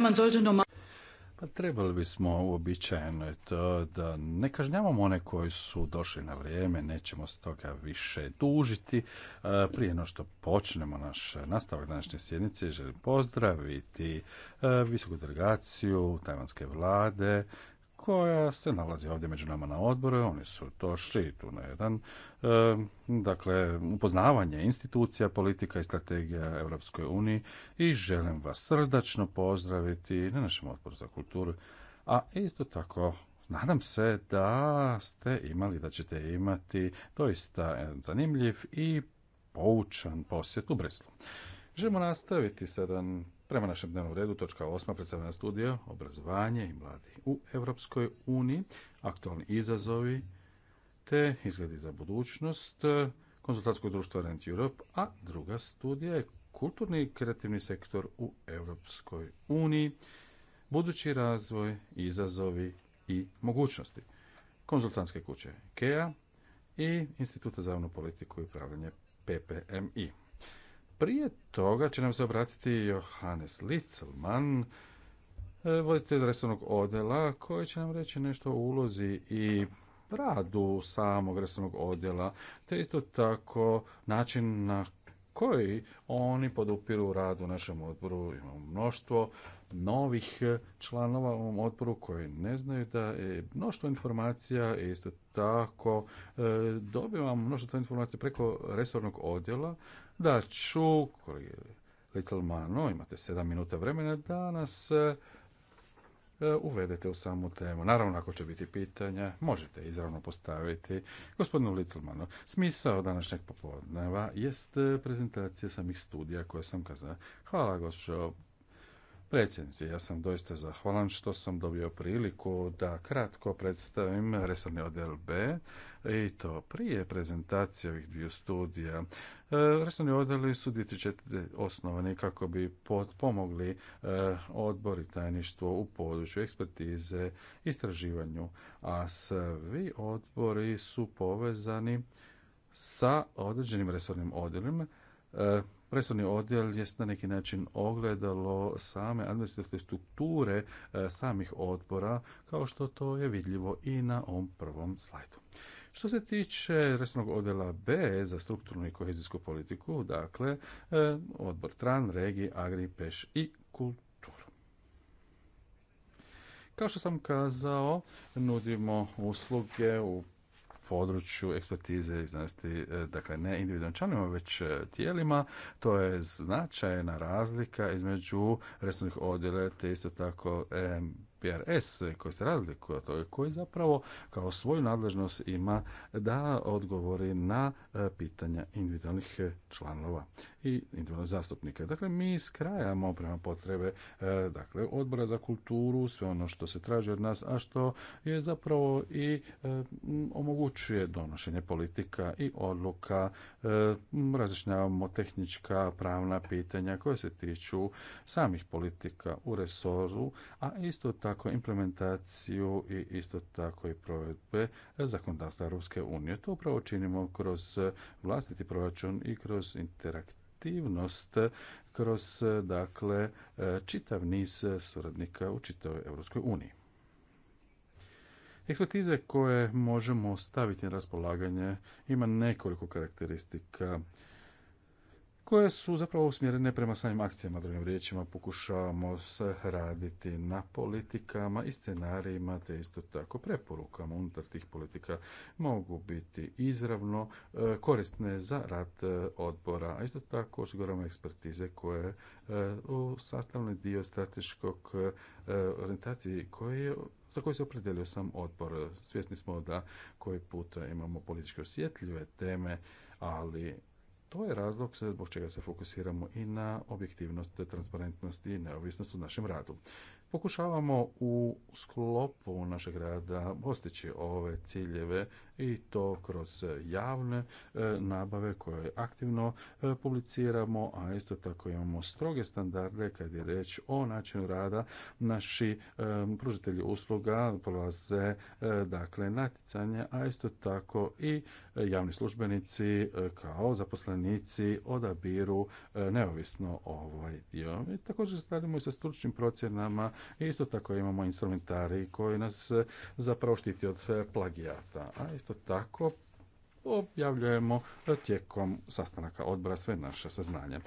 Man sollte normal pa trebali bismo uobičajeno je to da ne kažnjavamo one koji su došli na vrijeme, nećemo stoga više dužiti. E, prije no što počnemo naš nastavak današnje sjednice, želim pozdraviti e, visoku delegaciju tajvanske vlade koja se nalazi ovdje među nama na odboru. Oni su to tu na jedan, e, dakle, upoznavanje institucija, politika i strategija Europskoj uniji i želim vas srdačno pozdraviti na našem odboru za kulturu, a isto tako Nadam se da ste imali, da ćete imati doista zanimljiv i poučan posjet u Breslu. Želimo nastaviti sada Prema našem dnevnom redu, točka 8. predstavljena studija Obrazovanje i mladi u Europskoj uniji, aktualni izazovi te izgledi za budućnost konzultantskog društvo Rent Europe, a druga studija je kulturni i kreativni sektor u Europskoj uniji, budući razvoj, izazovi i mogućnosti. Konzultantske kuće KEA i Instituta za javnu politiku i upravljanje PPMI. Prije toga će nam se obratiti Johannes Litzelman, e, voditelj resornog odjela, koji će nam reći nešto o ulozi i radu samog resornog odjela, te isto tako način na koji oni podupiru rad u našem odboru. Imamo mnoštvo novih članova u ovom odboru koji ne znaju da je mnoštvo informacija i isto tako e, dobivamo mnoštvo informacija preko resornog odjela da ću mano, imate sedam minuta vremena da nas e, e, uvedete u samu temu. Naravno, ako će biti pitanja, možete izravno postaviti. Gospodinu Litzelmanu, smisao današnjeg popodneva jest prezentacija samih studija koje sam kazao. Hvala, gospođo Predsjednice, ja sam doista zahvalan što sam dobio priliku da kratko predstavim resorni odjel B i to prije prezentacije ovih dviju studija. E, resorni odjeli su 2004. osnovani kako bi pomogli e, odbor i tajništvo u području ekspertize, istraživanju, a svi odbori su povezani sa određenim resornim odjelima e, Resorni odjel je na neki način ogledalo same administrativne strukture e, samih odbora, kao što to je vidljivo i na ovom prvom slajdu. Što se tiče resnog odjela B za strukturnu i kohezijsku politiku, dakle, e, odbor TRAN, Regi, Agri, Peš i kulturu. Kao što sam kazao, nudimo usluge u području ekspertize i znanosti, e, dakle ne individualnim članima, već e, tijelima. To je značajna razlika između resornih odjela te isto tako PRS koji se razlikuje od toga koji zapravo kao svoju nadležnost ima da odgovori na e, pitanja individualnih članova i individualne zastupnike. Dakle, mi skrajamo prema potrebe e, dakle, odbora za kulturu, sve ono što se traži od nas, a što je zapravo i e, omogućuje donošenje politika i odluka, e, različnjavamo tehnička, pravna pitanja koje se tiču samih politika u resoru, a isto tako implementaciju i isto tako i provedbe zakonodavstva Europske unije. To upravo činimo kroz vlastiti proračun i kroz interaktivnost aktivnost kroz dakle e, čitav niz suradnika u čitavoj Europskoj uniji. Ekspertize koje možemo staviti na raspolaganje ima nekoliko karakteristika koje su zapravo usmjerene prema samim akcijama. Drugim riječima pokušavamo se raditi na politikama i scenarijima, te isto tako preporukama unutar tih politika mogu biti izravno e, korisne za rad e, odbora, a isto tako osiguramo ekspertize koje e, u sastavni dio strateškog orientacije za koji se opredelio sam odbor. Svjesni smo da koji puta imamo političke osjetljive teme, ali to je razlog zbog čega se fokusiramo i na objektivnost, transparentnost i neovisnost u našem radu. Pokušavamo u sklopu našeg rada postići ove ciljeve i to kroz javne e, nabave koje aktivno e, publiciramo, a isto tako imamo stroge standarde kad je reč o načinu rada. Naši e, pružitelji usluga prolaze dakle naticanje, a isto tako i javni službenici kao zaposlenici odabiru neovisno ovaj dio. I također radimo i sa stručnim procjenama Isto tako imamo instrumentari koji nas e, zapravo štiti od e, plagijata. A isto tako objavljujemo e, tijekom sastanaka odbora sve naše saznanje.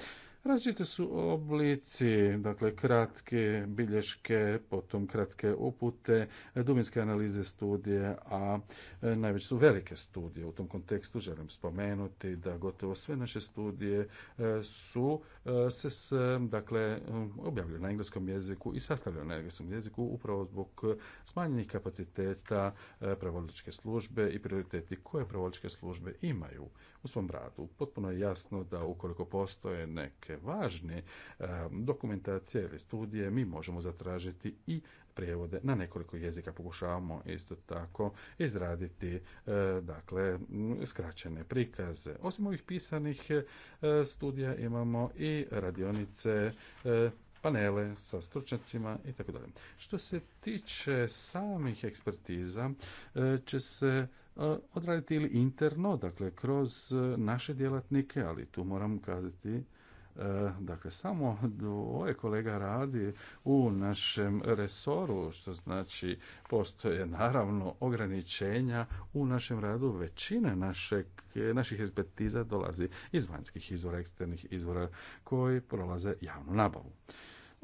Različite su oblici, dakle kratke bilješke, potom kratke upute, dubinske analize studije, a e, najveće su velike studije. U tom kontekstu želim spomenuti da gotovo sve naše studije e, su e, se dakle, objavljene na engleskom jeziku i sastavljene na engleskom jeziku upravo zbog smanjenih kapaciteta pravoličke službe i prioriteti koje pravoličke službe imaju u svom radu. Potpuno je jasno da ukoliko postoje neke važne e, dokumentacije ili studije, mi možemo zatražiti i prijevode na nekoliko jezika. Pokušavamo isto tako izraditi e, dakle skraćene prikaze. Osim ovih pisanih e, studija imamo i radionice panele sa stručnjacima i tako dalje. Što se tiče samih ekspertiza, će se E, odraditi ili interno, dakle kroz e, naše djelatnike, ali tu moram kazati e, dakle samo dvoje kolega radi u našem resoru, što znači postoje naravno ograničenja u našem radu. Većina našeg, naših ekspertiza dolazi iz vanjskih izvora, eksternih izvora koji prolaze javnu nabavu.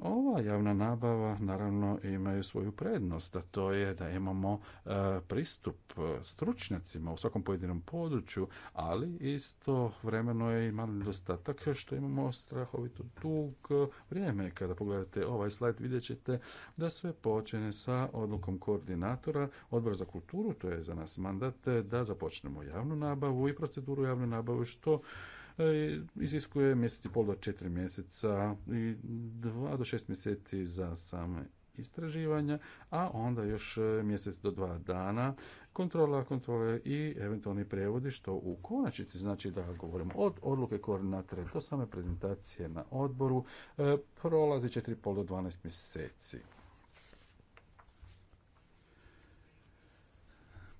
Ova javna nabava naravno imaju svoju prednost, a to je da imamo e, pristup e, stručnjacima u svakom pojedinom području, ali isto vremeno je i mali nedostatak što imamo strahovito dug vrijeme. Kada pogledate ovaj slajd vidjet ćete da sve počne sa odlukom koordinatora Odbora za kulturu, to je za nas mandat, da započnemo javnu nabavu i proceduru javne nabave što E, iziskuje mjesec i pol do četiri mjeseca i dva do šest mjeseci za same istraživanja, a onda još e, mjesec do dva dana kontrola kontrole i eventualni prevodi, što u konačnici znači da govorimo od odluke koordinatora do same prezentacije na odboru, e, prolazi 4,5 do 12 mjeseci.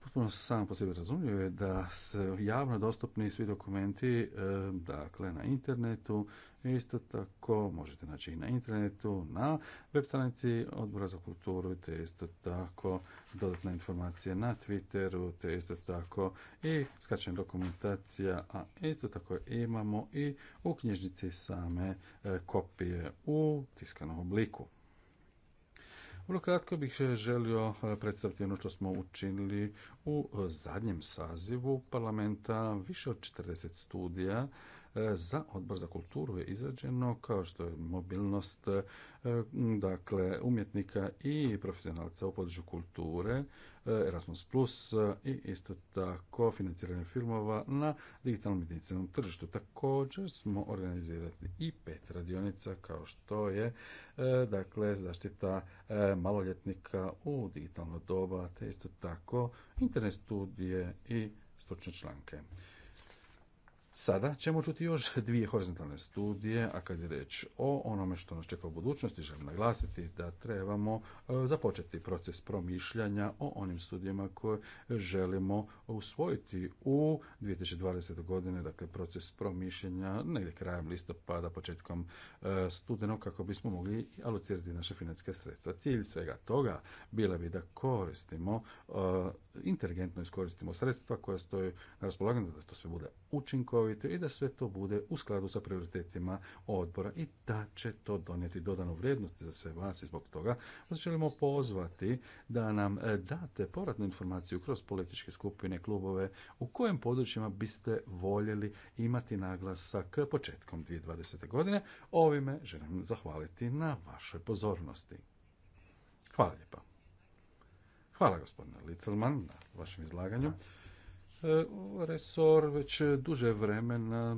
potpuno sam po sebi razumljivo je da su javno dostupni svi dokumenti e, dakle na internetu isto tako možete naći i na internetu na web stranici odbora za kulturu te isto tako dodatne informacije na Twitteru te isto tako i skačena dokumentacija a isto tako imamo i u knjižnici same e, kopije u tiskanom obliku vrlo kratko bih želio eh, predstaviti ono što smo učinili u eh, zadnjem sazivu parlamenta, više od 40 studija za odbor za kulturu je izrađeno kao što je mobilnost e, dakle umjetnika i profesionalca u području kulture e, Erasmus Plus e, i isto tako financiranje filmova na digitalnom medicinskom tržištu. Također smo organizirali i pet radionica kao što je dakle zaštita maloljetnika u digitalno doba te isto tako internet studije i stručne članke. Sada ćemo čuti još dvije horizontalne studije, a kad je reč o onome što nas čeka u budućnosti, želim naglasiti da trebamo e, započeti proces promišljanja o onim studijama koje želimo usvojiti u 2020. godine, dakle proces promišljanja negdje krajem listopada, početkom e, studenog, kako bismo mogli alocirati naše financijske sredstva. Cilj svega toga bila bi da koristimo, e, inteligentno iskoristimo sredstva koja stoje na raspolaganju, da to sve bude učinko učinkovito i da sve to bude u skladu sa prioritetima odbora i da će to donijeti dodanu vrijednost za sve vas i zbog toga vas želimo pozvati da nam e, date povratnu informaciju kroz političke skupine, klubove, u kojem područjima biste voljeli imati naglasak početkom 2020. godine. Ovime želim zahvaliti na vašoj pozornosti. Hvala lijepa. Hvala gospodine Licelman na vašem izlaganju. E, resor već duže vremena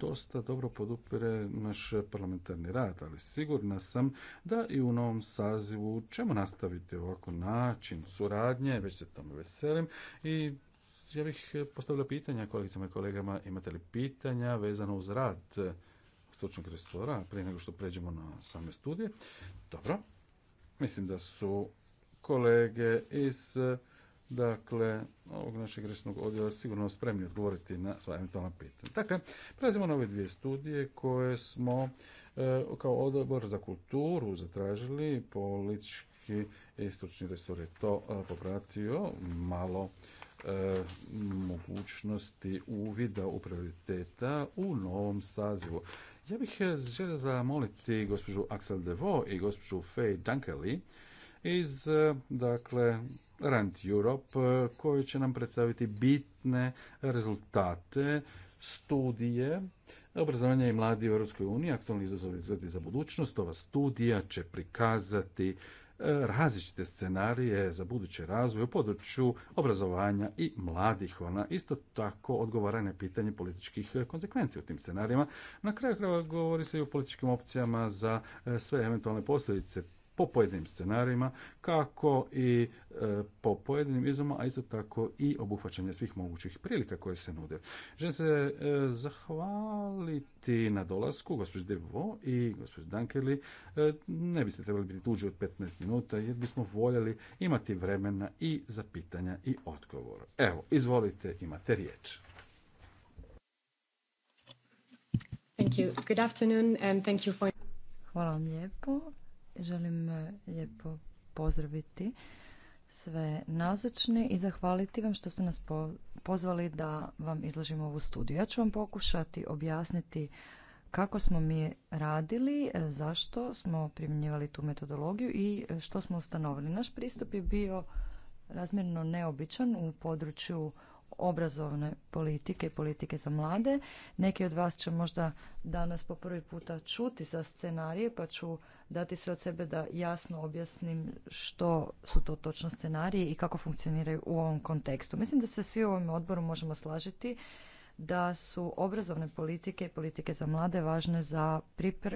dosta dobro podupire naš parlamentarni rad, ali sigurna sam da i u novom sazivu ćemo nastaviti ovako način suradnje, već se tome veselim i ja bih postavila pitanja kolegicama i kolegama, imate li pitanja vezano uz rad stručnog resora prije nego što pređemo na same studije? Dobro, mislim da su kolege iz dakle, ovog našeg resnog odjela sigurno spremni odgovoriti na sva eventualna pitanja. Dakle, prelazimo na ove dvije studije koje smo e, kao odbor za kulturu zatražili, politički i stručni resor je to e, popratio, malo e, mogućnosti uvida u prioriteta u novom sazivu. Ja bih e, želio zamoliti gospođu Axel Devo i gospođu Faye Dunkely iz, dakle, Rand Europe e, koji će nam predstaviti bitne rezultate studije obrazovanja i mladi u Europskoj uniji, aktualni izazovi za budućnost. Ova studija će prikazati e, različite scenarije za budući razvoj u području obrazovanja i mladih. Ona isto tako odgovara na pitanje političkih e, konsekvencija u tim scenarijima. Na kraju krajeva govori se i o političkim opcijama za sve eventualne posljedice po pojedinim scenarijima, kako i e, po pojedinim vizima, a isto tako i obuhvaćanje svih mogućih prilika koje se nude. Želim se e, zahvaliti na dolasku gospođi Devo i gospođi Dankeli. E, ne biste trebali biti duži od 15 minuta jer bismo voljeli imati vremena i za pitanja i odgovor. Evo, izvolite, imate riječ. Thank you. Good afternoon and thank you for... Hvala vam lijepo Želim e, lijepo pozdraviti sve nazočne i zahvaliti vam što ste nas pozvali da vam izložimo ovu studiju. Ja ću vam pokušati objasniti kako smo mi radili, e, zašto smo primjenjivali tu metodologiju i e, što smo ustanovili. Naš pristup je bio razmjerno neobičan u području obrazovne politike i politike za mlade. Neki od vas će možda danas po prvi puta čuti za scenarije, pa ću dati sve od sebe da jasno objasnim što su to točno scenariji i kako funkcioniraju u ovom kontekstu. Mislim da se svi u ovom odboru možemo slažiti da su obrazovne politike i politike za mlade važne za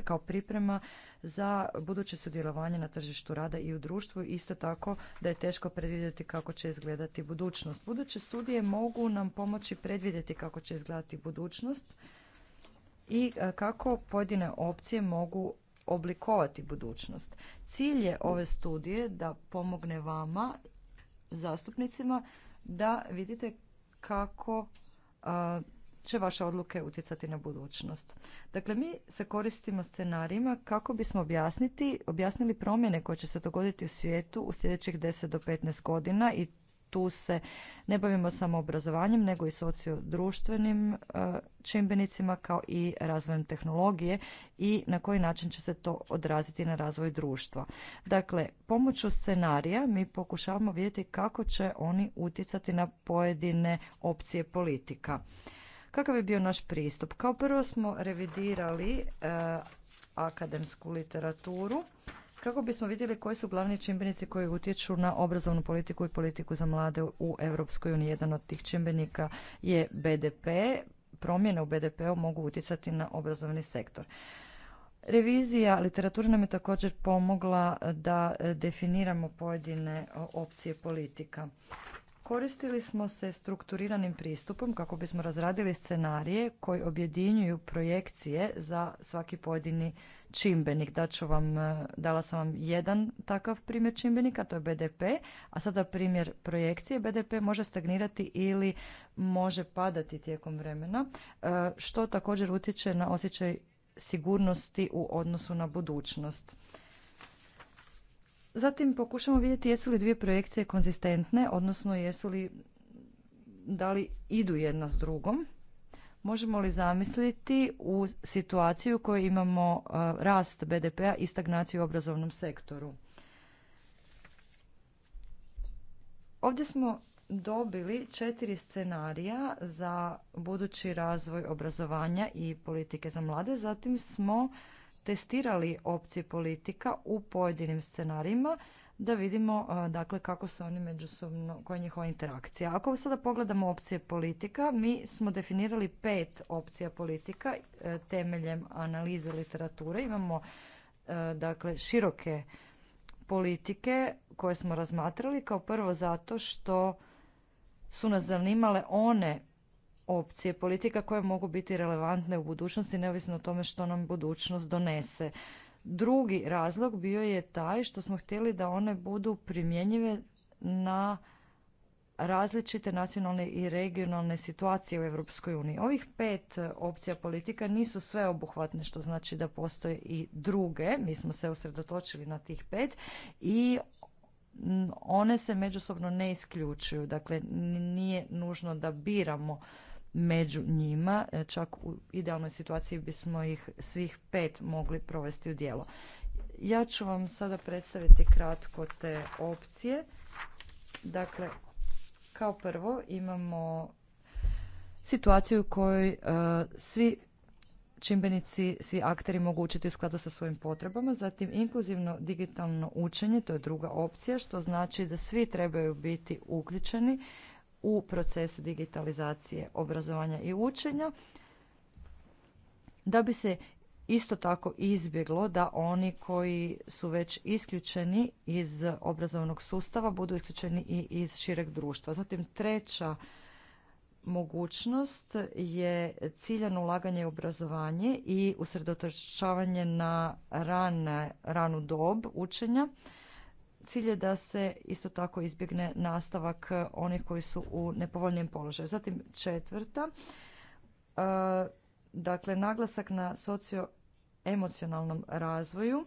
kao priprema za buduće sudjelovanje na tržištu rada i u društvu. Isto tako da je teško predvidjeti kako će izgledati budućnost. Buduće studije mogu nam pomoći predvidjeti kako će izgledati budućnost i e, kako pojedine opcije mogu oblikovati budućnost. Cilj je ove studije da pomogne vama, zastupnicima, da vidite kako će vaše odluke utjecati na budućnost. Dakle, mi se koristimo scenarijima kako bismo objasniti, objasnili promjene koje će se dogoditi u svijetu u sljedećih 10 do 15 godina i tu se ne bavimo samo obrazovanjem nego i sociodruštvenim e, čimbenicima kao i razvojem tehnologije i na koji način će se to odraziti na razvoj društva. Dakle, pomoću scenarija mi pokušavamo vidjeti kako će oni utjecati na pojedine opcije politika. Kakav je bio naš pristup? Kao prvo smo revidirali e, akademsku literaturu kako bismo vidjeli koji su glavni čimbenici koji utječu na obrazovnu politiku i politiku za mlade u EU, Jedan od tih čimbenika je BDP. Promjene u BDP-u mogu utjecati na obrazovni sektor. Revizija literature nam je također pomogla da e, definiramo pojedine opcije politika. Koristili smo se strukturiranim pristupom kako bismo razradili scenarije koji objedinjuju projekcije za svaki pojedini čimbenik. Daću vam, e, dala sam vam jedan takav primjer čimbenika, to je BDP, a sada primjer projekcije. BDP može stagnirati ili može padati tijekom vremena, e, što također utječe na osjećaj sigurnosti u odnosu na budućnost. Zatim pokušamo vidjeti jesu li dvije projekcije konzistentne, odnosno jesu li da li idu jedna s drugom. Možemo li zamisliti u situaciju u kojoj imamo e, rast BDP-a i stagnaciju u obrazovnom sektoru? Ovdje smo dobili četiri scenarija za budući razvoj obrazovanja i politike za mlade. Zatim smo testirali opcije politika u pojedinim scenarijima da vidimo dakle kako se oni međusobno, koja je njihova interakcija. Ako sada pogledamo opcije politika, mi smo definirali pet opcija politika e, temeljem analize literature. Imamo e, dakle široke politike koje smo razmatrali kao prvo zato što su nas zanimale one opcije politika koje mogu biti relevantne u budućnosti neovisno o tome što nam budućnost donese. Drugi razlog bio je taj što smo htjeli da one budu primjenjive na različite nacionalne i regionalne situacije u Europskoj uniji. Ovih pet e, opcija politika nisu sve obuhvatne, što znači da postoje i druge. Mi smo se usredotočili na tih pet i one se međusobno ne isključuju. Dakle, nije nužno da biramo među njima, e, čak u idealnoj situaciji bismo ih svih pet mogli provesti u djelo. Ja ću vam sada predstaviti kratko te opcije. Dakle, kao prvo imamo situaciju u kojoj e, svi čimbenici, svi akteri mogu učiti u skladu sa svojim potrebama. Zatim inkluzivno digitalno učenje, to je druga opcija, što znači da svi trebaju biti uključeni u proces digitalizacije obrazovanja i učenja da bi se isto tako izbjeglo da oni koji su već isključeni iz obrazovnog sustava budu isključeni i iz šireg društva. Zatim treća mogućnost je ciljano ulaganje u obrazovanje i usredotočavanje na ranu dob učenja Cilj je da se isto tako izbjegne nastavak eh, onih koji su u nepovoljnijem položaju. Zatim četvrta, eh, dakle naglasak na socioemocionalnom razvoju.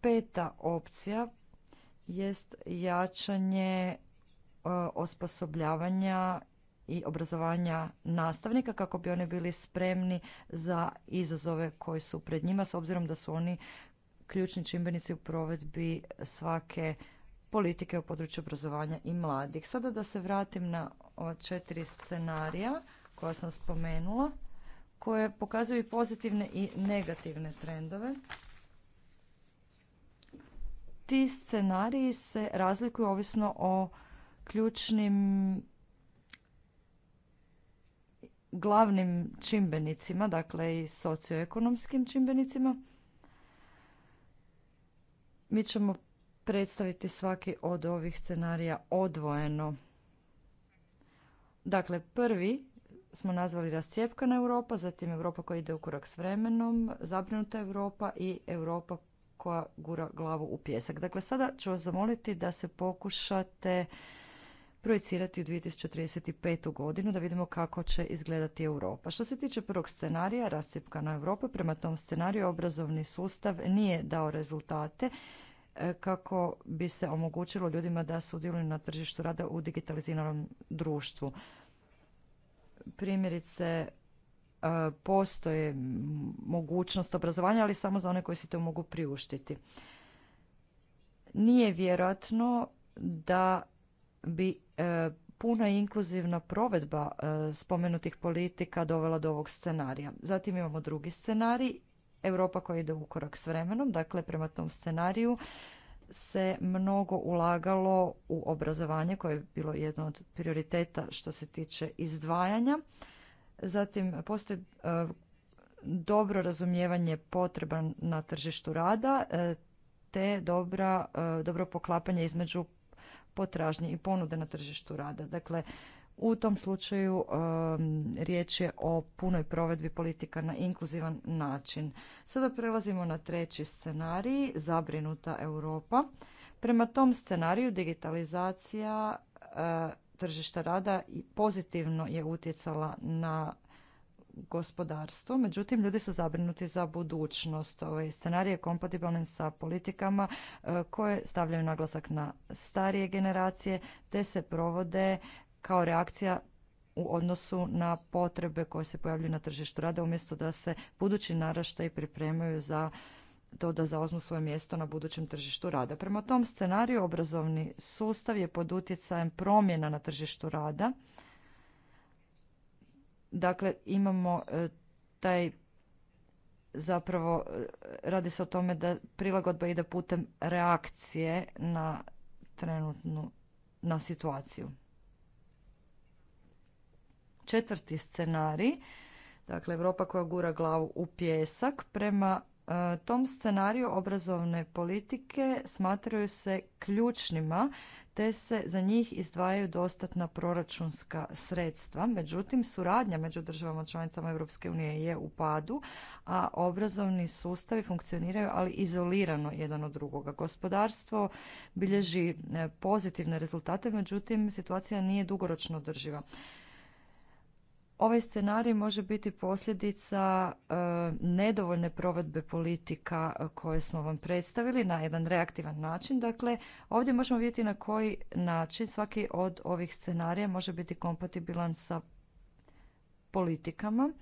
Peta opcija jest jačanje eh, osposobljavanja i obrazovanja nastavnika kako bi oni bili spremni za izazove koji su pred njima s obzirom da su oni ključni čimbenici u provedbi svake politike u području obrazovanja i mladih. Sada da se vratim na ova četiri scenarija koja sam spomenula koje pokazuju pozitivne i negativne trendove. Ti scenariji se razlikuju ovisno o ključnim glavnim čimbenicima, dakle i socioekonomskim čimbenicima. Mi ćemo predstaviti svaki od ovih scenarija odvojeno. Dakle, prvi smo nazvali rascijepkana Europa, zatim Europa koja ide u korak s vremenom, zabrinuta Europa i Europa koja gura glavu u pjesak. Dakle, sada ću vas zamoliti da se pokušate projicirati u 2035. godinu da vidimo kako će izgledati Europa. Što se tiče prvog scenarija, na Europa, prema tom scenariju obrazovni sustav nije dao rezultate e, kako bi se omogućilo ljudima da sudjeluju na tržištu rada u digitaliziranom društvu. Primjerice, e, postoje mogućnost obrazovanja, ali samo za one koji si to mogu priuštiti. Nije vjerojatno da bi E, puna i inkluzivna provedba e, spomenutih politika dovela do ovog scenarija. Zatim imamo drugi scenarij, Europa koja ide u korak s vremenom, dakle prema tom scenariju se mnogo ulagalo u obrazovanje koje je bilo jedno od prioriteta što se tiče izdvajanja. Zatim postoji e, dobro razumijevanje potreba na tržištu rada te dobra, dobro poklapanje između potražnje i ponude na tržištu rada. Dakle, u tom slučaju riječ je o punoj provedbi politika na inkluzivan način. Sada prelazimo na treći scenarij, zabrinuta Europa. Prema tom scenariju digitalizacija e, tržišta rada pozitivno je utjecala na gospodarstvo, međutim ljudi su zabrinuti za budućnost. Ovaj scenarij je kompatibilan sa politikama e, koje stavljaju naglasak na starije generacije te se provode kao reakcija u odnosu na potrebe koje se pojavljuju na tržištu rada umjesto da se budući naraštaji pripremaju za to da zauzmu svoje mjesto na budućem tržištu rada. Prema tom scenariju obrazovni sustav je pod utjecajem promjena na tržištu rada Dakle, imamo e, taj zapravo e, radi se o tome da prilagodba ide putem reakcije na trenutnu na situaciju. Četvrti scenarij, dakle Europa koja gura glavu u pjesak prema E, tom scenariju obrazovne politike smatraju se ključnima te se za njih izdvajaju dostatna proračunska sredstva. Međutim, suradnja među državama članicama Europske unije je u padu, a obrazovni sustavi funkcioniraju, ali izolirano jedan od drugoga. Gospodarstvo bilježi e, pozitivne rezultate, međutim, situacija nije dugoročno održiva. Ovaj scenarij može biti posljedica e, nedovoljne provedbe politika e, koje smo vam predstavili na jedan reaktivan način. Dakle, ovdje možemo vidjeti na koji način svaki od ovih scenarija može biti kompatibilan sa politikama.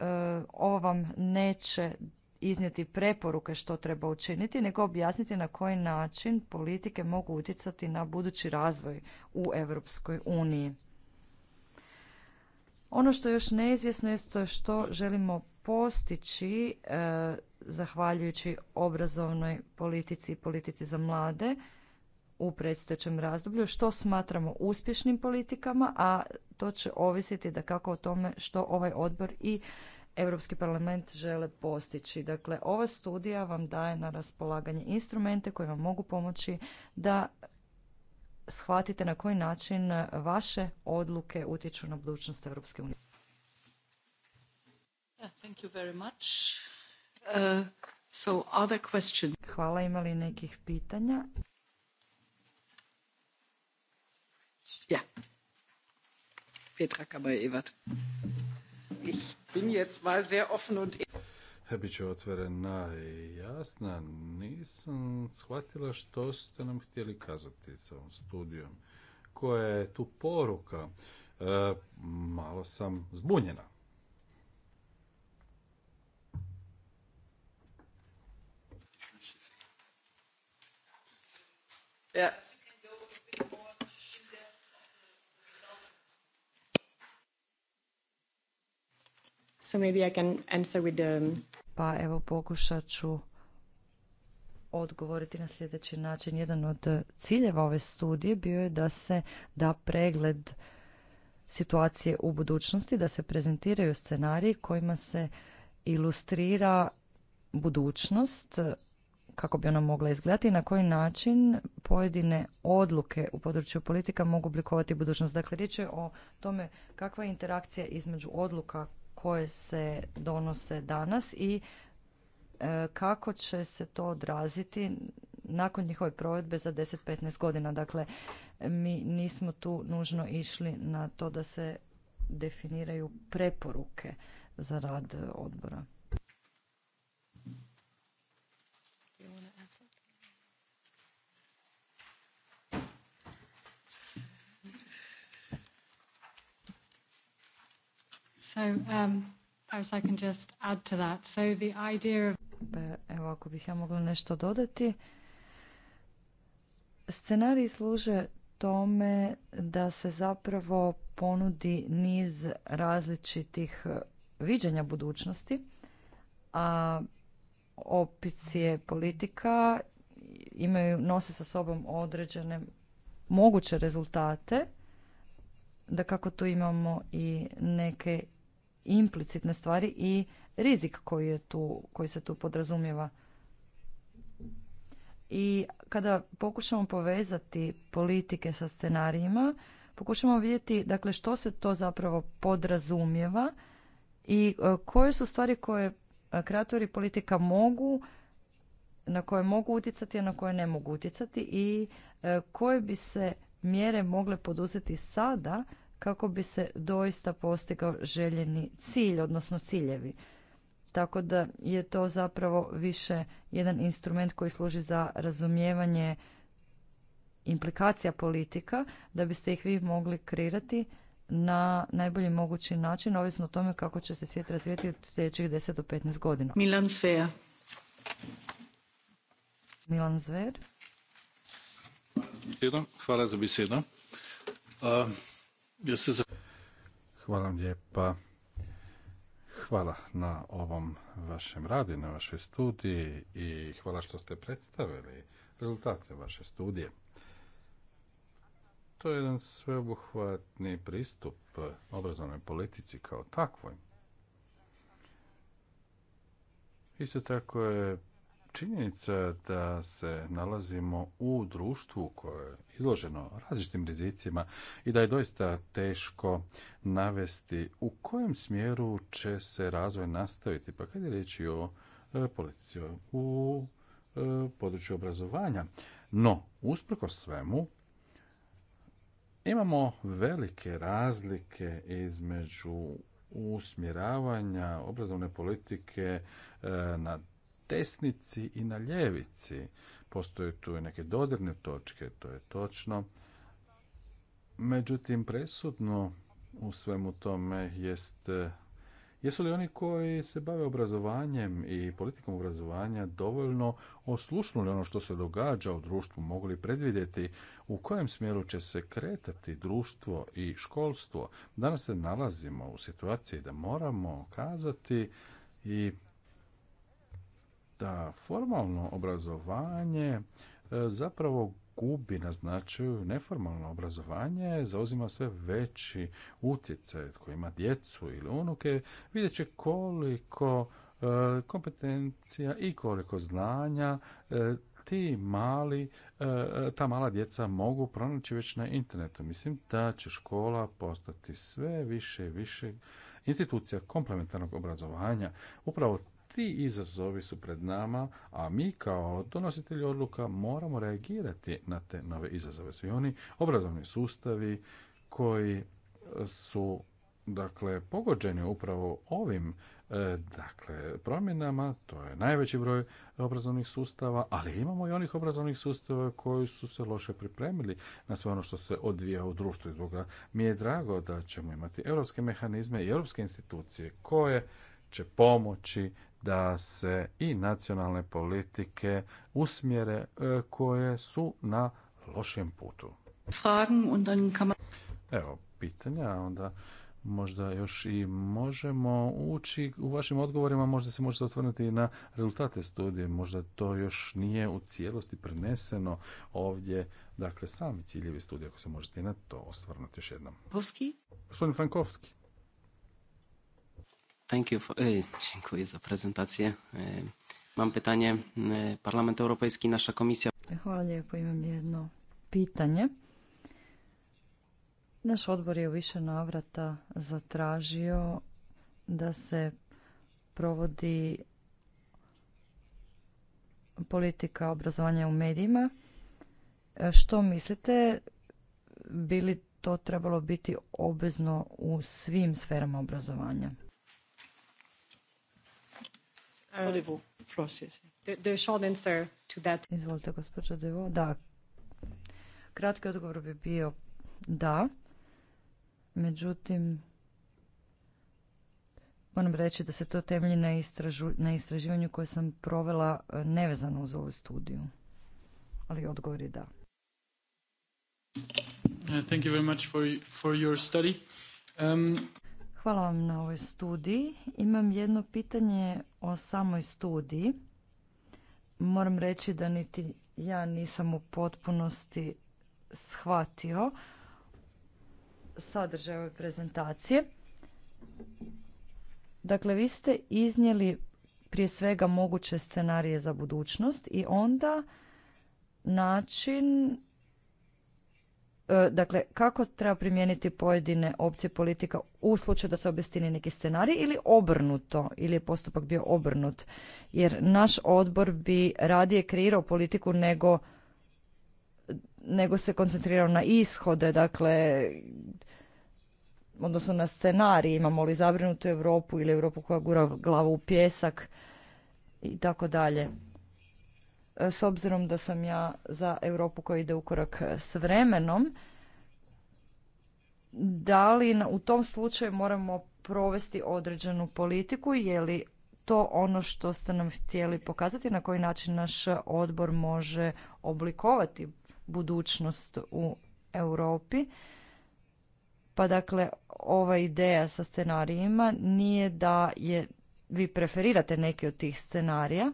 E, ovo vam neće iznijeti preporuke što treba učiniti, nego objasniti na koji način politike mogu utjecati na budući razvoj u Europskoj uniji. Ono što je još neizvjesno je što želimo postići e, zahvaljujući obrazovnoj politici i politici za mlade u predstojećem razdoblju, što smatramo uspješnim politikama, a to će ovisiti da kako o tome što ovaj odbor i Europski parlament žele postići. Dakle, ova studija vam daje na raspolaganje instrumente koji vam mogu pomoći da shvatite na koji način vaše odluke utječu na budućnost Europske unije. Uh, Hvala, imali nekih pitanja? Ja. Petra ich bin jetzt mal sehr offen und bit ću otvorena i jasna. Nisam shvatila što ste nam htjeli kazati sa ovom studijom. Koja je tu poruka? E, malo sam zbunjena. Ja, So maybe I can with um, Pa evo pokušat ću odgovoriti na sljedeći način. Jedan od ciljeva ove studije bio je da se da pregled situacije u budućnosti, da se prezentiraju scenariji kojima se ilustrira budućnost kako bi ona mogla izgledati i na koji način pojedine odluke u području politika mogu oblikovati budućnost. Dakle, riječ je o tome kakva je interakcija između odluka koje se donose danas i e, kako će se to odraziti nakon njihove provedbe za 10-15 godina. Dakle, mi nismo tu nužno išli na to da se definiraju preporuke za rad odbora. So, um, I can just add to that. So the idea of... Pa, evo, ako bih ja mogla nešto dodati. Scenariji služe tome da se zapravo ponudi niz različitih e, viđenja budućnosti, a opicije politika imaju, nose sa sobom određene moguće rezultate, da kako tu imamo i neke implicitne stvari i rizik koji, je tu, koji se tu podrazumijeva. I kada pokušamo povezati politike sa scenarijima, pokušamo vidjeti dakle, što se to zapravo podrazumijeva i e, koje su stvari koje e, kreatori politika mogu na koje mogu utjecati, a na koje ne mogu utjecati i e, koje bi se mjere mogle poduzeti sada kako bi se doista postigao željeni cilj, odnosno ciljevi. Tako da je to zapravo više jedan instrument koji služi za razumijevanje implikacija politika, da biste ih vi mogli kreirati na najbolji mogući način, ovisno o tome kako će se svijet razvijeti od sljedećih 10 do 15 godina. Milan Zver. Milan Zver. Hvala za besedo. Hvala vam lijepa. Hvala na ovom vašem radu, na vašoj studiji i hvala što ste predstavili rezultate vaše studije. To je jedan sveobuhvatni pristup obrazovnoj politici kao takvoj. Isto tako je činjenica da se nalazimo u društvu koje je izloženo različitim rizicima i da je doista teško navesti u kojem smjeru će se razvoj nastaviti. Pa kad je riječ o e, politici u e, području obrazovanja. No, usprko svemu, imamo velike razlike između usmjeravanja obrazovne politike e, na desnici i na ljevici. Postoje tu i neke dodirne točke, to je točno. Međutim, presudno u svemu tome jest eh, Jesu li oni koji se bave obrazovanjem i politikom obrazovanja dovoljno oslušnuli ono što se događa u društvu, mogu li predvidjeti u kojem smjeru će se kretati društvo i školstvo? Danas se nalazimo u situaciji da moramo kazati i da formalno obrazovanje e, zapravo gubi na značaju neformalno obrazovanje zauzima sve veći utjecaj koji ima djecu ili unuke vidjet će koliko e, kompetencija i koliko znanja e, ti mali, ta mala djeca mogu pronaći već na internetu. Mislim da će škola postati sve više i više institucija komplementarnog obrazovanja. Upravo ti izazovi su pred nama, a mi kao donositelji odluka moramo reagirati na te nove izazove. Svi oni obrazovni sustavi koji su dakle pogođeni upravo ovim e, dakle promjenama, to je najveći broj obrazovnih sustava, ali imamo i onih obrazovnih sustava koji su se loše pripremili na sve ono što se odvija u društvu i druga. Mi je drago da ćemo imati europske mehanizme i europske institucije koje će pomoći da se i nacionalne politike usmjere e, koje su na lošem putu. Evo, pitanja, onda možda još i možemo ući u vašim odgovorima, možda se možete osvrnuti i na rezultate studije, možda to još nije u cijelosti preneseno ovdje, dakle sami ciljevi studije, ako se možete i na to osvrnuti još jednom. Gospodin Frankovski. Thank you dziękuję za prezentację. E, mam pytanie. E, Parlament Europejski, nasza komisja... Hvala lijepo, imam jedno pitanje. Naš odbor je u više navrata zatražio da se provodi politika obrazovanja u medijima. E, što mislite, bi li to trebalo biti obvezno u svim sferama obrazovanja? Uh, Izvolite, gospođo Devo. Da. Kratki odgovor bi bio da. Međutim, moram reći da se to temelji na, istražu, na istraživanju koje sam provela eh, nevezano uz ovu studiju. Ali odgovor je da. Uh, thank you very much for, for your study. Um... Hvala vam na ovoj studiji. Imam jedno pitanje o samoj studiji. Moram reći da niti ja nisam u potpunosti shvatio sadržaj ove prezentacije. Dakle, vi ste iznijeli prije svega moguće scenarije za budućnost i onda način E, dakle kako treba primijeniti pojedine opcije politika u slučaju da se obistini neki scenarij ili obrnuto ili je postupak bio obrnut jer naš odbor bi radije kreirao politiku nego nego se koncentrirao na ishode dakle odnosno na scenarij imamo li zabrinutu Europu ili Europu koja gura glavu u pjesak i tako dalje E, s obzirom da sam ja za Europu koja ide u korak s vremenom, da li u tom slučaju moramo provesti određenu politiku, je li to ono što ste nam htjeli pokazati, na koji način naš odbor može oblikovati budućnost u Europi. Pa dakle, ova ideja sa scenarijima nije da je vi preferirate neki od tih scenarija,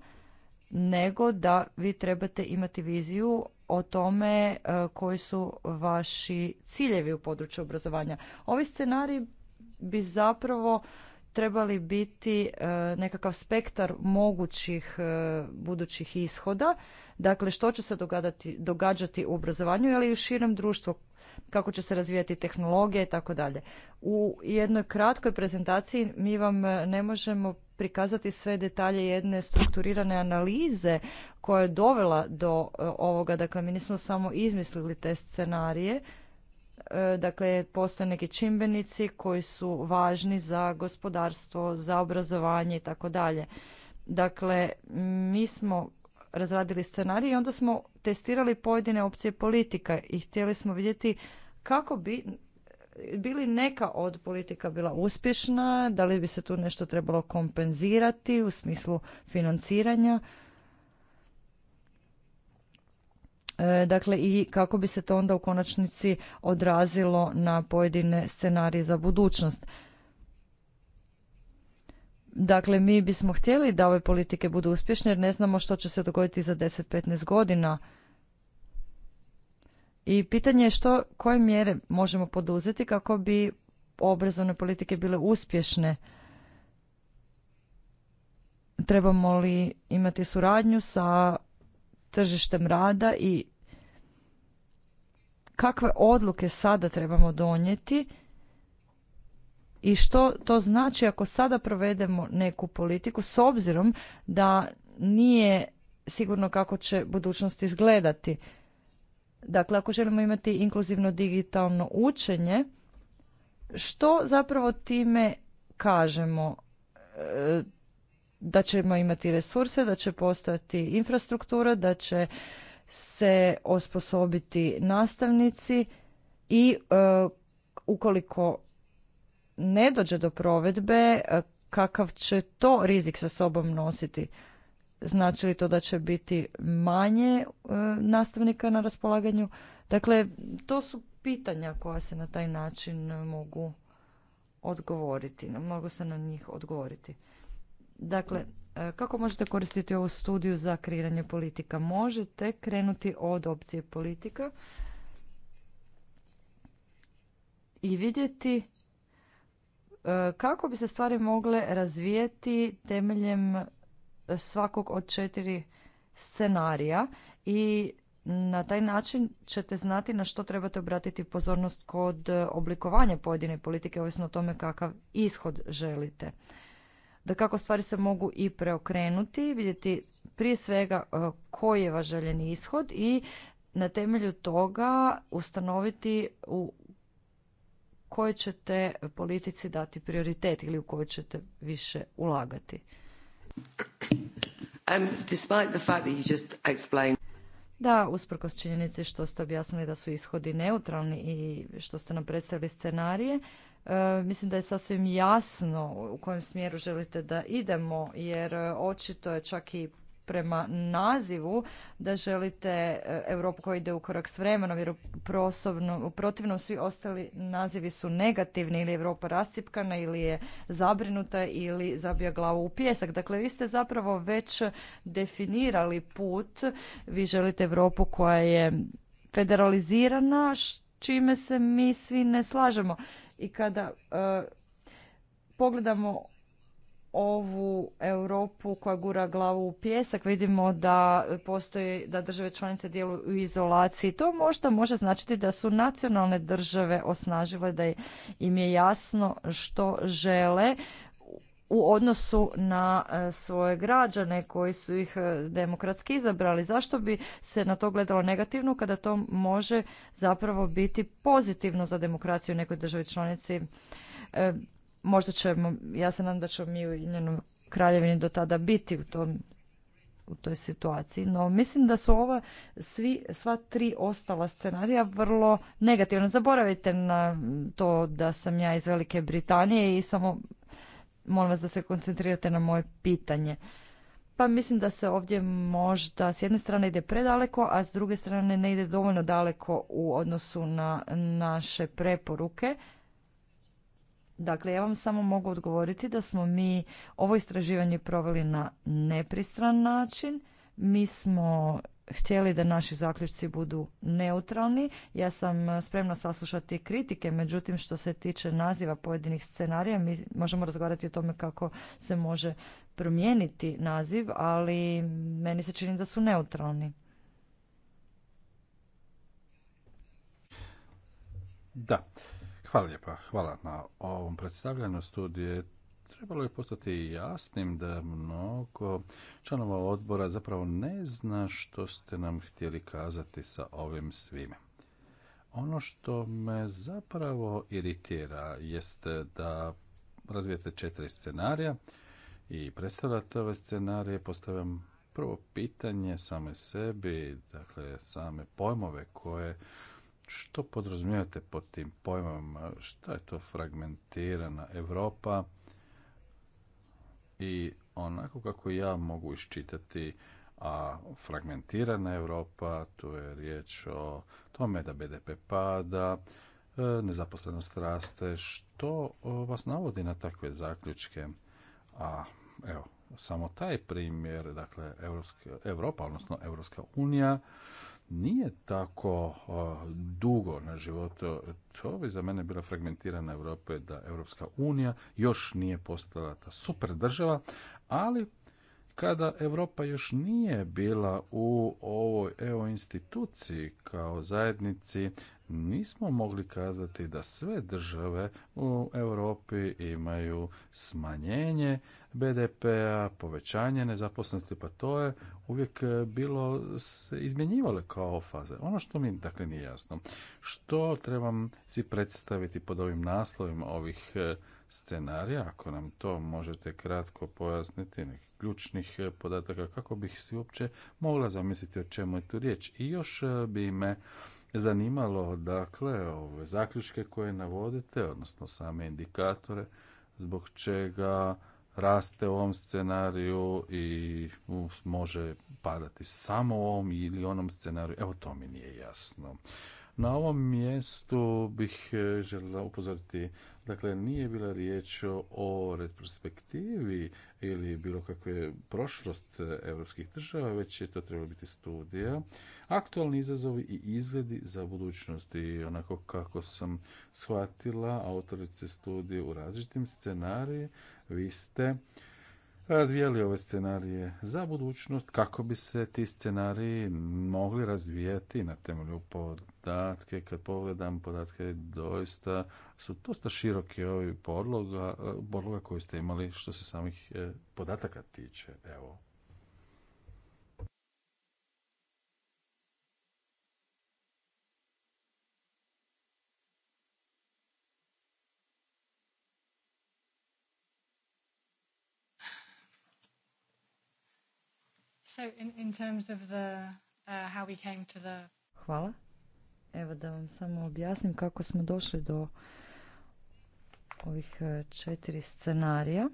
nego da vi trebate imati viziju o tome e, koji su vaši ciljevi u području obrazovanja. Ovi scenariji bi zapravo trebali biti e, nekakav spektar mogućih e, budućih ishoda, dakle što će se događati, događati u obrazovanju ali u širem društvu, kako će se razvijati tehnologije i tako dalje. U jednoj kratkoj prezentaciji mi vam ne možemo prikazati sve detalje jedne strukturirane analize koja je dovela do e, ovoga. Dakle, mi nismo samo izmislili te scenarije, e, dakle postoje neki čimbenici koji su važni za gospodarstvo, za obrazovanje i tako dalje. Dakle, mi smo razradili scenarije i onda smo testirali pojedine opcije politika i htjeli smo vidjeti kako bi bili neka od politika bila uspješna, da li bi se tu nešto trebalo kompenzirati u smislu financiranja. E, dakle, i kako bi se to onda u konačnici odrazilo na pojedine scenarije za budućnost. Dakle, mi bismo htjeli da ove politike budu uspješne jer ne znamo što će se dogoditi za 10-15 godina i pitanje je što, koje mjere možemo poduzeti kako bi obrazovne politike bile uspješne. Trebamo li imati suradnju sa tržištem rada i kakve odluke sada trebamo donijeti i što to znači ako sada provedemo neku politiku s obzirom da nije sigurno kako će budućnost izgledati. Dakle, ako želimo imati inkluzivno digitalno učenje, što zapravo time kažemo? E, da ćemo imati resurse, da će postojati infrastruktura, da će se osposobiti nastavnici i e, ukoliko ne dođe do provedbe, e, kakav će to rizik sa sobom nositi? Znači li to da će biti manje e, nastavnika na raspolaganju? Dakle, to su pitanja koja se na taj način mogu odgovoriti. Mogu se na njih odgovoriti. Dakle, e, kako možete koristiti ovu studiju za kreiranje politika? Možete krenuti od opcije politika i vidjeti e, kako bi se stvari mogle razvijeti temeljem svakog od četiri scenarija i na taj način ćete znati na što trebate obratiti pozornost kod e, oblikovanja pojedine politike, ovisno o tome kakav ishod želite. Da kako stvari se mogu i preokrenuti, vidjeti prije svega e, koji je vaš željeni ishod i na temelju toga ustanoviti u kojoj ćete politici dati prioritet ili u koje ćete više ulagati. Um, da, usprkos činjenici što ste objasnili da su ishodi neutralni i što ste nam predstavili scenarije, e, mislim da je sasvim jasno u kojem smjeru želite da idemo, jer e, očito je čak i prema nazivu da želite e, Europu koja ide u korak s vremenom jer u protivnom svi ostali nazivi su negativni ili je Europa rascipkana ili je zabrinuta ili zabija glavu u pjesak. Dakle, vi ste zapravo već definirali put. Vi želite Europu koja je federalizirana, čime se mi svi ne slažemo. I kada e, pogledamo ovu Europu koja gura glavu u pjesak, vidimo da postoji, da države članice djeluju u izolaciji. To možda može značiti da su nacionalne države osnažile da im je jasno što žele u odnosu na e, svoje građane koji su ih e, demokratski izabrali. Zašto bi se na to gledalo negativno kada to može zapravo biti pozitivno za demokraciju u nekoj državi članici? E, možda ćemo, ja se nadam da ćemo mi u njenom kraljevini do tada biti u tom u toj situaciji. No, mislim da su ova svi, sva tri ostala scenarija vrlo negativna. Zaboravite na to da sam ja iz Velike Britanije i samo molim vas da se koncentrirate na moje pitanje. Pa mislim da se ovdje možda s jedne strane ide predaleko, a s druge strane ne ide dovoljno daleko u odnosu na naše preporuke Dakle, ja vam samo mogu odgovoriti da smo mi ovo istraživanje proveli na nepristran način. Mi smo htjeli da naši zaključci budu neutralni. Ja sam eh, spremna saslušati kritike, međutim što se tiče naziva pojedinih scenarija, mi možemo razgovarati o tome kako se može promijeniti naziv, ali meni se čini da su neutralni. Da. Hvala lijepa. Hvala na ovom predstavljanju studije. Trebalo je postati jasnim da mnogo članova odbora zapravo ne zna što ste nam htjeli kazati sa ovim svime. Ono što me zapravo iritira jeste da razvijete četiri scenarija i predstavljate ove scenarije. Postavljam prvo pitanje same sebi, dakle same pojmove koje što podrazumijevate pod tim pojmom? Šta je to fragmentirana Europa? I onako kako ja mogu iščitati, a fragmentirana Europa, tu je riječ o tome da BDP pada, e, nezaposlenost raste. Što e, vas navodi na takve zaključke? A evo, samo taj primjer, dakle, Evropska, Europa, odnosno Evropska unija, nije tako dugo na životu. To bi za mene bila fragmentirana Europa da Europska unija još nije postala ta super država, ali kada Europa još nije bila u ovoj EU instituciji kao zajednici, nismo mogli kazati da sve države u Europi imaju smanjenje BDP-a, povećanje nezaposlenosti, pa to je uvijek e, bilo se izmjenjivale kao faze. Ono što mi dakle nije jasno, što trebam si predstaviti pod ovim naslovima ovih e, scenarija, ako nam to možete kratko pojasniti, nekih ključnih e, podataka, kako bih si uopće mogla zamisliti o čemu je tu riječ. I još bi me zanimalo, dakle, ove zaključke koje navodite, odnosno same indikatore, zbog čega raste u ovom scenariju i može padati samo u ovom ili onom scenariju. Evo to mi nije jasno. Na ovom mjestu bih e, želila upozoriti, dakle nije bila riječ o retrospektivi ili bilo kakve prošlost europskih država, već je to trebalo biti studija. Aktualni izazovi i izgledi za budućnost i onako kako sam shvatila autorice studije u različitim scenarijima, vi ste razvijali ove scenarije za budućnost kako bi se ti scenariji mogli razvijati na temelju podatke. Kad pogledam podatke, doista su dosta široke ovi podloga, podloga koje ste imali što se samih eh, podataka tiče. Evo, Hvala. Evo da vam samo objasnim kako smo došli do ovih e, četiri scenarija.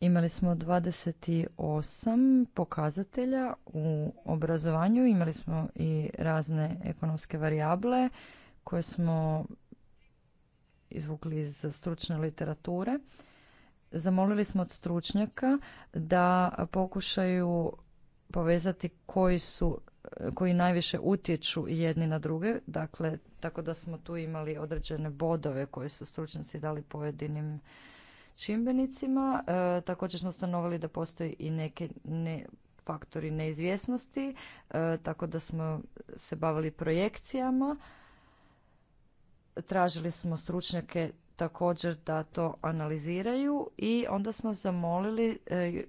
Imali smo 28 pokazatelja u obrazovanju, imali smo i razne ekonomske varijable koje smo izvukli iz stručne literature. Zamolili smo od stručnjaka da pokušaju povezati koji su koji najviše utječu jedni na druge, dakle tako da smo tu imali određene bodove koje su stručnjaci dali pojedinim čimbenicima. E, također smo stanovali da postoji i neke ne, faktori neizvjesnosti, e, tako da smo se bavili projekcijama. Tražili smo stručnjake također da to analiziraju i onda smo zamolili e,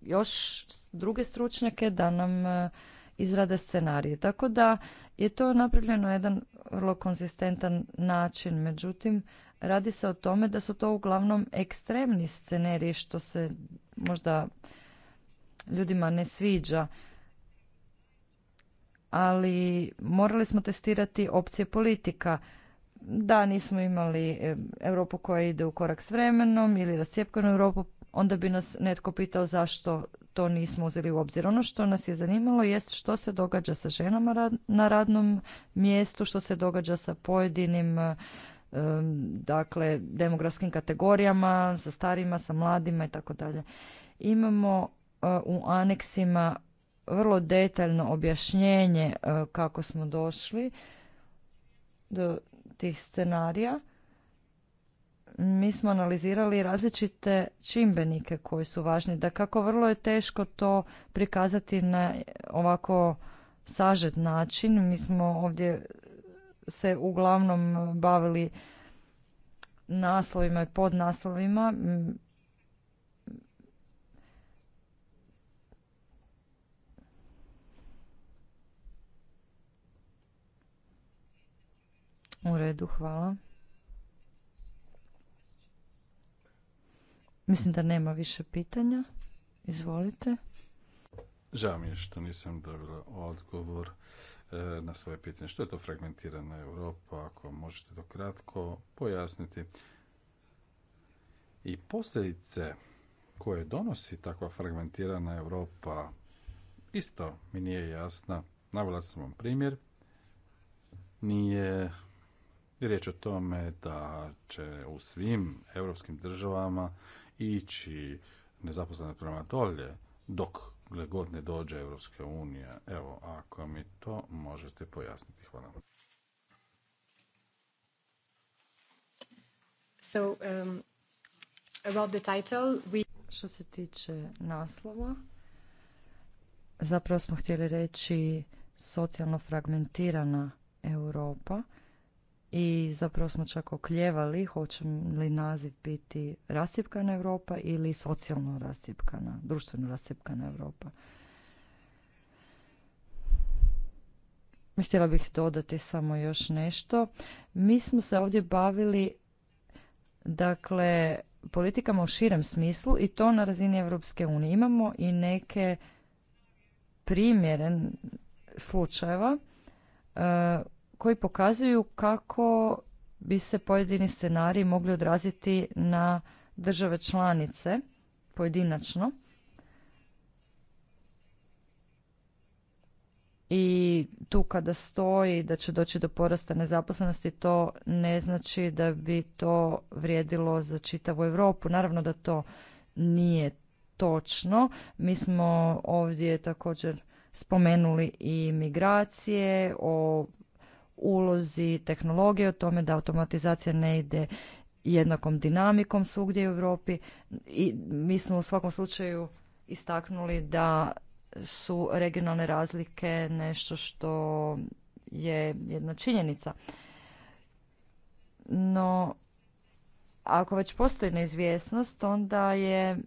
još druge stručnjake da nam e, izrade scenarije. Tako da je to napravljeno jedan vrlo konzistentan način. Međutim, radi se o tome da su to uglavnom ekstremni scenariji što se možda ljudima ne sviđa. Ali morali smo testirati opcije politika da nismo imali e, Europu koja ide u korak s vremenom ili rascijepkanu Europu, onda bi nas netko pitao zašto to nismo uzeli u obzir. Ono što nas je zanimalo jest što se događa sa ženama na radnom mjestu, što se događa sa pojedinim e, dakle demografskim kategorijama, sa starima, sa mladima i tako dalje. Imamo e, u aneksima vrlo detaljno objašnjenje kako smo došli do tih scenarija mi smo analizirali različite čimbenike koji su važni. Da kako vrlo je teško to prikazati na ovako sažet način. Mi smo ovdje se uglavnom bavili naslovima i podnaslovima. U redu, hvala. Mislim da nema više pitanja. Izvolite. Žao mi je što nisam dobila odgovor e, na svoje pitanje. Što je to fragmentirana Europa? Ako možete to kratko pojasniti. I posljedice koje donosi takva fragmentirana Europa isto mi nije jasna. Navela sam vam primjer. Nije riječ o tome da će u svim europskim državama ići nezaposlene prema dolje, dok god ne dođe Europska unija. Evo, ako mi to možete pojasniti. Hvala. So, um, about the title, Što se tiče naslova, zapravo smo htjeli reći socijalno fragmentirana Europa i zapravo smo čak okljevali hoće li naziv biti rasipkana Europa ili socijalno rasipkana, društveno rasipkana Europa. Htjela bih dodati samo još nešto. Mi smo se ovdje bavili dakle politikama u širem smislu i to na razini Europske unije. Imamo i neke primjeren slučajeva e, koji pokazuju kako bi se pojedini scenariji mogli odraziti na države članice pojedinačno. I tu kada stoji da će doći do porasta nezaposlenosti, to ne znači da bi to vrijedilo za čitavu Europu. Naravno da to nije točno. Mi smo ovdje također spomenuli i migracije, o ulozi tehnologije, o tome da automatizacija ne ide jednakom dinamikom svugdje u Europi i mi smo u svakom slučaju istaknuli da su regionalne razlike nešto što je jedna činjenica. No, ako već postoji neizvjesnost, onda je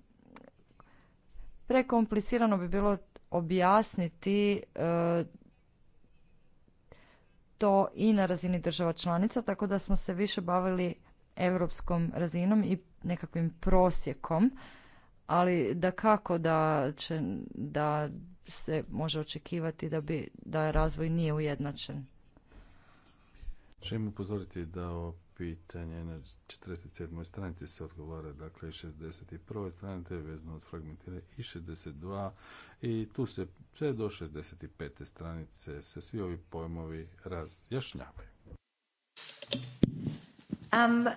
prekomplicirano bi bilo objasniti e, to i na razini država članica, tako da smo se više bavili europskom razinom i nekakvim prosjekom, ali da kako da, će, da se može očekivati da, bi, da razvoj nije ujednačen. Želim upozoriti da o pitanje na 47. stranici se odgovara, dakle i 61. stranice je vezano od fragmentira i 62 i tu se sve do 65. stranice se svi ovi pojmovi razjašnjavaju. Um,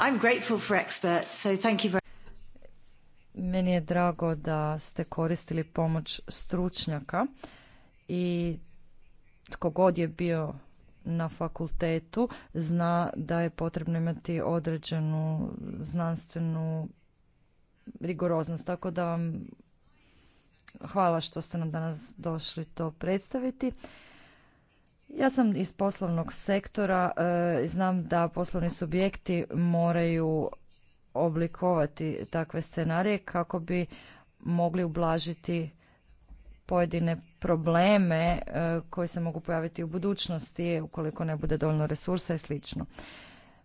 I'm grateful for experts, so thank you very meni je drago da ste koristili pomoć stručnjaka i tko god je bio na fakultetu zna da je potrebno imati određenu znanstvenu rigoroznost. Tako da vam hvala što ste nam danas došli to predstaviti. Ja sam iz poslovnog sektora, e, znam da poslovni subjekti moraju oblikovati takve scenarije kako bi mogli ublažiti pojedine probleme e, koji se mogu pojaviti u budućnosti ukoliko ne bude dovoljno resursa i slično.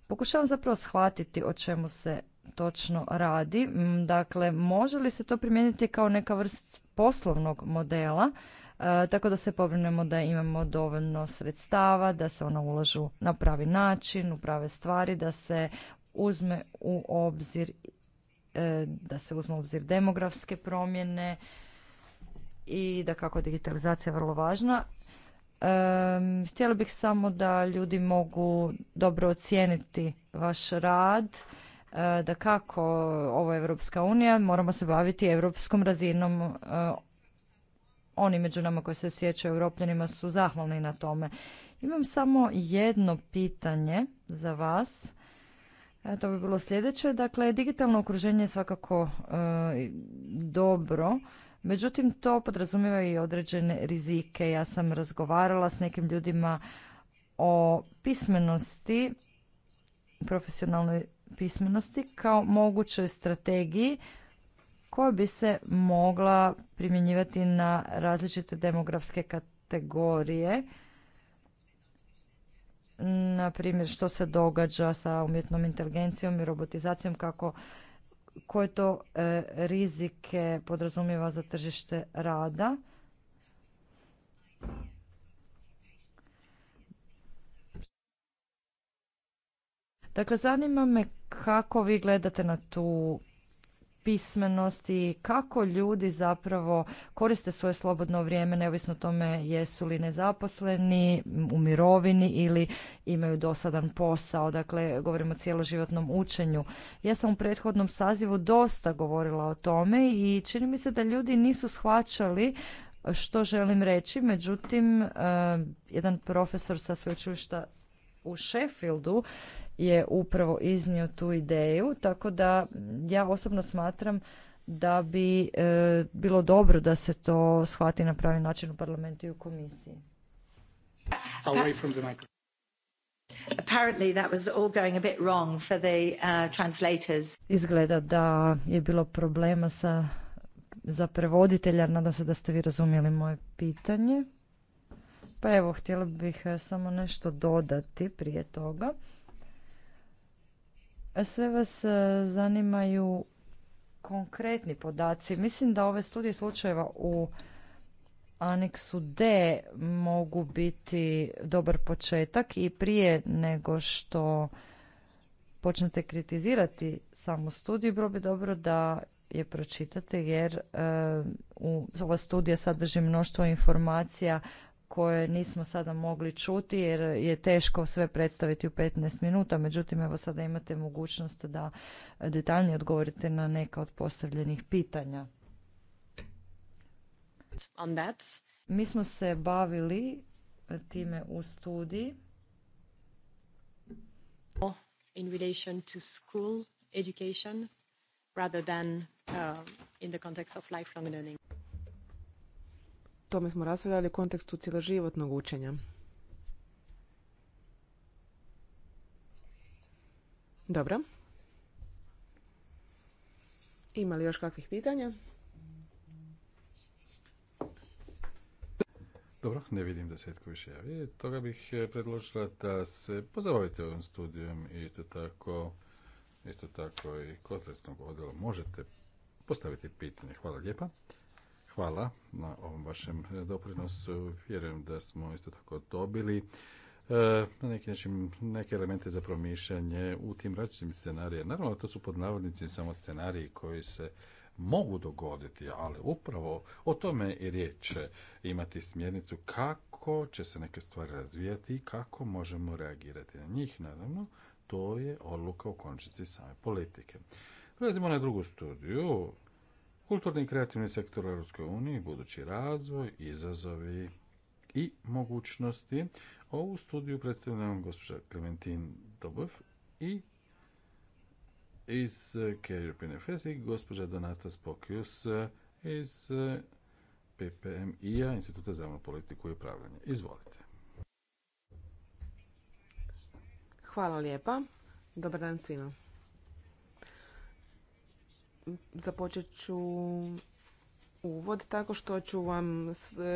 Pokušavam zapravo shvatiti o čemu se točno radi. Dakle, može li se to primijeniti kao neka vrst poslovnog modela, e, tako da se pobrinemo da imamo dovoljno sredstava, da se ona ulažu na pravi način, u prave stvari, da se uzme u obzir e, da se uzme u obzir demografske promjene, i da kako digitalizacija je vrlo važna. Um, htjela bih samo da ljudi mogu dobro ocijeniti vaš rad, e, da kako ovo je Evropska unija, moramo se baviti evropskom razinom. E, oni među nama koji se osjećaju europljanima su zahvalni na tome. Imam samo jedno pitanje za vas. E, to bi bilo sljedeće. Dakle, digitalno okruženje je svakako dobro Međutim, to podrazumijeva i određene rizike. Ja sam razgovarala s nekim ljudima o pismenosti, profesionalnoj pismenosti kao mogućoj strategiji koja bi se mogla primjenjivati na različite demografske kategorije. Na primjer, što se događa sa umjetnom inteligencijom i robotizacijom, kako koje to e, rizike podrazumijeva za tržište rada. Dakle, zanima me kako vi gledate na tu pismenosti, kako ljudi zapravo koriste svoje slobodno vrijeme, neovisno o tome jesu li nezaposleni, u mirovini ili imaju dosadan posao. Dakle, govorimo o cjeloživotnom učenju. Ja sam u prethodnom sazivu dosta govorila o tome i čini mi se da ljudi nisu shvaćali što želim reći. Međutim, eh, jedan profesor sa sveučilišta u Sheffieldu je upravo iznio tu ideju, tako da ja osobno smatram da bi e, bilo dobro da se to shvati na pravi način u parlamentu i u komisiji. Izgleda da je bilo problema sa, za prevoditelja, nadam se da ste vi razumjeli moje pitanje. Pa evo, htjela bih e, samo nešto dodati prije toga sve vas e, zanimaju konkretni podaci. Mislim da ove studije slučajeva u aneksu D mogu biti dobar početak i prije nego što počnete kritizirati samu studiju, bilo bi dobro da je pročitate jer e, u, ova studija sadrži mnoštvo informacija koje nismo sada mogli čuti jer je teško sve predstaviti u 15 minuta. Međutim, evo sada imate mogućnost da detaljnije odgovorite na neka od postavljenih pitanja. Mi smo se bavili time u studiji. In relation to school education rather than uh, in the context of lifelong learning tome smo raspravljali u kontekstu cijeloživotnog učenja. Dobro. Ima li još kakvih pitanja? Dobro, ne vidim da se tko više javi. Toga bih e, predložila da se pozabavite ovim studijom i isto tako, isto tako i kod odjela možete postaviti pitanje. Hvala lijepa. Hvala na ovom vašem e, doprinosu. Vjerujem da smo isto tako dobili e, na neki način neke elemente za promišljanje u tim različitim scenarijima. Naravno, to su pod navodnicim samo scenariji koji se mogu dogoditi, ali upravo o tome i riječ e, imati smjernicu kako će se neke stvari razvijati i kako možemo reagirati na njih. Naravno, to je odluka u končici same politike. Prelazimo na drugu studiju Kulturni i kreativni sektor u Europskoj uniji, budući razvoj, izazovi i mogućnosti. Ovu studiju predstavlja vam gospođa Klementin Dobov i iz Career PNFS i gospođa Donata Spokius iz PPMI-a, Instituta za javnu politiku i upravljanje. Izvolite. Hvala lijepa. Dobar dan svima započet ću uvod tako što ću vam,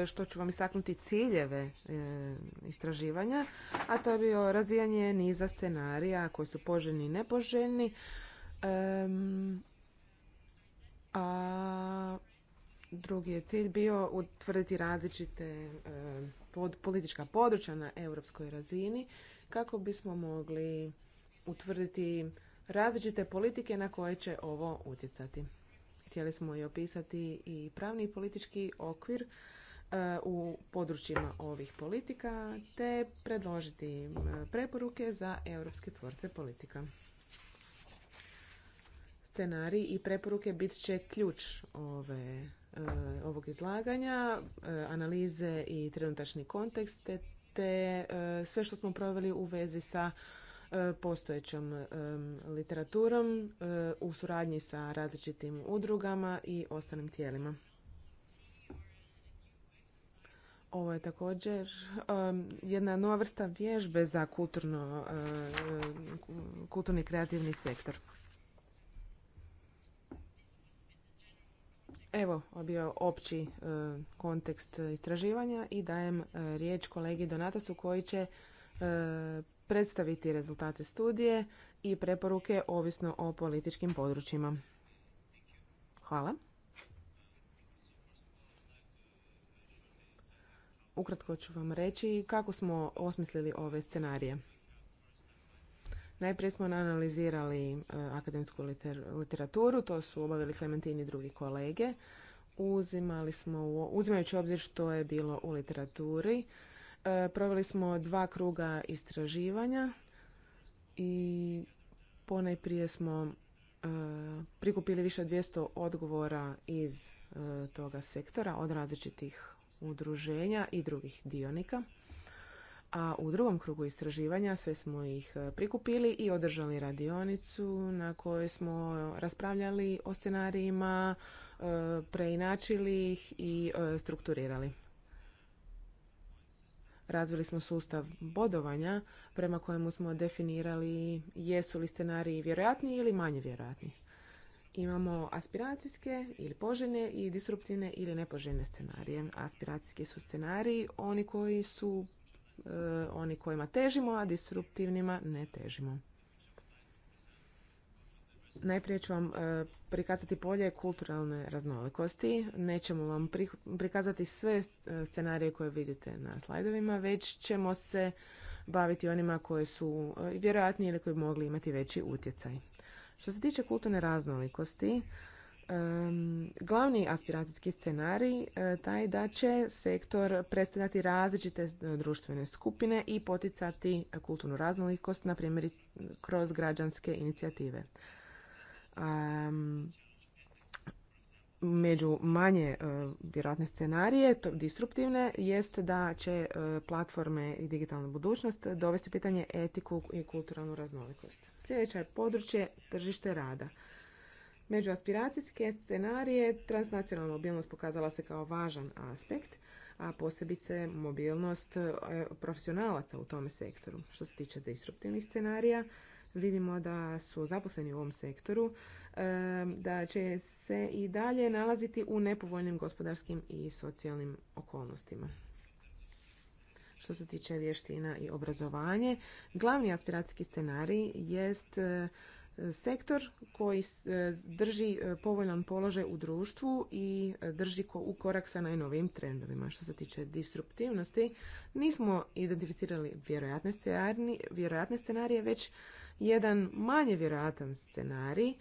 što ću vam istaknuti ciljeve e, istraživanja, a to je bio razvijanje niza scenarija koji su poželjni i nepoželjni. A drugi je cilj bio utvrditi različite e, politička područja na europskoj razini kako bismo mogli utvrditi različite politike na koje će ovo utjecati. Htjeli smo i opisati i pravni i politički okvir e, u područjima ovih politika te predložiti e, preporuke za europske tvorce politika. Scenarij i preporuke bit će ključ ove, e, ovog izlaganja, analize i trenutačni kontekst te sve što smo proveli u vezi sa E, postojećom e, literaturom e, u suradnji sa različitim udrugama i ostalim tijelima. Ovo je također jedna nova vrsta vježbe za kulturno, kulturni kreativni sektor. Evo, bio opći kontekst istraživanja i dajem riječ kolegi Donatosu koji će predstaviti rezultate studije i preporuke ovisno o političkim područjima. Hvala. Ukratko ću vam reći kako smo osmislili ove scenarije. Najprije smo analizirali e, akademsku literaturu, to su obavili Clementini i drugi kolege. Uzimali smo, uzimajući obzir što je bilo u literaturi, E, proveli smo dva kruga istraživanja i ponajprije smo e, prikupili više od 200 odgovora iz e, toga sektora od različitih udruženja i drugih dionika. A u drugom krugu istraživanja sve smo ih prikupili i održali radionicu na kojoj smo raspravljali o scenarijima, preinačili ih i strukturirali. Razvili smo sustav bodovanja prema kojemu smo definirali jesu li scenariji vjerojatni ili manje vjerojatni. Imamo aspiracijske ili poželjne i disruptivne ili nepoželjne scenarije. Aspiracijski su scenariji oni koji su e, oni kojima težimo, a disruptivnima ne težimo. Najprije ću vam e, prikazati polje kulturalne raznolikosti. Nećemo vam prikazati sve e, scenarije koje vidite na slajdovima, već ćemo se baviti onima koji su e, vjerojatni ili koji bi mogli imati veći utjecaj. Što se tiče kulturne raznolikosti, glavni aspiracijski scenarij taj da će sektor predstavljati različite društvene skupine i poticati kulturnu raznolikost, na primjer kroz građanske inicijative među manje e, vjerojatne scenarije, to, disruptivne, jest da će e, platforme i digitalna budućnost dovesti pitanje etiku i kulturalnu raznolikost. Sljedeće je područje tržište rada. Među aspiracijske scenarije transnacionalna mobilnost pokazala se kao važan aspekt, a posebice mobilnost e, profesionalaca u tome sektoru. Što se tiče disruptivnih scenarija, vidimo da su zaposleni u ovom sektoru, e, da će se i dalje nalaziti u nepovoljnim gospodarskim i socijalnim okolnostima. Što se tiče vještina i obrazovanje, glavni aspiracijski scenarij jest e, sektor koji e, drži povoljan položaj u društvu i drži u korak sa najnovijim trendovima. Što se tiče disruptivnosti, nismo identificirali vjerojatne scenarije, već jedan manje vjerojatan scenarij e,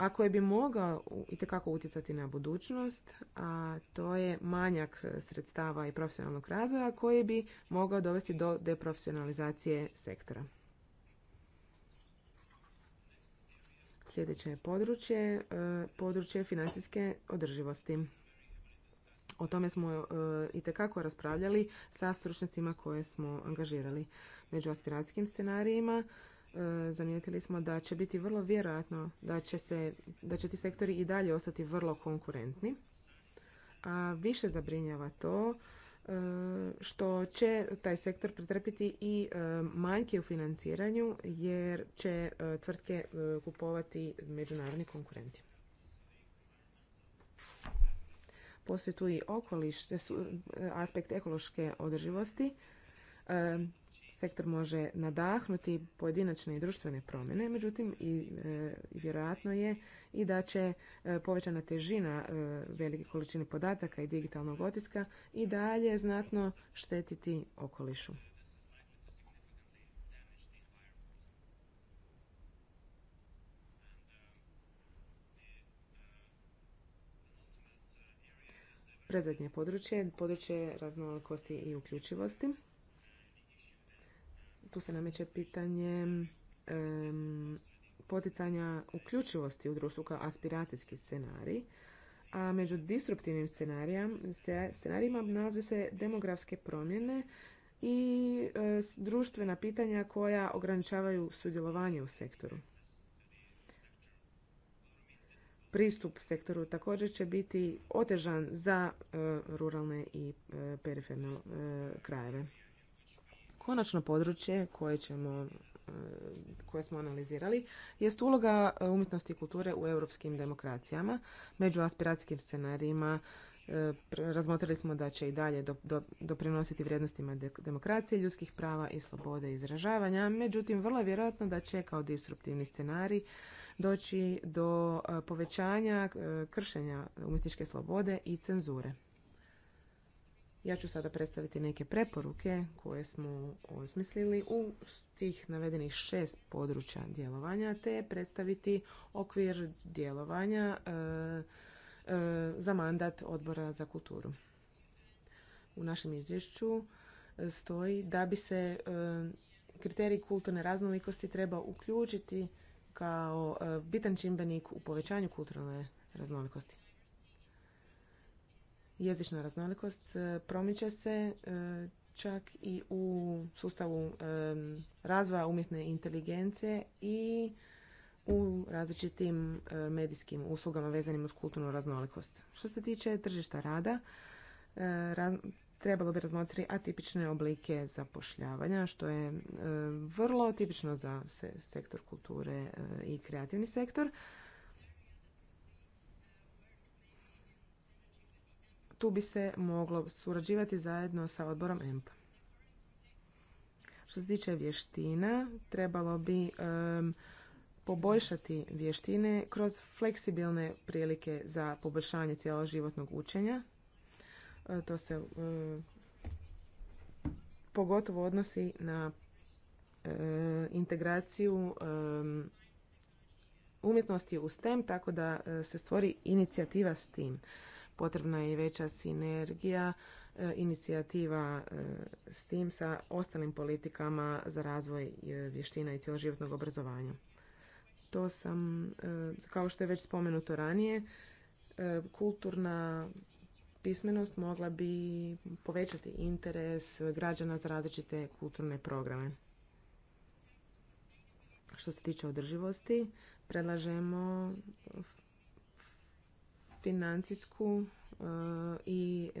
a koji bi mogao itekako utjecati na budućnost, a to je manjak sredstava i profesionalnog razvoja koji bi mogao dovesti do deprofesionalizacije sektora. Sljedeće je područje, e, područje financijske održivosti. O tome smo e, itekako raspravljali sa stručnjacima koje smo angažirali među aspiracijskim scenarijima, e, zamijetili smo da će biti vrlo vjerojatno da će, se, da će ti sektori i dalje ostati vrlo konkurentni. A više zabrinjava to e, što će taj sektor pretrpiti i e, manjke u financiranju jer će tvrtke kupovati međunarodni konkurenti. Postoji tu i okoliš, aspekt ekološke održivosti sektor može nadahnuti pojedinačne i društvene promjene, međutim i e, vjerojatno je i da će e, povećana težina e, velike količine podataka i digitalnog otiska i dalje znatno štetiti okolišu. Prezadnje područje, područje raznolikosti i uključivosti tu se nameće pitanje poticanja uključivosti u društvu kao aspiracijski scenarij, a među disruptivnim scenarijima nalaze se demografske promjene i e, društvena pitanja koja ograničavaju sudjelovanje u sektoru. Pristup sektoru također će biti otežan za e, ruralne i e, periferne krajeve. Konačno područje koje ćemo e, koje smo analizirali, jest uloga e, umjetnosti i kulture u europskim demokracijama. Među aspiracijskim scenarijima e, razmotrili smo da će i dalje doprinositi vrijednostima demokracije, ljudskih prava i slobode izražavanja. Međutim, vrlo je vjerojatno da će kao disruptivni scenarij doći do povećanja kršenja umjetničke slobode i cenzure. Ja ću sada predstaviti neke preporuke koje smo osmislili u tih navedenih šest područja djelovanja, te predstaviti okvir djelovanja e, e, za mandat odbora za kulturu. U našem izvješću e, stoji da bi se kriterij kulturne raznolikosti treba uključiti kao bitan čimbenik u povećanju kulturne raznolikosti jezična raznolikost e, promiče se e, čak i u sustavu e, razvoja umjetne inteligencije i u različitim medijskim uslugama vezanim uz kulturnu raznolikost. Što se tiče tržišta rada, trebalo bi razmotriti atipične oblike zapošljavanja, što je vrlo tipično za sektor kulture i kreativni sektor. tu bi se moglo surađivati zajedno sa odborom EMP. Što se tiče vještina, trebalo bi poboljšati vještine kroz fleksibilne prilike za poboljšanje cijeloživotnog učenja. E, to se pogotovo odnosi na e, integraciju umjetnosti u STEM, tako da e, se stvori inicijativa s tim potrebna je i veća sinergija e, inicijativa e, s tim sa ostalim politikama za razvoj e, vještina i cjeloživotnog obrazovanja. To sam, kao što je već spomenuto ranije, kulturna pismenost mogla bi povećati interes građana za različite kulturne programe. Što se tiče održivosti, predlažemo financijsku e, i e,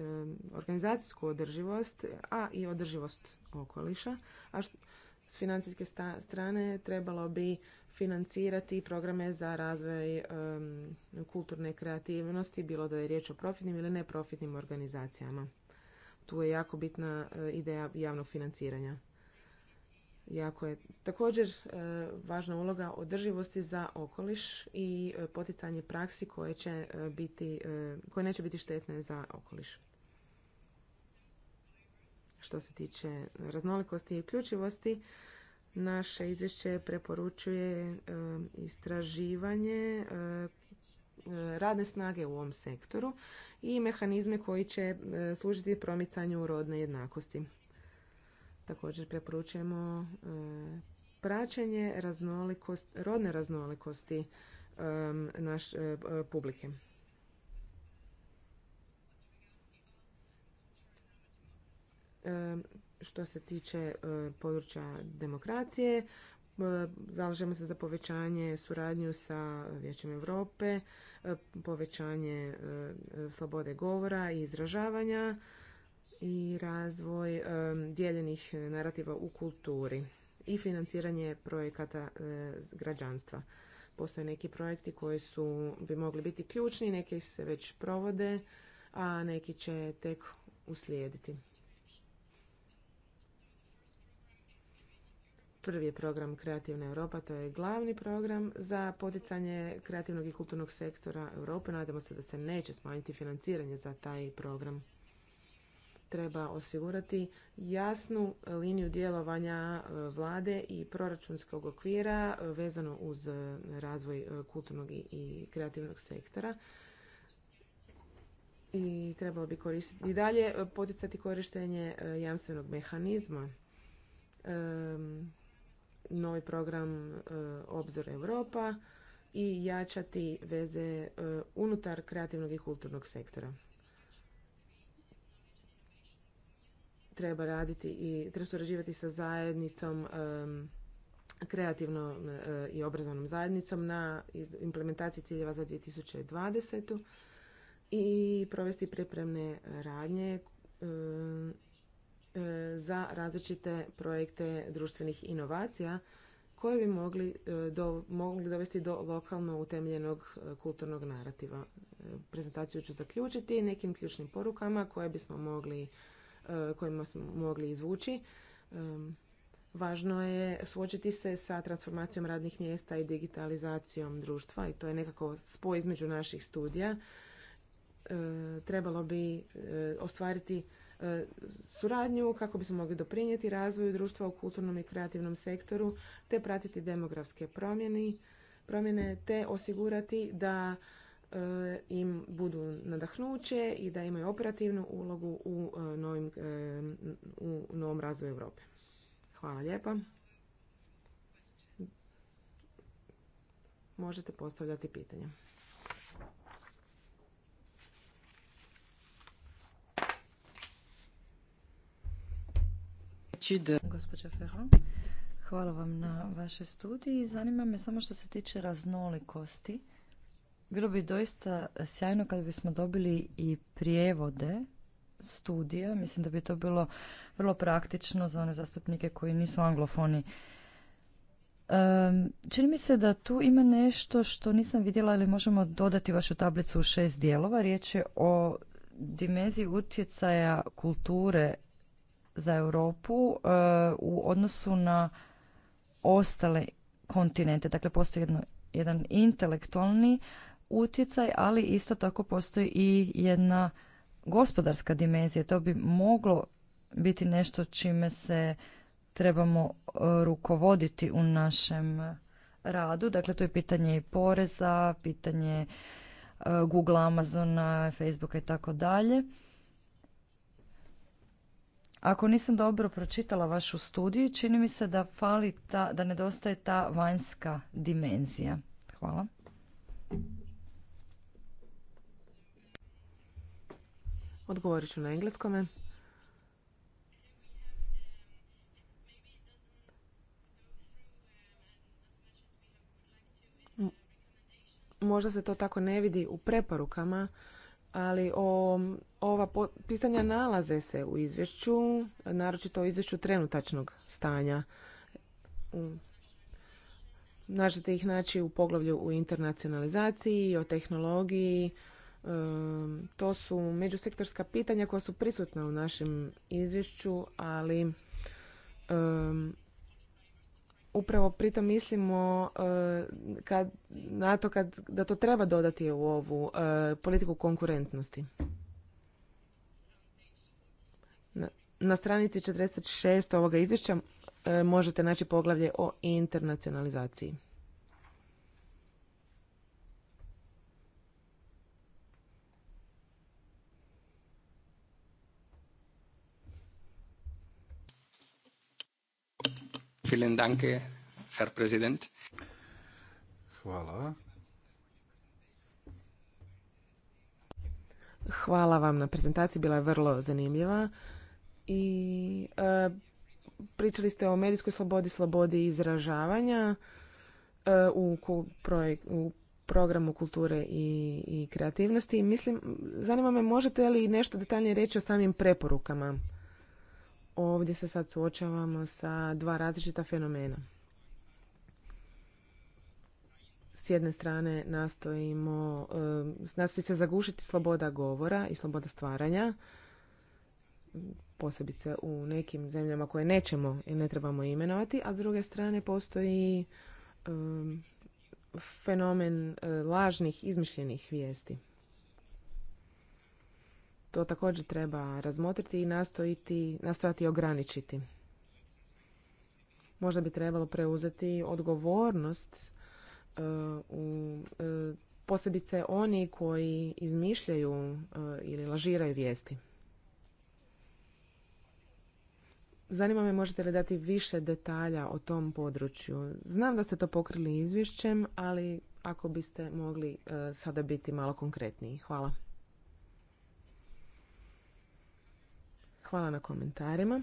organizacijsku održivost, a i održivost okoliša. A s financijske strane trebalo bi financirati programe za razvoj e, kulturne kreativnosti, bilo da je riječ o profitnim ili neprofitnim organizacijama. Tu je jako bitna ideja javnog financiranja jako je također e, važna uloga održivosti za okoliš i e, poticanje praksi koje će e, biti, koje neće biti štetne za okoliš. Što se tiče raznolikosti i uključivosti, naše izvješće preporučuje istraživanje radne snage u ovom sektoru i mehanizme koji će služiti promicanju rodne jednakosti. Također preporučujemo e, praćenje raznolikost, rodne raznolikosti naše e, publike. Što se tiče e, područja demokracije, zalažemo se za povećanje suradnju sa Vijećem Europe, povećanje slobode govora i izražavanja, i razvoj e, dijeljenih narativa u kulturi i financiranje projekata e, građanstva. Postoje neki projekti koji su, bi mogli biti ključni, neki se već provode, a neki će tek uslijediti. Prvi je program Kreativna Europa, to je glavni program za poticanje kreativnog i kulturnog sektora Europe. Nadamo se da se neće smanjiti financiranje za taj program treba osigurati jasnu liniju djelovanja e, vlade i proračunskog okvira e, vezano uz e, razvoj kulturnog i kreativnog sektora i trebalo bi koristiti i dalje poticati korištenje jamstvenog mehanizma novi program Obzor Europa i jačati veze unutar kreativnog i kulturnog sektora. treba raditi i treba surađivati sa zajednicom kreativnom eh, i obrazovnom zajednicom na implementaciji ciljeva za 2020. i provesti pripremne radnje eh, za različite projekte društvenih inovacija koje bi mogli, eh, do, mogli dovesti do lokalno utemljenog kulturnog narativa. Prezentaciju ću zaključiti nekim ključnim porukama koje bismo mogli Eh, kojima smo mogli izvući. Važno je suočiti se sa transformacijom radnih mjesta i digitalizacijom društva i to je nekako spoj između naših studija. Eh, trebalo bi eh, ostvariti suradnju kako bismo mogli doprinijeti razvoju društva u kulturnom i kreativnom sektoru te pratiti demografske promjene te osigurati da E, im budu nadahnuće i da imaju operativnu ulogu u, e, novim, e, u novom razvoju Europe. Hvala lijepa. Možete postavljati pitanja. hvala vam na vašoj studiji. Zanima me samo što se tiče raznolikosti. Bilo bi doista sjajno kad bismo dobili i prijevode studija. Mislim da bi to bilo vrlo praktično za one zastupnike koji nisu anglofoni. Um, čini mi se da tu ima nešto što nisam vidjela, ali možemo dodati vašu tablicu u šest dijelova. Riječ je o dimenziji utjecaja kulture za Europu e, u odnosu na ostale kontinente. Dakle, postoji jedan intelektualni utjecaj, ali isto tako postoji i jedna gospodarska dimenzija. To bi moglo biti nešto čime se trebamo e, rukovoditi u našem radu. Dakle, to je pitanje i poreza, pitanje e, Google, Amazona, Facebooka i tako dalje. Ako nisam dobro pročitala vašu studiju, čini mi se da fali ta, da nedostaje ta vanjska dimenzija. Hvala. Odgovorit ću na engleskome. Možda se to tako ne vidi u preporukama, ali o, ova pitanja nalaze se u izvješću, naročito u izvješću trenutačnog stanja. Možete ih naći u poglavlju u internacionalizaciji, o tehnologiji, to su međusektorska pitanja koja su prisutna u našem izvješću, ali upravo pritom mislimo eh, kad, na to kad, da to treba dodati u ovu eh, politiku konkurentnosti. Na, stranici 46 ovoga izvješća eh, možete naći poglavlje o internacionalizaciji. Vielen danke, Herr Präsident. Hvala. vam na prezentaciji, bila je vrlo zanimljiva. I e, pričali ste o medijskoj slobodi, slobodi izražavanja e, u, u programu kulture i, i kreativnosti. Mislim, zanima me možete li nešto detaljnije reći o samim preporukama? ovdje se sad suočavamo sa dva različita fenomena. S jedne strane nastojimo, eh, nastoji se zagušiti sloboda govora i sloboda stvaranja, posebice u nekim zemljama koje nećemo i ne trebamo imenovati, a s druge strane postoji eh, fenomen eh, lažnih, izmišljenih vijesti. To također treba razmotriti i nastojati ograničiti. Možda bi trebalo preuzeti odgovornost e, u e, posebice oni koji izmišljaju e, ili lažiraju vijesti. Zanima me možete li dati više detalja o tom području. Znam da ste to pokrili izvješćem, ali ako biste mogli sada biti malo konkretniji. Hvala. Hvala na komentarima.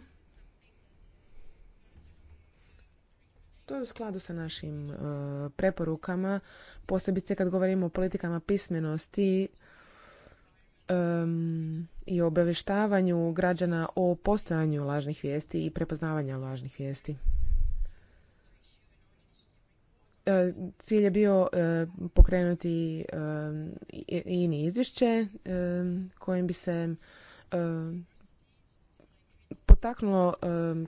To je u skladu sa našim e, preporukama, posebice kad govorimo o politikama pismenosti i obavještavanju građana o postojanju lažnih vijesti i prepoznavanja lažnih vijesti. E, cilj je bio e, pokrenuti ini izvješće kojim bi se potaknulo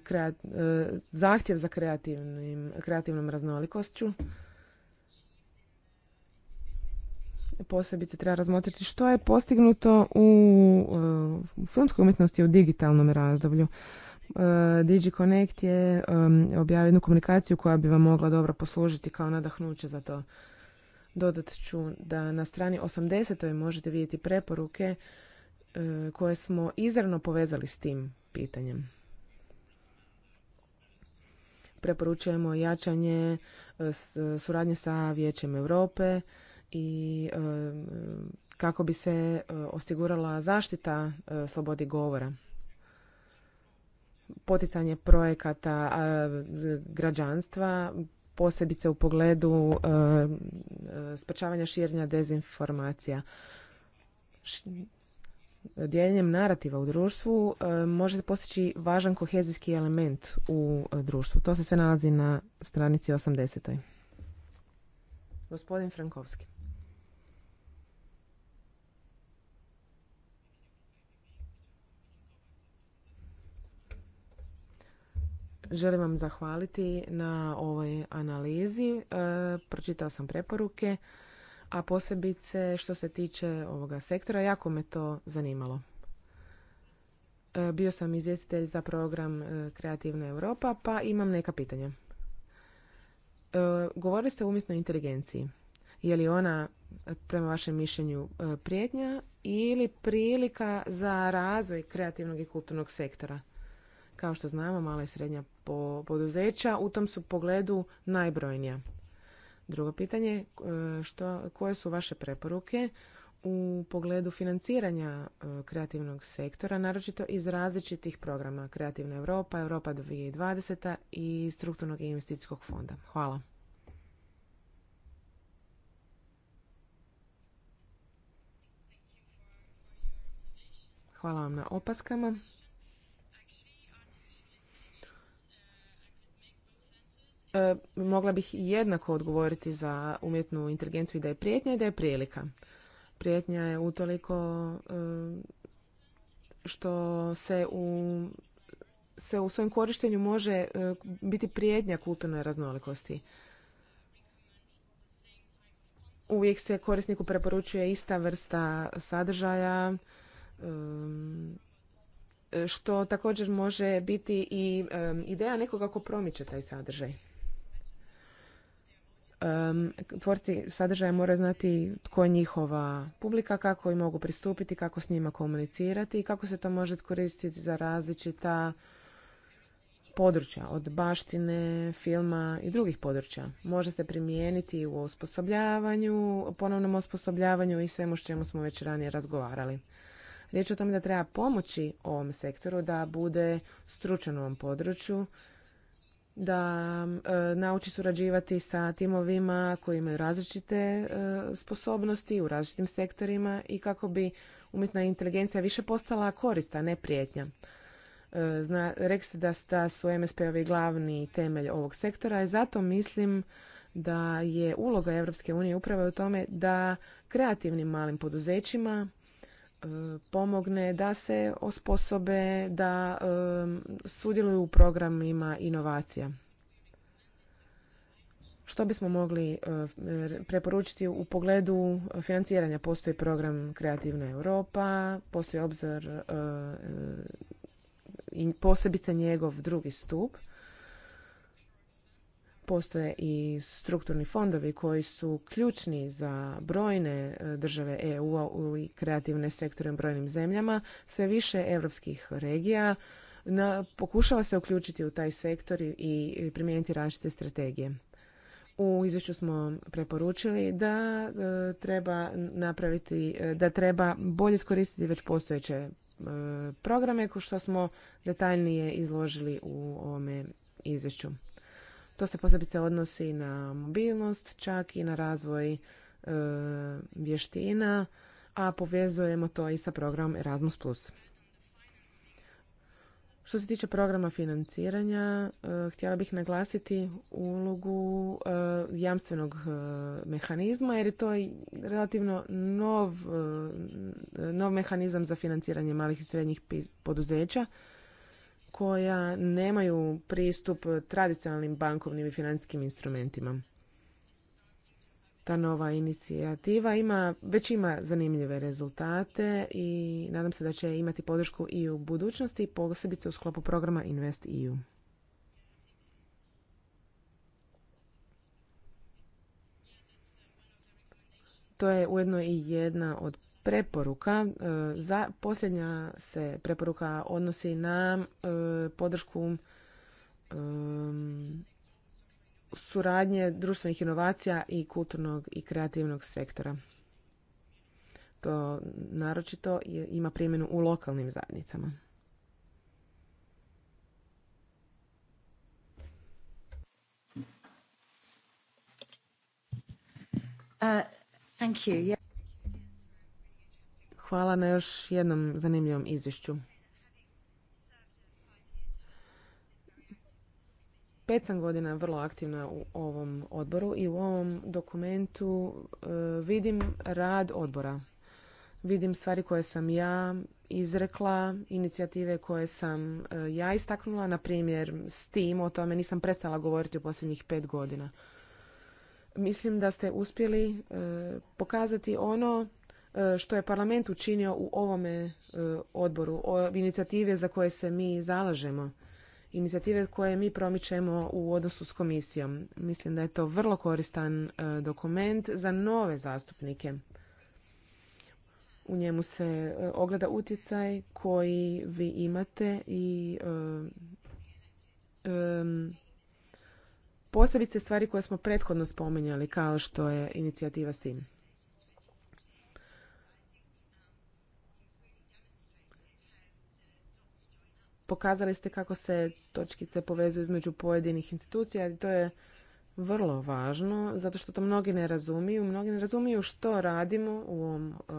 kreat, e, zahtjev za kreativnim, kreativnom raznolikošću. Posebice treba razmotriti što je postignuto u, e, u filmskoj umjetnosti u digitalnom razdoblju. E, DigiConnect je objavio jednu komunikaciju koja bi vam mogla dobro poslužiti kao nadahnuće za to. Dodat ću da na strani 80. možete vidjeti preporuke E, koje smo izravno povezali s tim pitanjem. Preporučujemo jačanje e, suradnje sa Vijećem Europe i e, kako bi se osigurala zaštita slobodi govora poticanje projekata građanstva, posebice u pogledu sprečavanja širnja dezinformacija dijeljenjem narativa u društvu e, može se postići važan kohezijski element u e, društvu. To se sve nalazi na stranici 80. Gospodin Frankovski. Želim vam zahvaliti na ovoj analizi. E, pročitao sam preporuke a posebice što se tiče ovoga sektora, jako me to zanimalo. E, bio sam izvjestitelj za program e, Kreativna Europa, pa imam neka pitanja. E, govorili ste o umjetnoj inteligenciji. Je li ona, prema vašem mišljenju, prijetnja ili prilika za razvoj kreativnog i kulturnog sektora? Kao što znamo, mala i srednja poduzeća u tom su pogledu najbrojnija. Drugo pitanje, e, što, koje su vaše preporuke u pogledu financiranja e, kreativnog sektora, naročito iz različitih programa Kreativna Europa, Europa 2020 i Strukturnog investicijskog fonda? Hvala. Hvala vam na opaskama. E, mogla bih jednako odgovoriti za umjetnu inteligenciju i da je prijetnja i da je prilika. Prijetnja je utoliko e, što se u se u svojem korištenju može e, biti prijetnja kulturnoj raznolikosti. Uvijek se korisniku preporučuje ista vrsta sadržaja, što također može biti i ideja nekoga ko promiče taj sadržaj tvorci sadržaja moraju znati tko je njihova publika, kako i mogu pristupiti, kako s njima komunicirati i kako se to može koristiti za različita područja, od baštine, filma i drugih područja. Može se primijeniti u osposobljavanju, ponovnom osposobljavanju i svemu s čemu smo već ranije razgovarali. Riječ je o tome da treba pomoći ovom sektoru da bude stručan u ovom području da e, nauči surađivati sa timovima koji imaju različite e, sposobnosti u različitim sektorima i kako bi umjetna inteligencija više postala korista, ne prijetnja. E, zna, rekli ste da, da su MSP-ovi glavni temelj ovog sektora i zato mislim da je uloga Europske unije upravo u tome da kreativnim malim poduzećima E, pomogne da se osposobe da e, sudjeluju u programima inovacija. Što bismo mogli e, preporučiti u pogledu financiranja? Postoji program Kreativna Europa, postoji obzor i posebice njegov drugi stup. Postoje i strukturni fondovi koji su ključni za brojne e, države eu i kreativne sektore u brojnim zemljama. Sve više europskih regija na, pokušava se uključiti u taj sektor i primijeniti različite strategije. U izvješću smo preporučili da e, treba napraviti, e, da treba bolje iskoristiti već postojeće e, programe što smo detaljnije izložili u ovome izvješću. To se posebice odnosi na mobilnost, čak i na razvoj e, vještina, a povezujemo to i sa programom Erasmus+. Što se tiče programa financiranja, e, htjela bih naglasiti ulogu e, jamstvenog mehanizma jer je to relativno nov, nov mehanizam za financiranje malih i srednjih poduzeća koja nemaju pristup tradicionalnim bankovnim i financijskim instrumentima. Ta nova inicijativa ima, već ima zanimljive rezultate i nadam se da će imati podršku i u budućnosti, posebice u sklopu programa Invest EU. To je ujedno i jedna od preporuka. E, za, posljednja se preporuka odnosi na e, podršku e, suradnje društvenih inovacija i kulturnog i kreativnog sektora. To naročito ima primjenu u lokalnim zajednicama. Uh, thank you. Hvala na još jednom zanimljivom izvješću. Pet sam godina vrlo aktivna u ovom odboru i u ovom dokumentu e, vidim rad odbora. Vidim stvari koje sam ja izrekla, inicijative koje sam e, ja istaknula, na primjer s tim, o tome nisam prestala govoriti u posljednjih pet godina. Mislim da ste uspjeli e, pokazati ono E, što je parlament učinio u ovome e, odboru, inicijative za koje se mi zalažemo, inicijative koje mi promičemo u odnosu s komisijom. Mislim da je to vrlo koristan e, dokument za nove zastupnike. U njemu se ogleda utjecaj koji vi imate i posebice stvari koje smo prethodno spominjali kao što je inicijativa s tim. pokazali ste kako se točkice povezuju između pojedinih institucija i to je vrlo važno zato što to mnogi ne razumiju. Mnogi ne razumiju što radimo u ovom e,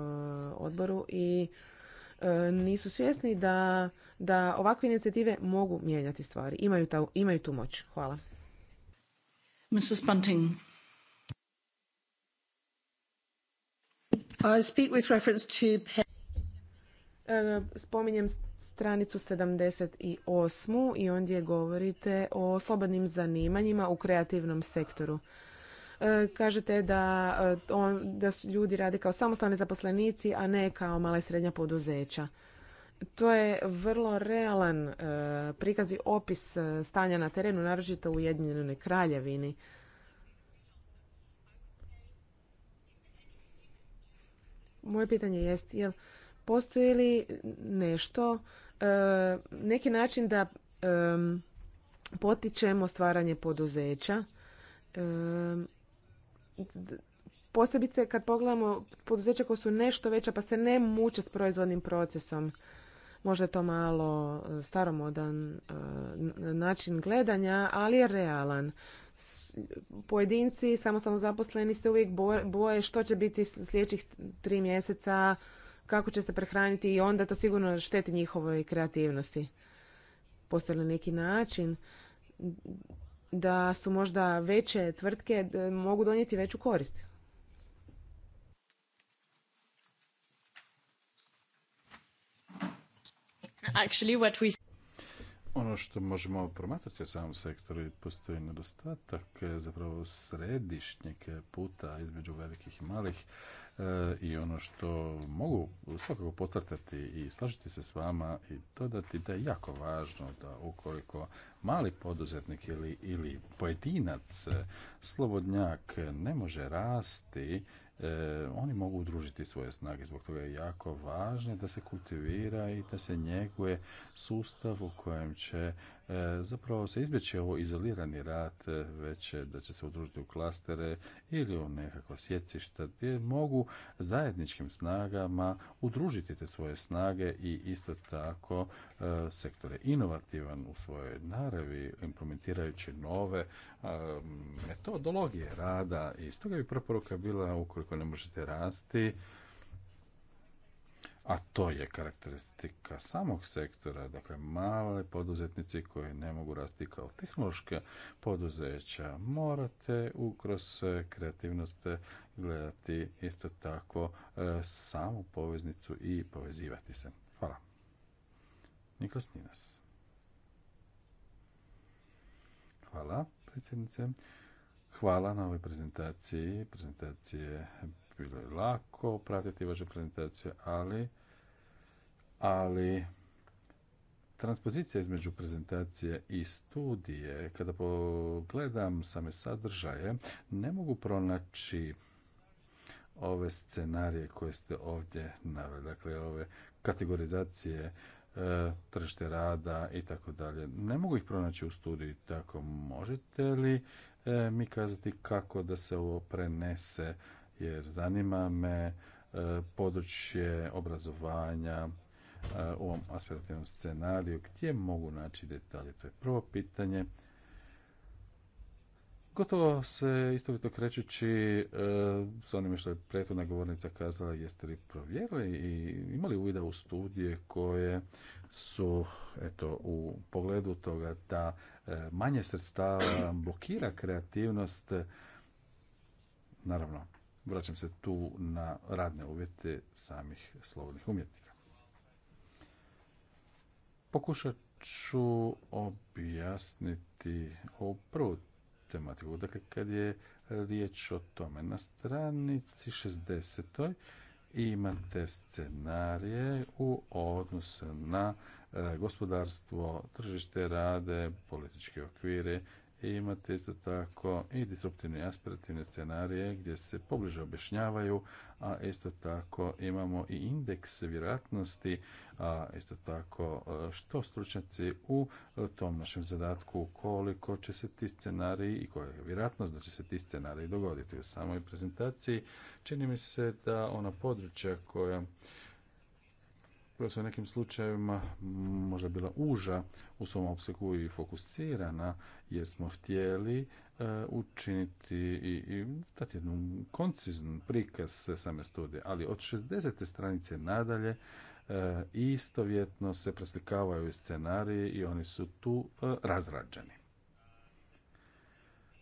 odboru i e, nisu svjesni da, da ovakve inicijative mogu mijenjati stvari. Imaju, ta, imaju tu moć. Hvala. I speak with reference to... E, spominjem stranicu 78 i ondje govorite o slobodnim zanimanjima u kreativnom sektoru. E, kažete da, e, da ljudi rade kao samostalni zaposlenici, a ne kao mala i srednja poduzeća. To je vrlo realan e, prikaz i opis stanja na terenu, naročito u Ujedinjenoj kraljevini. Moje pitanje jest, jel postoji li nešto E, neki način da e, potičemo stvaranje poduzeća. E, posebice kad pogledamo poduzeća koja su nešto veća pa se ne muče s proizvodnim procesom. Možda je to malo staromodan način gledanja, ali je realan. Pojedinci, samostalno zaposleni se uvijek boje što će biti sljedećih tri mjeseca, kako će se prehraniti i onda to sigurno šteti njihovoj kreativnosti. Postoji li neki način da su možda veće tvrtke mogu donijeti veću korist? Actually, what we... Ono što možemo promatrati u samom sektoru i postoji nedostatak e, zapravo središnjeg puta između velikih i malih E, i ono što mogu svakako podcrtati i slažiti se s vama i dodati da je jako važno da ukoliko mali poduzetnik ili, ili pojedinac, e, slobodnjak ne može rasti, e, oni mogu udružiti svoje snage. Zbog toga je jako važno da se kultivira i da se njeguje sustav u kojem će E, zapravo se izbjeće ovo izolirani rad, e, već da će se udružiti u klastere ili u nekakva sjecišta gdje mogu zajedničkim snagama udružiti te svoje snage i isto tako e, sektor je inovativan u svojoj naravi implementirajući nove metodologije rada i stoga bi preporuka bila ukoliko ne možete rasti a to je karakteristika samog sektora, dakle male poduzetnici koji ne mogu rasti kao tehnološka poduzeća, morate ukroz e, kreativnost e, gledati isto tako e, samu poveznicu i povezivati se. Hvala. Niklas Ninas. Hvala, predsjednice. Hvala na ovoj prezentaciji. prezentacije bilo je lako pratiti vašu prezentacije, ali ali transpozicija između prezentacije i studije, kada pogledam same sadržaje, ne mogu pronaći ove scenarije koje ste ovdje naveli, dakle ove kategorizacije e, tržište rada i tako dalje. Ne mogu ih pronaći u studiji, tako možete li e, mi kazati kako da se ovo prenese jer zanima me e, područje obrazovanja e, u ovom aspirativnom scenariju, gdje mogu naći detalje. To je prvo pitanje. Gotovo se istovito krećući e, s onime što je prethodna govornica kazala, jeste li provjerili i imali uvida u studije koje su eto, u pogledu toga da manje sredstava blokira kreativnost. Naravno, Vraćam se tu na radne uvjete samih slobodnih umjetnika. Pokušat ću objasniti ovu prvu tematiku. Dakle, kad je riječ o tome, na stranici 60. imate scenarije u odnosu na e, gospodarstvo, tržište rade, političke okvire imate isto tako i disruptivne i aspirativne scenarije gdje se pobliže objašnjavaju, a isto tako imamo i indeks vjerojatnosti, a isto tako e, što stručnjaci u e, tom našem zadatku koliko će se ti scenariji i koja je vjerojatnost da će se ti scenariji dogoditi u samoj prezentaciji. Čini mi se da ona područja koja koja u nekim slučajevima možda bila uža u svom opsegu i fokusirana jer smo htjeli e, učiniti i dati jednu koncizn prikaz same studije, ali od 60. stranice nadalje e, istovjetno se preslikavaju scenariji i oni su tu e, razrađeni.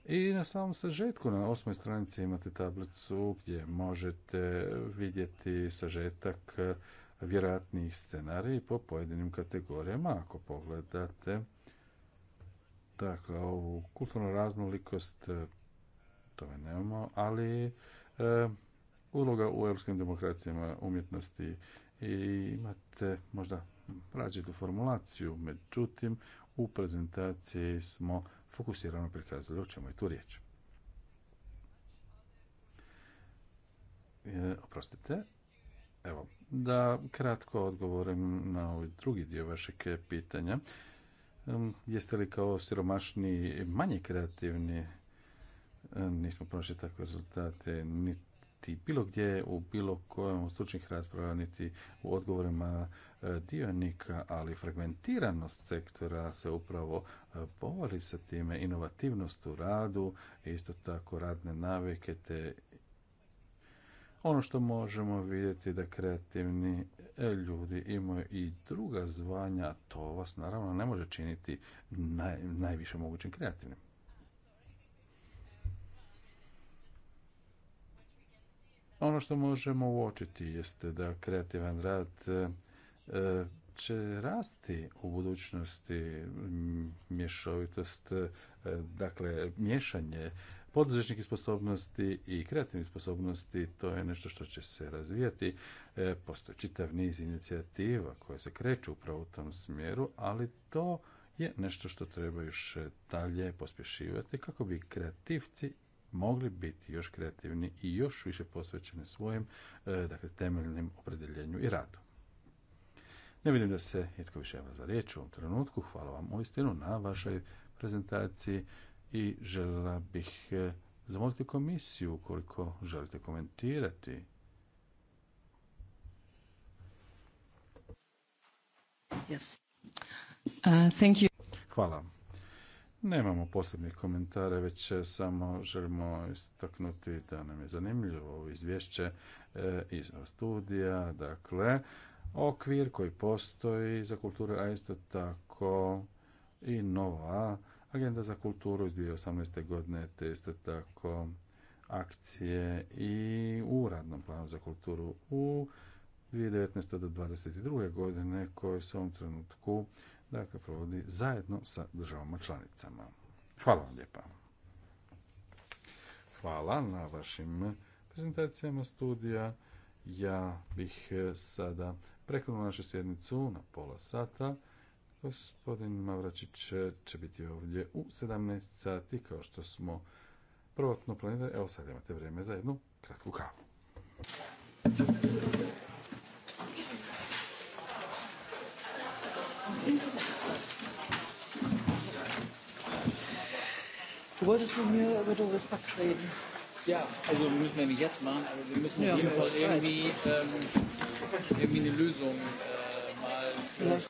I na samom sažetku na osmoj stranici imate tablicu gdje možete vidjeti sažetak vjerojatniji scenariji po pojedinim kategorijama. Ako pogledate dakle, ovu kulturnu raznolikost, e, tome nemamo, ali e, uloga u europskim demokracijama umjetnosti i imate možda različitu formulaciju, međutim u prezentaciji smo fokusirano prikazali o čemu je tu riječ. E, oprostite, evo, da kratko odgovorim na ovaj drugi dio vašeg pitanja. Jeste li kao siromašni manje kreativni? Nismo prošli takve rezultate niti bilo gdje u bilo kojem od stručnih rasprava niti u odgovorima e, dionika, ali fragmentiranost sektora se upravo e, povali sa time, inovativnost u radu, isto tako radne navike te ono što možemo vidjeti da kreativni e, ljudi imaju i druga zvanja, to vas naravno ne može činiti naj, najviše mogućim kreativnim. Ono što možemo uočiti jeste da kreativan rad e, e, će rasti u budućnosti mješovitost, dakle, miješanje poduzetničkih sposobnosti i kreativnih sposobnosti, to je nešto što će se razvijati. E, postoji čitav niz inicijativa koje se kreću upravo u tom smjeru, ali to je nešto što treba još dalje pospješivati kako bi kreativci mogli biti još kreativni i još više posvećeni svojem e, dakle, temeljnim opredjeljenju i radu. Ne vidim da se itko više javlja za riječ u ovom trenutku. Hvala vam uistinu na vašoj prezentaciji i željela bih e, zamoliti komisiju ukoliko želite komentirati. Uh, Hvala. Nemamo posebnih komentara, već e, samo želimo istaknuti da nam je zanimljivo ovo izvješće e, iz studija, dakle, okvir koji postoji za kulturu, a isto tako i nova Agenda za kulturu iz 2018. godine te isto tako akcije i u radnom planu za kulturu u 2019. do 2022. godine koje se u ovom trenutku dakle, provodi zajedno sa državama članicama. Hvala vam lijepa. Hvala na vašim prezentacijama studija. Ja bih sada prekinuo našu sjednicu na pola sata. Gospodin Mavračić e, će biti ovdje u 17 sati kao što smo prvotno planirali. Evo sad imate vrijeme za jednu kratku kavu. Wolltest du mir über den Respekt reden? Ja, also wir müssen nämlich jetzt machen, aber wir müssen ja, auf jeden Fall irgendwie, ähm, irgendwie eine Lösung äh, mal. Ja.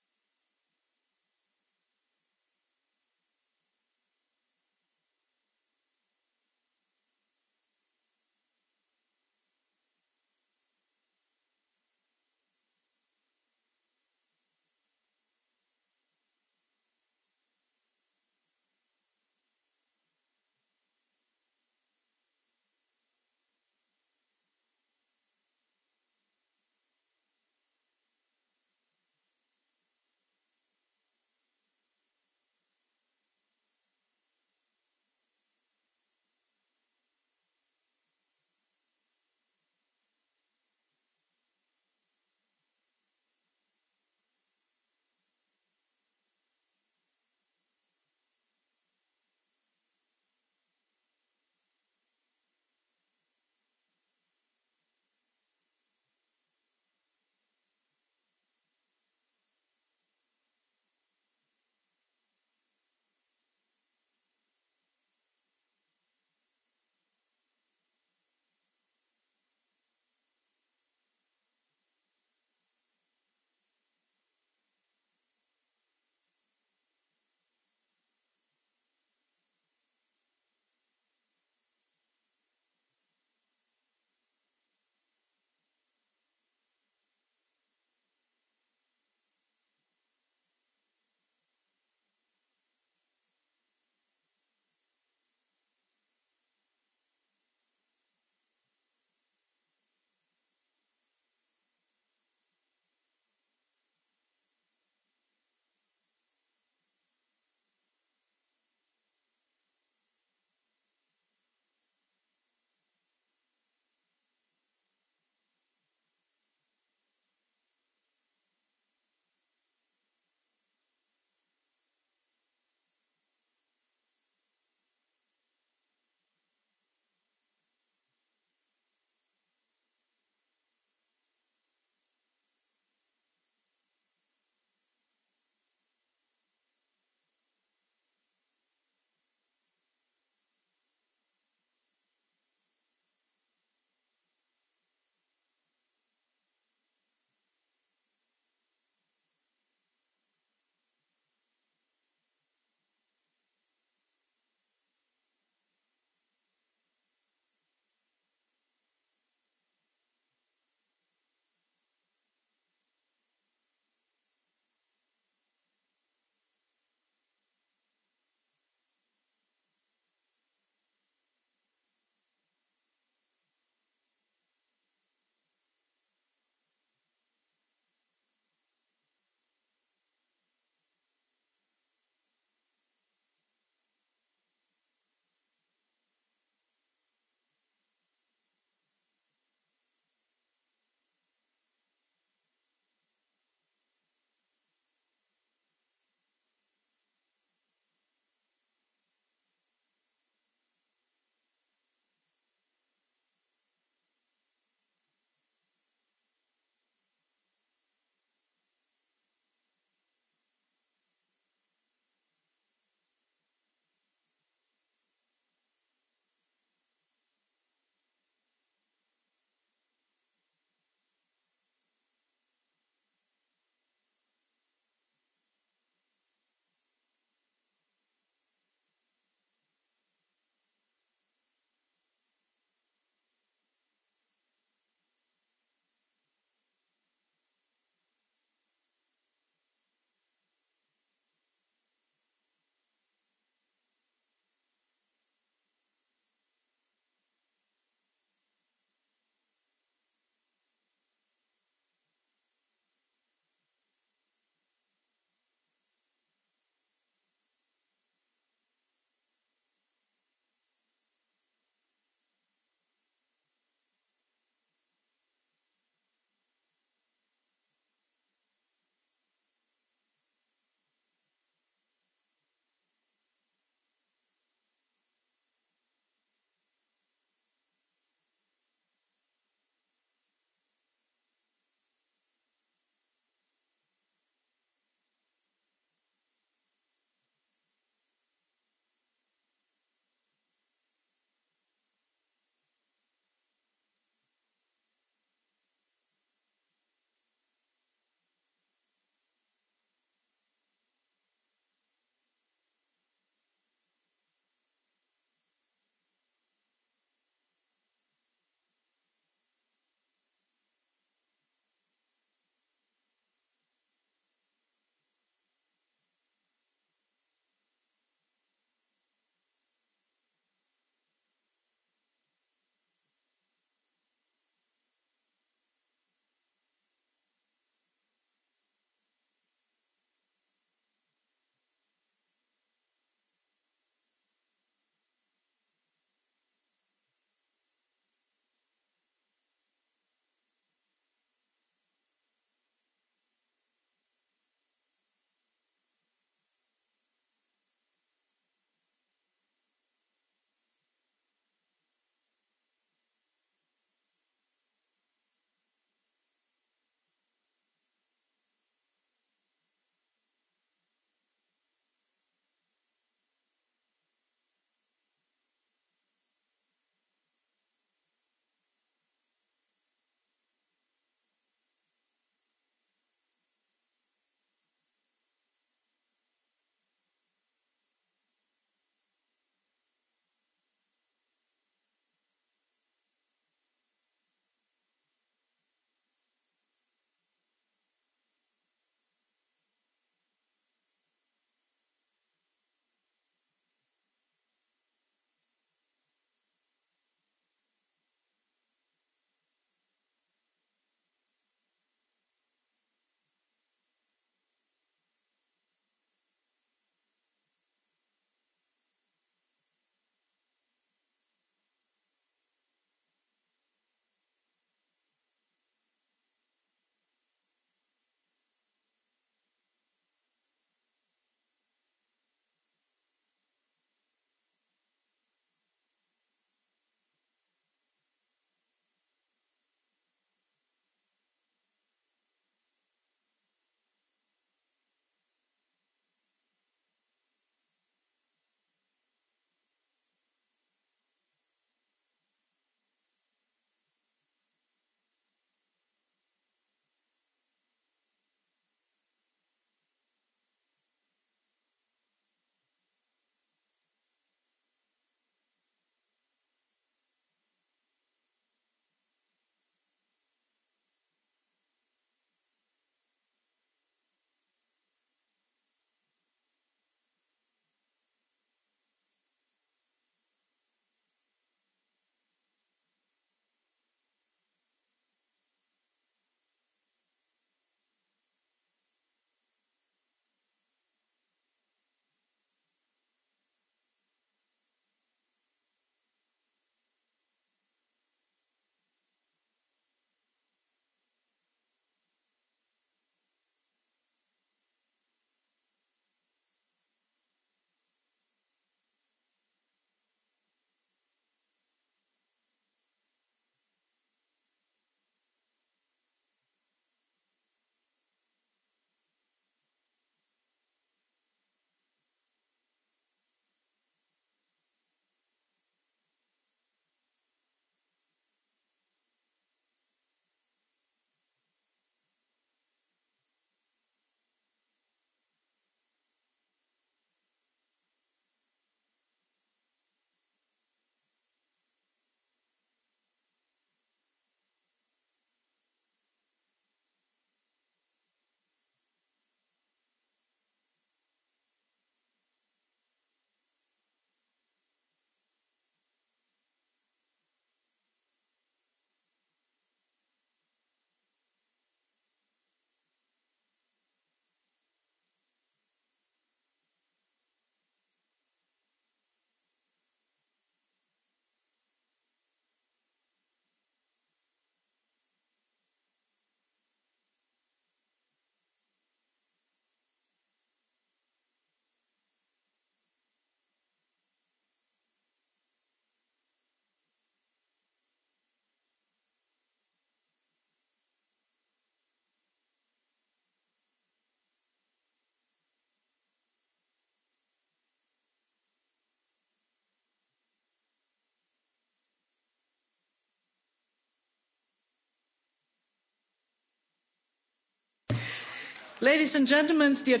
Ladies and gentlemen, dear...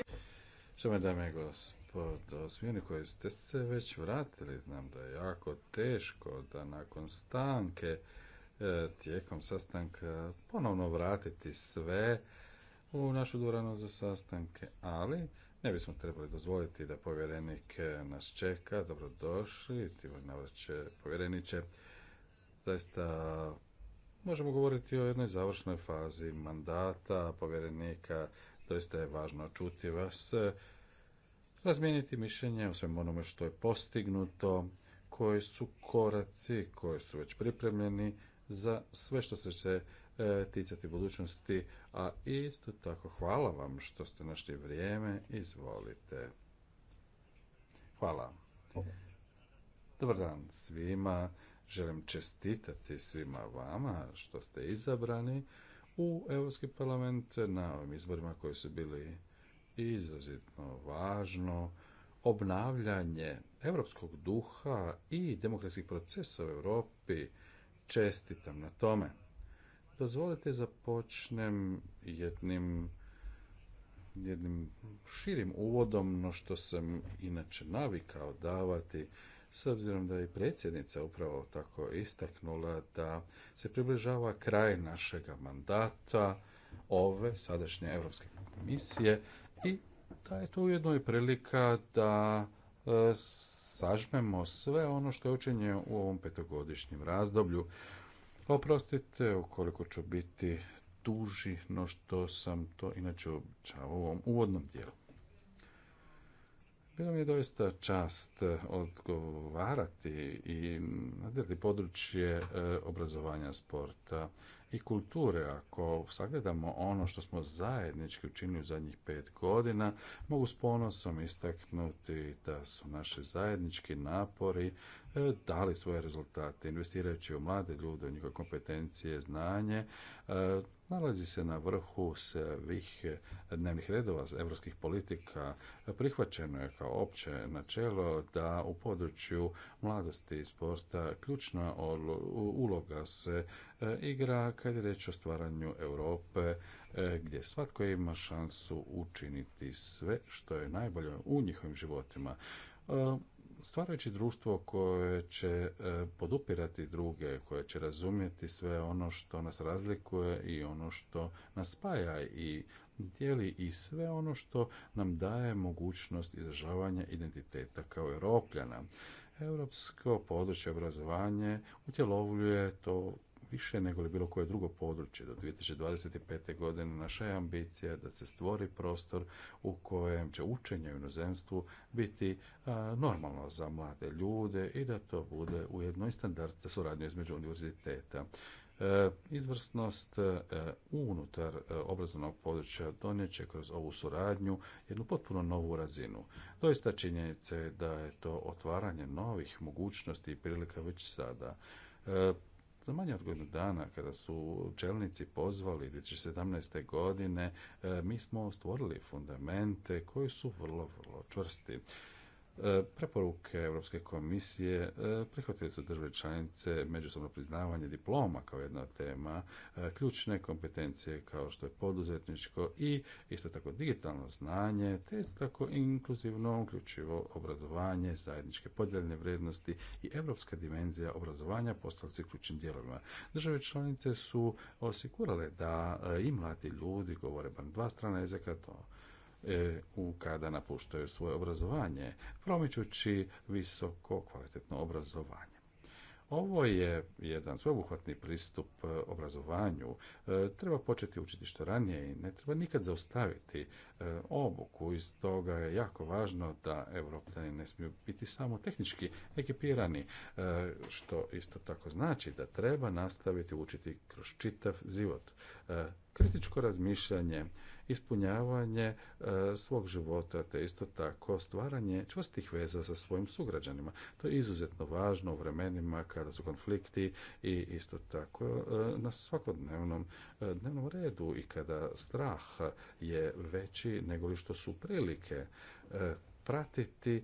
dame i gospodo, koji ste se već vratili, znam da je jako teško da nakon stanke, e, tijekom sastanka, ponovno vratiti sve u našu dvoranu za sastanke, ali ne bismo trebali dozvoliti da povjerenik e, nas čeka. Dobrodošli, Tibor Navrće, povjereniče. Zaista možemo govoriti o jednoj završnoj fazi mandata povjerenika doista je važno čuti vas, eh, razmijeniti mišljenje o svem onome što je postignuto, koji su koraci koji su već pripremljeni za sve što se će eh, ticati budućnosti, a isto tako hvala vam što ste našli vrijeme, izvolite. Hvala. Dobar dan svima, želim čestitati svima vama što ste izabrani u Europski parlament na ovim izborima koji su bili izrazitno važno obnavljanje europskog duha i demokratskih procesa u Europi. Čestitam na tome. Dozvolite započnem jednim jednim širim uvodom no što sam inače navikao davati s obzirom da je predsjednica upravo tako istaknula da se približava kraj našega mandata ove sadašnje Europske komisije i da je to ujedno i prilika da e, sažmemo sve ono što je učinjeno u ovom petogodišnjem razdoblju. Oprostite, ukoliko ću biti duži no što sam to inače u ovom uvodnom dijelu. Bilo mi je doista čast e, odgovarati i nadjeti područje e, obrazovanja sporta i kulture. Ako sagledamo ono što smo zajednički učinili u zadnjih pet godina, mogu s ponosom istaknuti da su naše zajednički napori E, dali svoje rezultate, investirajući u mlade ljude, u njihove kompetencije, znanje, e, nalazi se na vrhu svih dnevnih redova europskih politika. Prihvaćeno je kao opće načelo da u području mladosti i sporta ključna uloga se e, igra kad je reč o stvaranju Europe gdje svatko ima šansu učiniti sve što je najbolje u njihovim životima stvarajući društvo koje će e, podupirati druge, koje će razumjeti sve ono što nas razlikuje i ono što nas spaja i dijeli i sve ono što nam daje mogućnost izražavanja identiteta kao europljana. Europsko područje obrazovanje utjelovljuje to više nego li bilo koje drugo područje. Do 2025. godine naša je ambicija da se stvori prostor u kojem će učenje u inozemstvu biti normalno za mlade ljude i da to bude ujedno i standard za suradnju između univerziteta. E, izvrsnost e, unutar e, obrazovnog područja donijeće kroz ovu suradnju jednu potpuno novu razinu. Doista činjenica je da je to otvaranje novih mogućnosti i prilika već sada. E, za manje od godinu dana kada su čelnici pozvali 2017. godine, e, mi smo stvorili fundamente koji su vrlo, vrlo čvrsti. E, preporuke Europske komisije e, prihvatili su države članice međusobno priznavanje diploma kao jedna tema, e, ključne kompetencije kao što je poduzetničko i isto tako digitalno znanje, te isto tako inkluzivno uključivo obrazovanje, zajedničke podjeljene vrijednosti i europska dimenzija obrazovanja postavci se ključnim dijelovima. Države članice su osigurale da i mladi ljudi govore bar dva strana jezika, to E, u kada napuštaju svoje obrazovanje, promičući visoko kvalitetno obrazovanje. Ovo je jedan sveobuhvatni pristup e, obrazovanju. E, treba početi učiti što ranije i ne treba nikad zaustaviti obuku. Iz toga je jako važno da evropljani ne smiju biti samo tehnički ekipirani, što isto tako znači da treba nastaviti učiti kroz čitav život. Kritičko razmišljanje, ispunjavanje e, svog života, te isto tako stvaranje čvrstih veza sa svojim sugrađanima. To je izuzetno važno u vremenima kada su konflikti i isto tako e, na svakodnevnom e, dnevnom redu i kada strah je veći nego li što su prilike pratiti, e,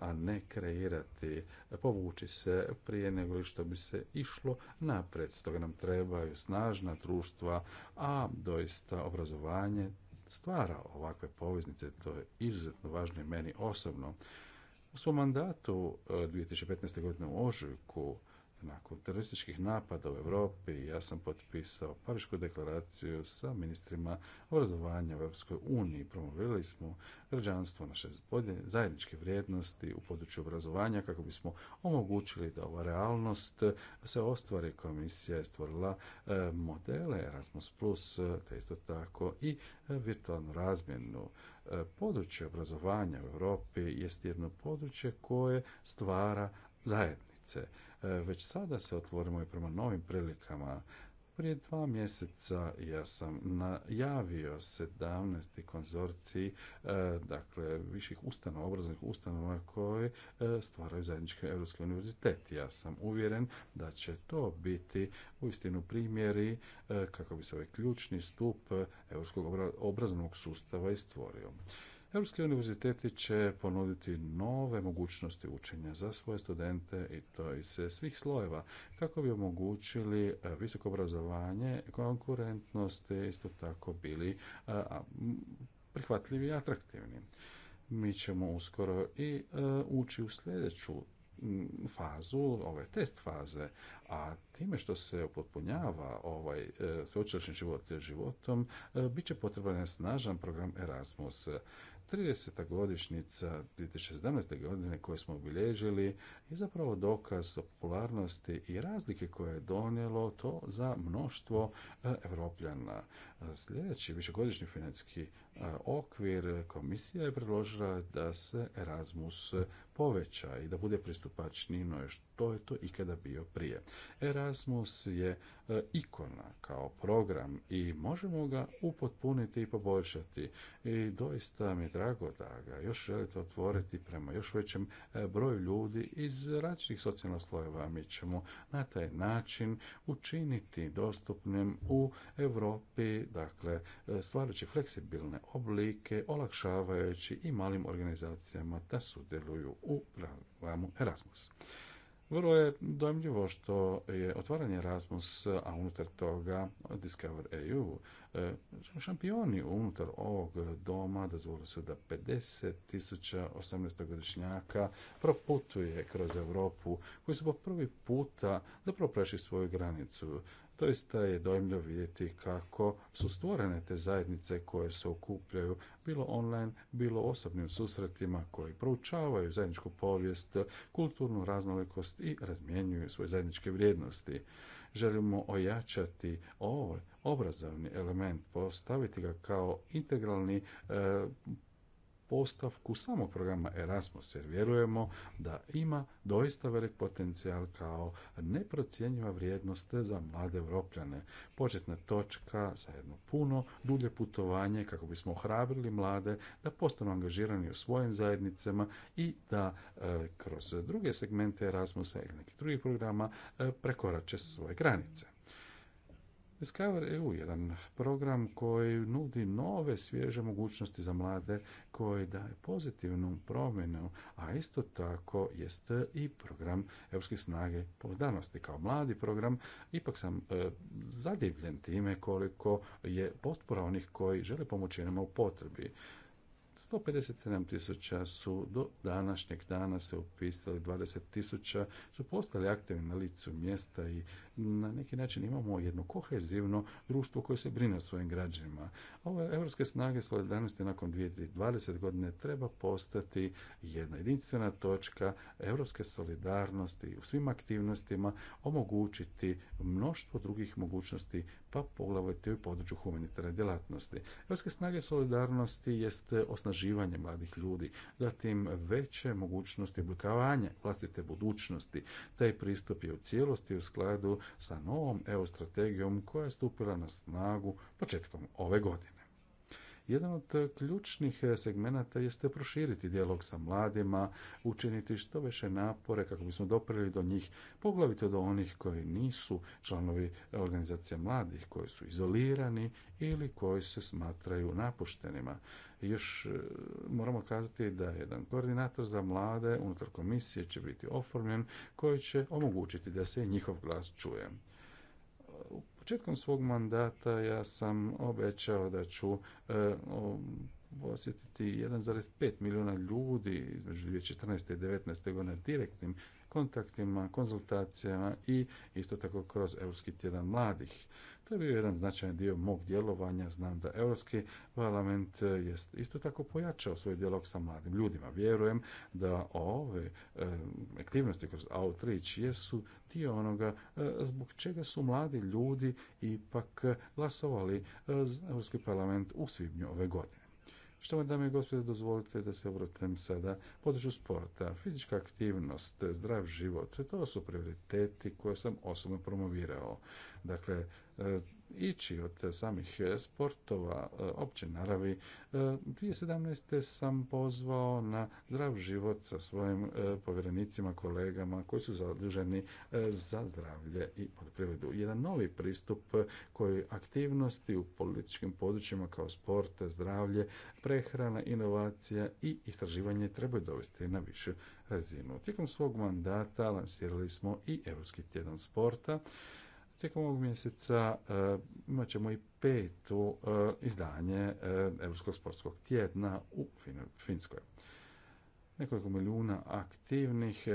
a ne kreirati, povući se prije nego što bi se išlo napred. Stoga nam trebaju snažna društva, a doista obrazovanje stvara ovakve poveznice. To je izuzetno važno i meni osobno. U svom mandatu 2015. E, godine u Ožujku nakon terorističkih napada u Europi ja sam potpisao Parišku deklaraciju sa ministrima obrazovanja u Europskoj uniji. Promovirali smo građanstvo naše zajedničke vrijednosti u području obrazovanja kako bismo omogućili da ova realnost se ostvari. Komisija je stvorila e, modele Erasmus+, te isto tako i e, virtualnu razmjenu e, područje obrazovanja u Europi jest jedno područje koje stvara zajednice E, već sada se otvorimo i prema novim prilikama. Prije dva mjeseca ja sam najavio 17. konzorciji e, dakle, viših ustanova, obrazovnih ustanova koje e, stvaraju zajednički Europski univerzitet. Ja sam uvjeren da će to biti uistinu primjeri kako bi se ovaj ključni stup europskog obrazovnog sustava i stvorio. Europski univerziteti će ponuditi nove mogućnosti učenja za svoje studente i to iz svih slojeva kako bi omogućili e, visoko obrazovanje, konkurentnost i e, isto tako bili e, prihvatljivi i atraktivni. Mi ćemo uskoro i ući u sljedeću fazu, ove test faze, a time što se upotpunjava ovaj e, sveučilišni život životom, bit će potreban snažan program Erasmus. 30. godišnjica 2017. godine koju smo obilježili je zapravo dokaz o popularnosti i razlike koje je donijelo to za mnoštvo e, Evropljana. Sljedeći višegodišnji financijski okvir komisija je predložila da se Erasmus poveća i da bude pristupačniji no što je to ikada bio prije. Erasmus je e, ikona kao program i možemo ga upotpuniti i poboljšati. I doista mi je drago da ga još želite otvoriti prema još većem e, broju ljudi iz različitih socijalnih slojeva. Mi ćemo na taj način učiniti dostupnim u Europi, dakle, e, stvarajući fleksibilne oblike olakšavajući i malim organizacijama da sudjeluju u programu Erasmus. Vrlo je dojmljivo što je otvaranje Erasmus, a unutar toga Discover EU, e, šampioni unutar ovog doma dozvolili su da 50 18-godišnjaka proputuje kroz Europu, koji su po prvi puta zapravo prešli svoju granicu doista je dojmljivo vidjeti kako su stvorene te zajednice koje se okupljaju bilo online, bilo osobnim susretima koji proučavaju zajedničku povijest, kulturnu raznolikost i razmjenjuju svoje zajedničke vrijednosti. Želimo ojačati ovaj obrazovni element, postaviti ga kao integralni e, postavku samo programa Erasmus, jer vjerujemo da ima doista velik potencijal kao neprocjenjiva vrijednost za mlade Evropljane. Početna točka za jedno puno dulje putovanje kako bismo ohrabrili mlade da postanu angažirani u svojim zajednicama i da e, kroz druge segmente Erasmusa ili nekih drugih programa e, prekorače svoje granice. Discover EU, jedan program koji nudi nove svježe mogućnosti za mlade, koji daje pozitivnu promjenu, a isto tako jest i program Europske snage povedanosti. Kao mladi program, ipak sam e, zadivljen time koliko je potpora onih koji žele pomoći nama u potrebi. 157 tisuća su do današnjeg dana se upisali, 20 tisuća su postali aktivni na licu mjesta i na neki način imamo jedno kohezivno društvo koje se brine o svojim građanima. Ove evropske snage solidarnosti nakon 2020 godine treba postati jedna jedinstvena točka evropske solidarnosti u svim aktivnostima omogućiti mnoštvo drugih mogućnosti pa poglavito u području humanitarne djelatnosti. Evropske snage solidarnosti jeste osnovno osnaživanje mladih ljudi, zatim veće mogućnosti oblikavanja vlastite budućnosti. Taj pristup je u cijelosti u skladu sa novom EU strategijom koja je stupila na snagu početkom ove godine. Jedan od e, ključnih e, segmenata jeste proširiti dijalog sa mladima, učiniti što više napore kako bismo doprili do njih, poglavito do onih koji nisu članovi organizacije mladih, koji su izolirani ili koji se smatraju napuštenima. Još e, moramo kazati da jedan koordinator za mlade unutar komisije će biti oformljen koji će omogućiti da se njihov glas čuje. Početkom svog mandata ja sam obećao da ću posjetiti e, 1,5 milijuna ljudi između 2014. i 2019. godine direktnim kontaktima, konzultacijama i isto tako kroz Europski tjedan mladih. To je bio jedan značajan dio mog djelovanja. Znam da Europski parlament je isto tako pojačao svoj dijalog sa mladim ljudima. Vjerujem da ove aktivnosti kroz outreach jesu dio onoga e, zbog čega su mladi ljudi ipak glasovali e, za Europski parlament u svibnju ove godine. Što dame i gospode, dozvolite da se obratim sada području sporta. Fizička aktivnost, zdrav život, to su prioriteti koje sam osobno promovirao. Dakle, e, ići od e, samih e, sportova e, opće naravi. 2017. sam pozvao na zdrav život sa svojim povjerenicima, kolegama koji su zaduženi za zdravlje i poljoprivredu. Jedan novi pristup koji aktivnosti u političkim područjima kao sport, zdravlje, prehrana, inovacija i istraživanje trebaju dovesti na višu razinu. Tijekom svog mandata lansirali smo i Europski tjedan sporta Tijekom ovog mjeseca e, imat ćemo i petu e, izdanje e, Europskog sportskog tjedna u Finskoj nekoliko milijuna aktivnih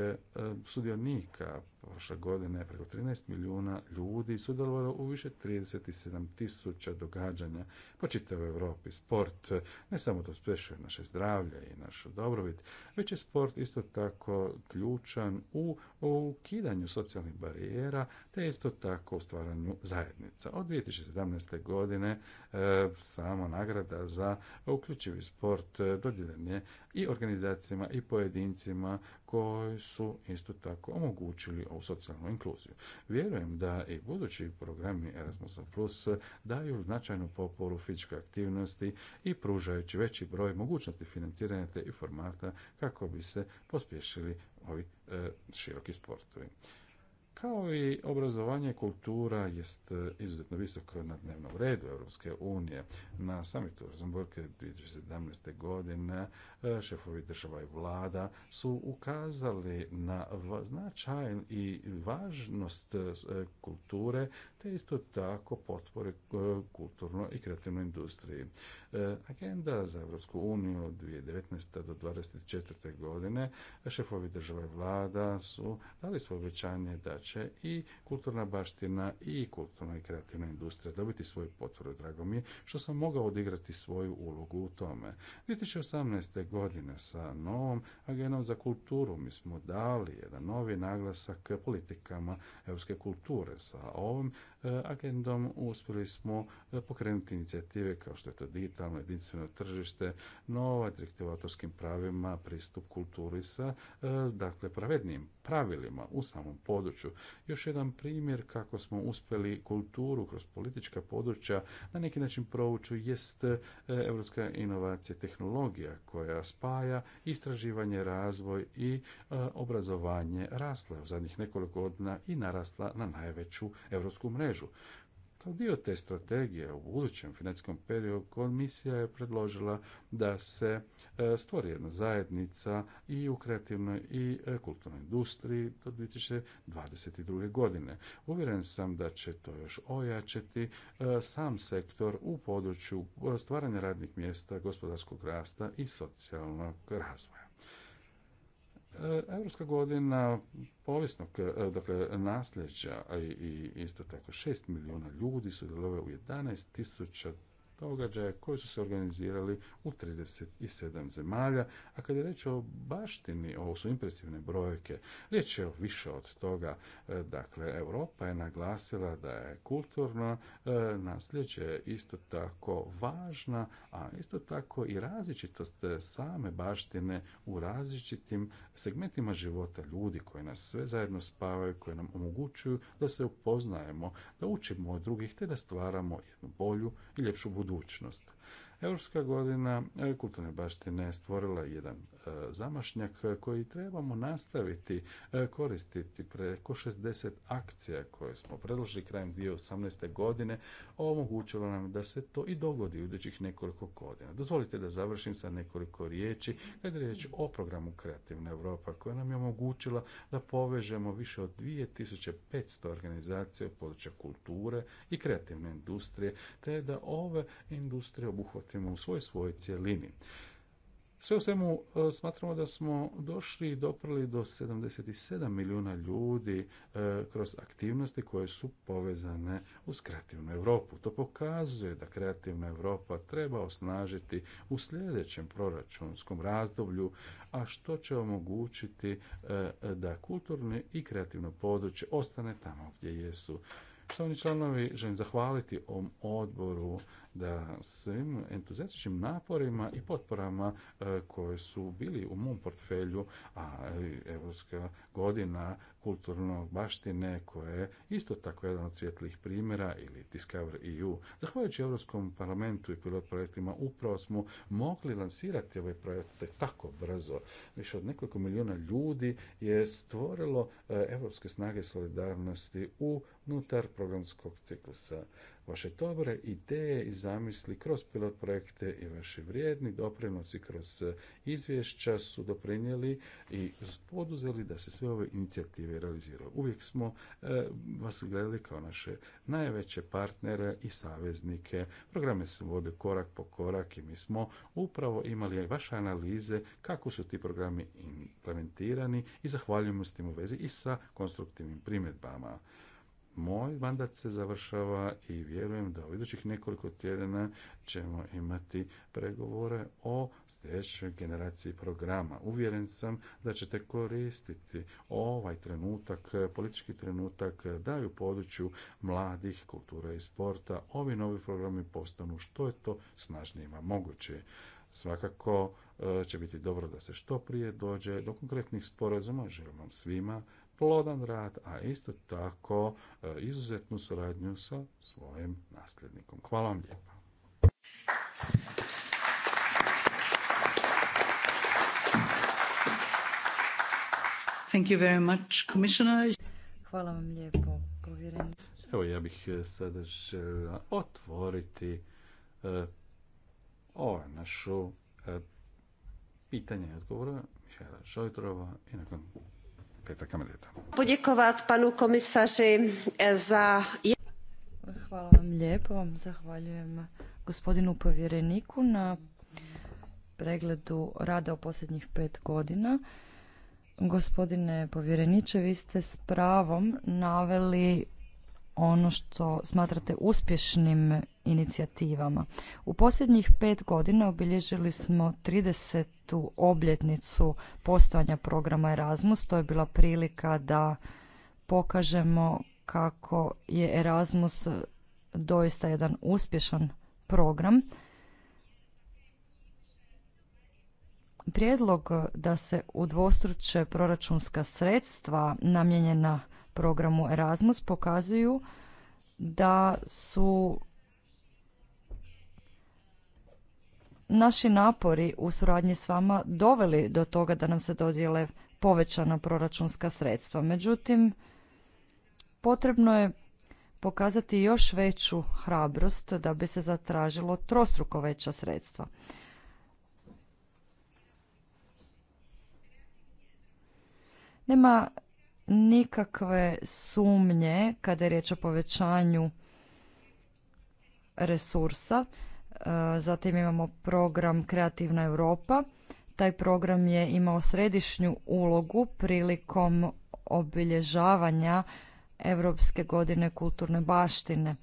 sudionika prošle godine preko 13 milijuna ljudi sudjelovalo u više 37 tisuća događanja po čitavoj Europi. Sport ne samo to naše zdravlje i našu dobrobit, već je sport isto tako ključan u ukidanju socijalnih barijera, te isto tako u stvaranju zajednica. Od 2017. godine e, samo nagrada za uključivi sport dodijeljen je i organizacijama i pojedincima koji su isto tako omogućili ovu socijalnu inkluziju. Vjerujem da i budući programi Erasmus Plus daju značajnu poporu fizičkoj aktivnosti i pružajući veći broj mogućnosti financiranja te i formata kako bi se pospješili ovi e, široki sportovi kao i obrazovanje kultura jest e, izuzetno visoko na dnevnom redu Europske unije. Na samitu Rosenborg 2017. godine E, šefovi država i vlada su ukazali na značaj i važnost e, e, kulture, te isto tako potpore kulturnoj i kreativnoj industriji. Agenda za Europsku uniju 2019. do 2024. godine šefovi država i vlada su dali svoje obećanje da će i kulturna baština i kulturna i kreativna industrija dobiti svoju potporu. Drago mi je što sam mogao odigrati svoju ulogu u tome. 2018 godine sa novom agendom za kulturu. Mi smo dali jedan novi naglasak politikama europske kulture. Sa ovom e, agendom uspjeli smo e, pokrenuti inicijative kao što je to digitalno jedinstveno tržište, nova direktiva autorskim pravima, pristup kulturi sa e, dakle pravednim pravilima u samom području. Još jedan primjer kako smo uspjeli kulturu kroz politička područja na neki način provuću jest Europska inovacija tehnologija koja spaja istraživanje, razvoj i e, obrazovanje rasla u zadnjih nekoliko godina i narasla na najveću europsku mrežu dio te strategije u budućem financijskom periodu komisija je predložila da se e, stvori jedna zajednica i u kreativnoj i e, kulturnoj industriji do 2022. godine. Uvjeren sam da će to još ojačati e, sam sektor u području stvaranja radnih mjesta, gospodarskog rasta i socijalnog razvoja. E, Evropska godina povijesnog e, dakle, nasljeđa i isto tako 6 milijuna ljudi su u 11 tisuća događaja koji su se organizirali u 37 zemalja, a kad je reč o baštini, ovo su impresivne brojke, riječ je o više od toga. E, dakle, Europa je naglasila da je kulturno e, nasljeđe isto tako važna, a isto tako i različitost e, same baštine u različitim segmentima života ljudi koji nas sve zajedno spavaju, koji nam omogućuju da se upoznajemo, da učimo od drugih te da stvaramo jednu bolju i ljepšu budućnost budućnost. Europska godina e, kulturne baštine stvorila jedan e, zamašnjak koji trebamo nastaviti e, koristiti preko 60 akcija koje smo predložili krajem 2018. godine omogućilo nam da se to i dogodi u idućih nekoliko godina. Dozvolite da završim sa nekoliko riječi Kada je riječ o programu Kreativna Europa koja nam je omogućila da povežemo više od 2500 organizacija u području kulture i kreativne industrije te da ove industrije obuhvati shvatimo u svoj svoj cjelini. Sve u svemu e, smatramo da smo došli i doprli do 77 milijuna ljudi e, kroz aktivnosti koje su povezane uz kreativnu Europu. To pokazuje da kreativna Europa treba osnažiti u sljedećem proračunskom razdoblju, a što će omogućiti e, da kulturno i kreativno područje ostane tamo gdje jesu. oni članovi, želim zahvaliti ovom odboru da svim entuzijastičnim naporima i potporama e, koje su bili u mom portfelju, a Evropska godina kulturnog baštine koja je isto tako jedan od svjetlih primjera ili Discover EU. Zahvaljujući Europskom parlamentu i pilot projektima upravo smo mogli lansirati ove projekte tako brzo. Više od nekoliko milijuna ljudi je stvorilo e, Evropske snage solidarnosti unutar programskog ciklusa vaše dobre ideje i zamisli kroz pilot projekte i vaši vrijedni doprinosi kroz e, izvješća su doprinijeli i poduzeli da se sve ove inicijative realiziraju. Uvijek smo e, vas gledali kao naše najveće partnere i saveznike. Programe se vode korak po korak i mi smo upravo imali vaše analize kako su ti programi implementirani i zahvaljujemo s tim u vezi i sa konstruktivnim primjedbama. Moj mandat se završava i vjerujem da u idućih nekoliko tjedana ćemo imati pregovore o sljedećoj generaciji programa. Uvjeren sam da ćete koristiti ovaj trenutak, politički trenutak, da i u području mladih, kultura i sporta ovi novi programi postanu što je to snažnijima moguće. Svakako e, će biti dobro da se što prije dođe do konkretnih sporazuma. Želim vam svima plodan rad, a isto tako e, izuzetnu suradnju sa svojim nasljednikom. Hvala vam lijepo. Thank you very much, Hvala vam lijepo, Evo, ja bih e, sada želila otvoriti uh, ovo našu pitanje i odgovora Mišela Šojtrova i nakon panu eh, za... Hvala vam lijepo. Zahvaljujem gospodinu povjereniku na pregledu rada u posljednjih pet godina. Gospodine povjereniče, vi ste s pravom naveli ono što smatrate uspješnim inicijativama. U posljednjih pet godina obilježili smo 30. obljetnicu postojanja programa Erasmus. To je bila prilika da pokažemo kako je Erasmus doista jedan uspješan program. Prijedlog da se udvostruče proračunska sredstva namijenjena programu Erasmus pokazuju da su naši napori u suradnji s vama doveli do toga da nam se dodijele povećana proračunska sredstva. Međutim, potrebno je pokazati još veću hrabrost da bi se zatražilo trostruko veća sredstva. Nema nikakve sumnje kada je riječ o povećanju resursa Zatim imamo program Kreativna Europa. Taj program je imao središnju ulogu prilikom obilježavanja Europske godine kulturne baštine.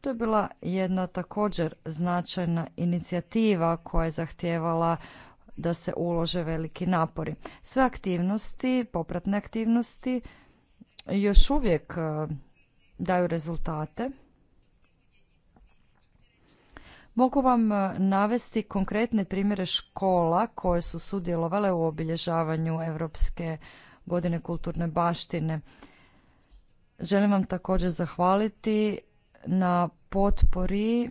To je bila jedna također značajna inicijativa koja je zahtijevala da se ulože veliki napori. Sve aktivnosti, popratne aktivnosti još uvijek eh, daju rezultate. Mogu vam e, navesti konkretne primjere škola koje su sudjelovale u obilježavanju Europske godine kulturne baštine. Želim vam također zahvaliti na potpori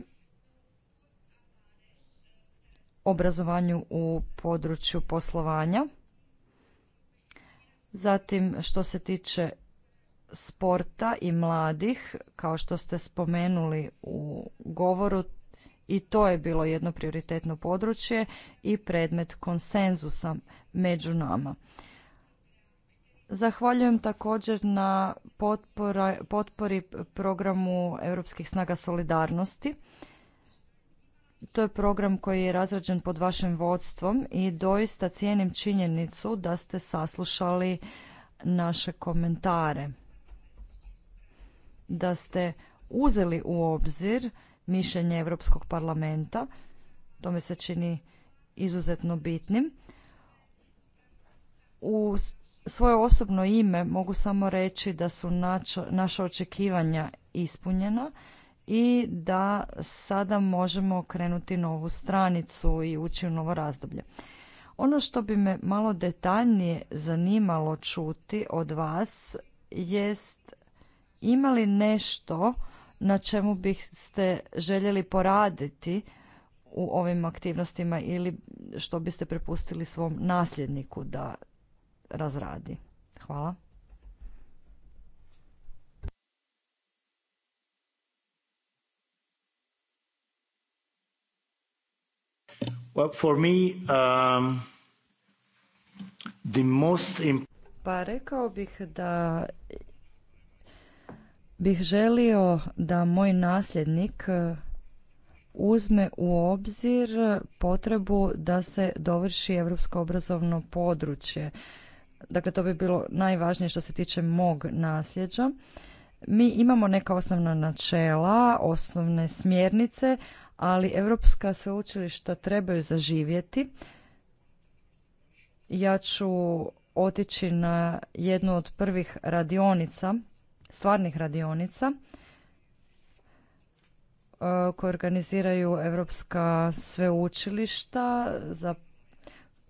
obrazovanju u području poslovanja. Zatim što se tiče sporta i mladih, kao što ste spomenuli u govoru, i to je bilo jedno prioritetno područje i predmet konsenzusa među nama. Zahvaljujem također na potpori programu Europskih snaga solidarnosti. To je program koji je razrađen pod vašim vodstvom i doista cijenim činjenicu da ste saslušali naše komentare. Da ste uzeli u obzir mišljenje Europskog parlamenta. To mi se čini izuzetno bitnim. U svoje osobno ime mogu samo reći da su naša očekivanja ispunjena i da sada možemo okrenuti novu stranicu i ući u novo razdoblje. Ono što bi me malo detaljnije zanimalo čuti od vas jest ima li nešto na čemu biste željeli poraditi u ovim aktivnostima ili što biste prepustili svom nasljedniku da razradi? Hvala. Well, for me, um, the most... Pa rekao bih da bih želio da moj nasljednik e, uzme u obzir potrebu da se dovrši evropsko obrazovno područje. Dakle, to bi bilo najvažnije što se tiče mog nasljeđa. Mi imamo neka osnovna načela, osnovne smjernice, ali europska sveučilišta trebaju zaživjeti. Ja ću otići na jednu od prvih radionica stvarnih radionica e, koje organiziraju europska sveučilišta za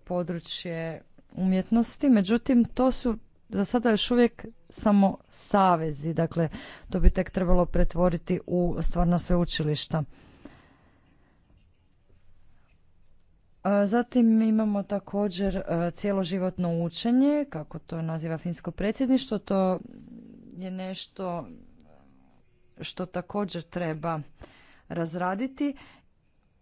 područje umjetnosti. Međutim, to su za sada još uvijek samo savezi, dakle to bi tek trebalo pretvoriti u stvarna sveučilišta. E, zatim imamo također e, životno učenje, kako to naziva finsko predsjedništvo, to je nešto što također treba razraditi.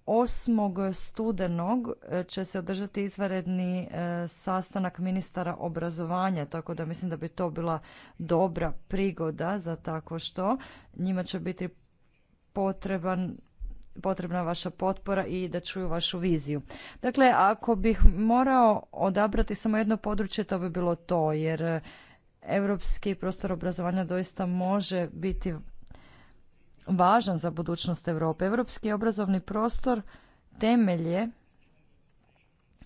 8. studenog e, će se održati izvanredni e, sastanak ministara obrazovanja, tako da mislim da bi to bila dobra prigoda za tako što. Njima će biti potreban potrebna vaša potpora i da čuju vašu viziju. Dakle, ako bih morao odabrati samo jedno područje, to bi bilo to, jer e, europski prostor obrazovanja doista može biti važan za budućnost Europe. Europski obrazovni prostor temelj je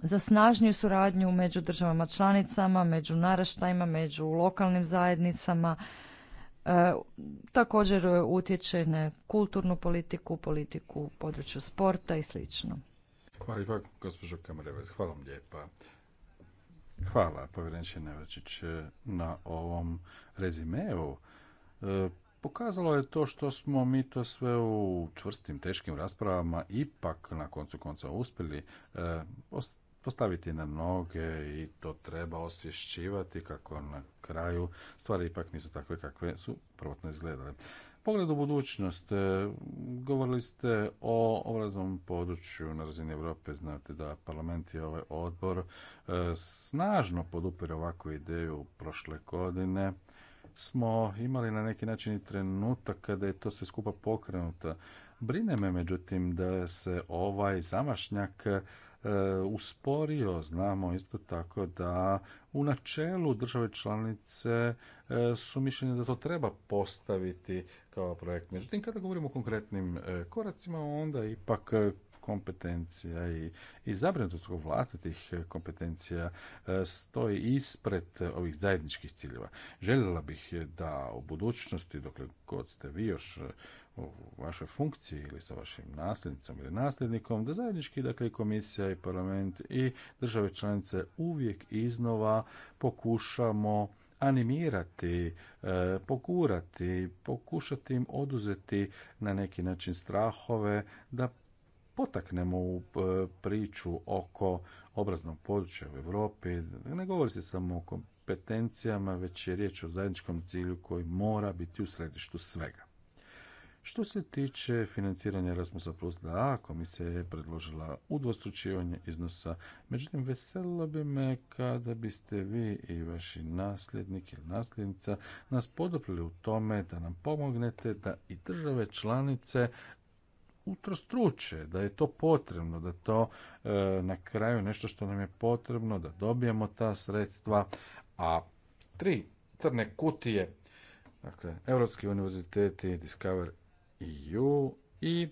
za snažniju suradnju među državama članicama, među naraštajima, među lokalnim zajednicama. E, također utječe na kulturnu politiku, politiku u području sporta i sl. Hvala, gospođo Hvala vam lijepa. Hvala, povjerenče nevačić e, na ovom rezimeu. E, pokazalo je to što smo mi to sve u čvrstim, teškim raspravama ipak na koncu konca uspjeli e, postaviti na noge i to treba osvješćivati kako na kraju stvari ipak nisu takve kakve su prvotno izgledale. Pogled u budućnost, e, govorili ste o obrazovnom području na razini Europe, znate da parlament i ovaj odbor e, snažno podupire ovakvu ideju prošle godine smo imali na neki način i trenutak kada je to sve skupa pokrenuto. Brine me međutim da se ovaj zamašnjak E, usporio. Znamo isto tako da u načelu države članice e, su mišljenje da to treba postaviti kao projekt. Međutim, kada govorimo o konkretnim e, koracima, onda ipak kompetencija i, i zabrinutost vlastitih kompetencija stoji ispred ovih zajedničkih ciljeva. Željela bih da u budućnosti, dokle god ste vi još u vašoj funkciji ili sa vašim nasljednicom ili nasljednikom, da zajednički dakle, komisija i parlament i države članice uvijek iznova pokušamo animirati, e, pokurati, pokušati im oduzeti na neki način strahove da potaknemo u e, priču oko obraznog područja u Europi. Ne govori se samo o kompetencijama, već je riječ o zajedničkom cilju koji mora biti u središtu svega. Što se tiče financiranja Erasmusa Plus, da, komisija je predložila udvostručivanje iznosa. Međutim, veselilo bi me kada biste vi i vaši nasljednik ili nasljednica nas podoprili u tome da nam pomognete da i države članice utrostruče, da je to potrebno, da to e, na kraju nešto što nam je potrebno, da dobijemo ta sredstva, a tri crne kutije Dakle, Europski univerziteti, Discover EU e,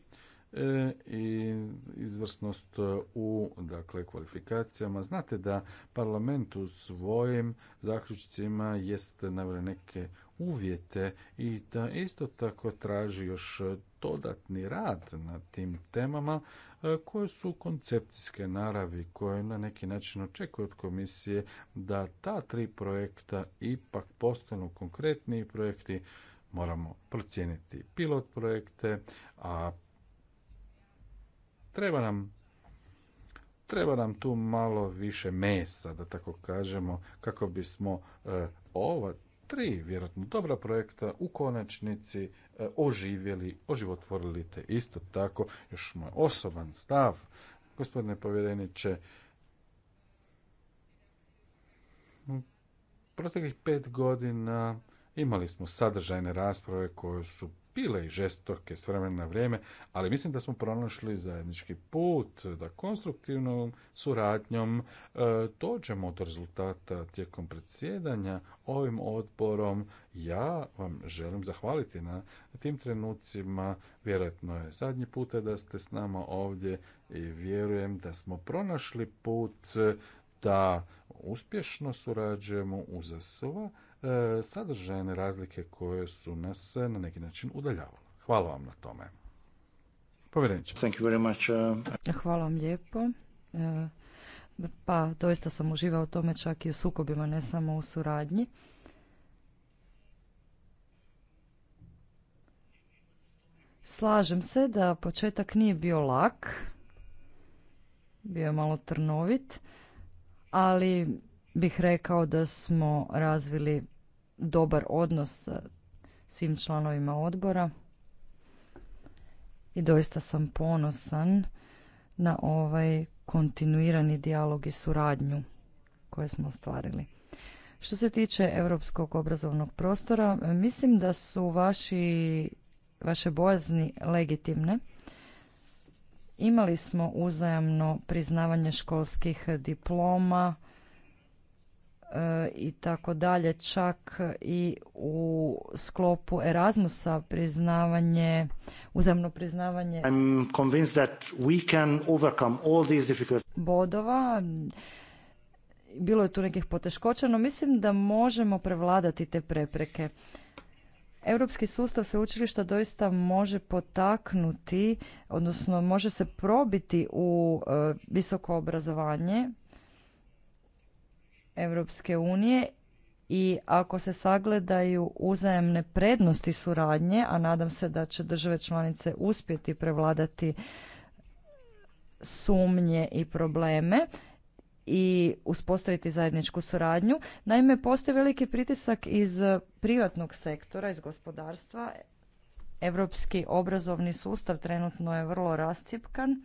i izvrsnost e, u dakle kvalifikacijama. Znate da parlament u svojim zaključcima jest naveo neke uvjete i da isto tako traži još dodatni rad na tim temama e, koje su koncepcijske naravi koje na neki način očekuju od komisije da ta tri projekta ipak postanu konkretniji projekti moramo procijeniti pilot projekte, a treba nam treba nam tu malo više mesa, da tako kažemo, kako bismo e, ova tri vjerojatno dobra projekta u konačnici e, oživjeli, oživotvorili te isto tako još moj osoban stav, gospodine povjereniče, proteklih pet godina Imali smo sadržajne rasprave koje su bile i žestoke s vremena na vrijeme, ali mislim da smo pronašli zajednički put da konstruktivnom suradnjom e, dođemo do rezultata tijekom predsjedanja ovim odborom. Ja vam želim zahvaliti na tim trenucima. Vjerojatno je zadnji put da ste s nama ovdje i vjerujem da smo pronašli put da uspješno surađujemo uza sva E, sadržajne razlike koje su nas na neki način udaljavale. Hvala vam na tome. much. Uh, Hvala vam lijepo. E, pa, doista sam uživao u tome čak i u sukobima, ne samo u suradnji. Slažem se da početak nije bio lak, bio je malo trnovit, ali bih rekao da smo razvili dobar odnos svim članovima odbora i doista sam ponosan na ovaj kontinuirani dijalog i suradnju koje smo ostvarili. Što se tiče europskog obrazovnog prostora, mislim da su vaši, vaše bojazni legitimne. Imali smo uzajamno priznavanje školskih diploma, i tako dalje, čak i u sklopu Erasmusa priznavanje, uzemno priznavanje that we can all these bodova. Bilo je tu nekih poteškoća, no mislim da možemo prevladati te prepreke. Europski sustav sveučilišta doista može potaknuti, odnosno može se probiti u e, visoko obrazovanje Europske unije i ako se sagledaju uzajemne prednosti suradnje, a nadam se da će države članice uspjeti prevladati sumnje i probleme i uspostaviti zajedničku suradnju. Naime, postoji veliki pritisak iz privatnog sektora, iz gospodarstva. Europski obrazovni sustav trenutno je vrlo rascipkan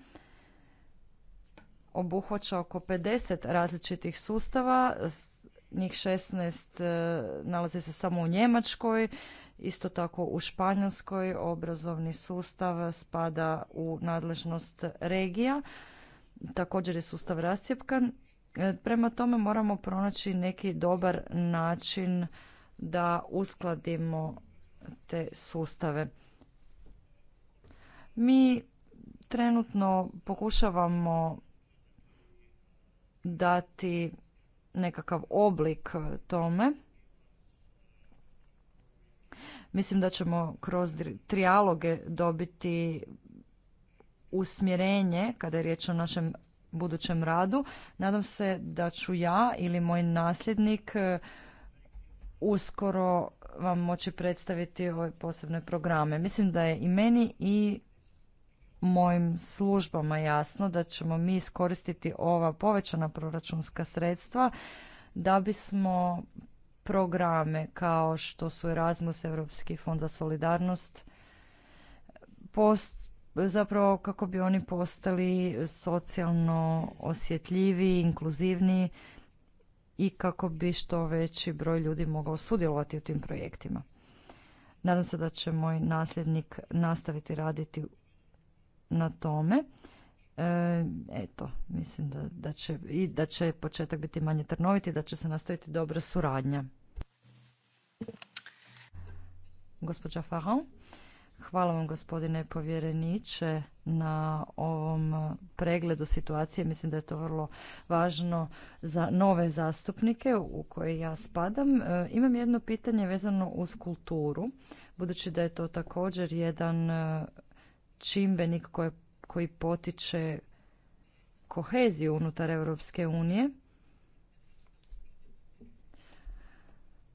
obuhvaća oko 50 različitih sustava, njih 16 e, nalazi se samo u Njemačkoj, isto tako u Španjolskoj obrazovni sustav spada u nadležnost regija, također je sustav rascijepkan. E, prema tome moramo pronaći neki dobar način da uskladimo te sustave. Mi trenutno pokušavamo dati nekakav oblik tome. Mislim da ćemo kroz trijaloge dobiti usmjerenje kada je riječ o našem budućem radu. Nadam se da ću ja ili moj nasljednik e, uskoro vam moći predstaviti ove posebne programe. Mislim da je i meni i mojim službama jasno da ćemo mi iskoristiti ova povećana proračunska sredstva da bismo programe kao što su Erasmus, Europski fond za solidarnost, post, zapravo kako bi oni postali socijalno osjetljiviji, inkluzivniji i kako bi što veći broj ljudi mogao sudjelovati u tim projektima. Nadam se da će moj nasljednik nastaviti raditi na tome. E, eto, mislim da, da, će, i da će početak biti manje trnoviti, da će se nastaviti dobra suradnja. Gospođa faha hvala vam gospodine povjereniče na ovom pregledu situacije. Mislim da je to vrlo važno za nove zastupnike u koje ja spadam. E, imam jedno pitanje vezano uz kulturu, budući da je to također jedan čimbenik koji potiče koheziju unutar Europske unije,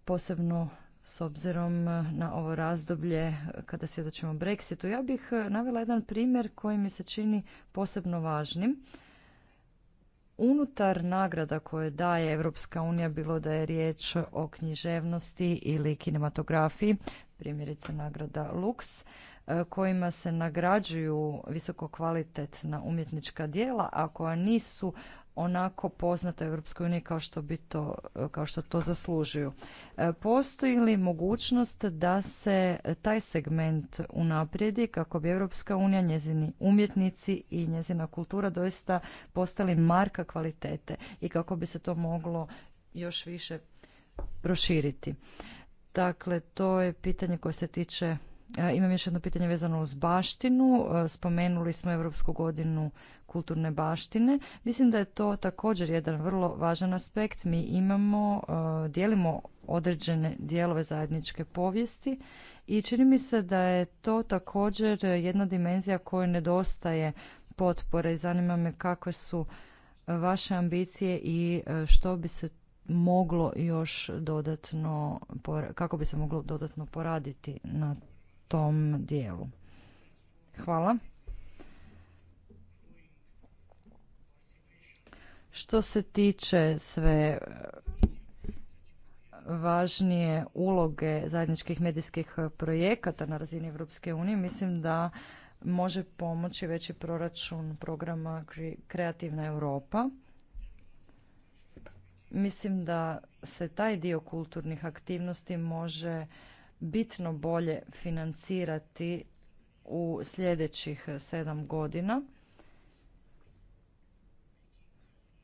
posebno s obzirom na ovo razdoblje kada svjedočimo Brexitu. Ja bih navela jedan primjer koji mi se čini posebno važnim. Unutar nagrada koje daje Europska unija, bilo da je riječ o književnosti ili kinematografiji, primjerice nagrada Lux, kojima se nagrađuju visokokvalitetna umjetnička djela, a koja nisu onako poznata Europskoj uniji kao što bi to, kao što to zaslužuju. E, postoji li mogućnost da se taj segment unaprijedi kako bi Europska unija, njezini umjetnici i njezina kultura doista postali marka kvalitete i kako bi se to moglo još više proširiti. Dakle, to je pitanje koje se tiče E, imam još jedno pitanje vezano uz baštinu. E, spomenuli smo Europsku godinu kulturne baštine. Mislim da je to također jedan vrlo važan aspekt. Mi imamo, e, dijelimo određene dijelove zajedničke povijesti i čini mi se da je to također jedna dimenzija koja nedostaje potpore i zanima me kakve su vaše ambicije i što bi se moglo još dodatno, kako bi se moglo dodatno poraditi na tom dijelu. Hvala. Što se tiče sve e, važnije uloge zajedničkih medijskih projekata na razini Europske unije, mislim da može pomoći veći proračun programa Kreativna Europa. Mislim da se taj dio kulturnih aktivnosti može bitno bolje financirati u sljedećih e, sedam godina,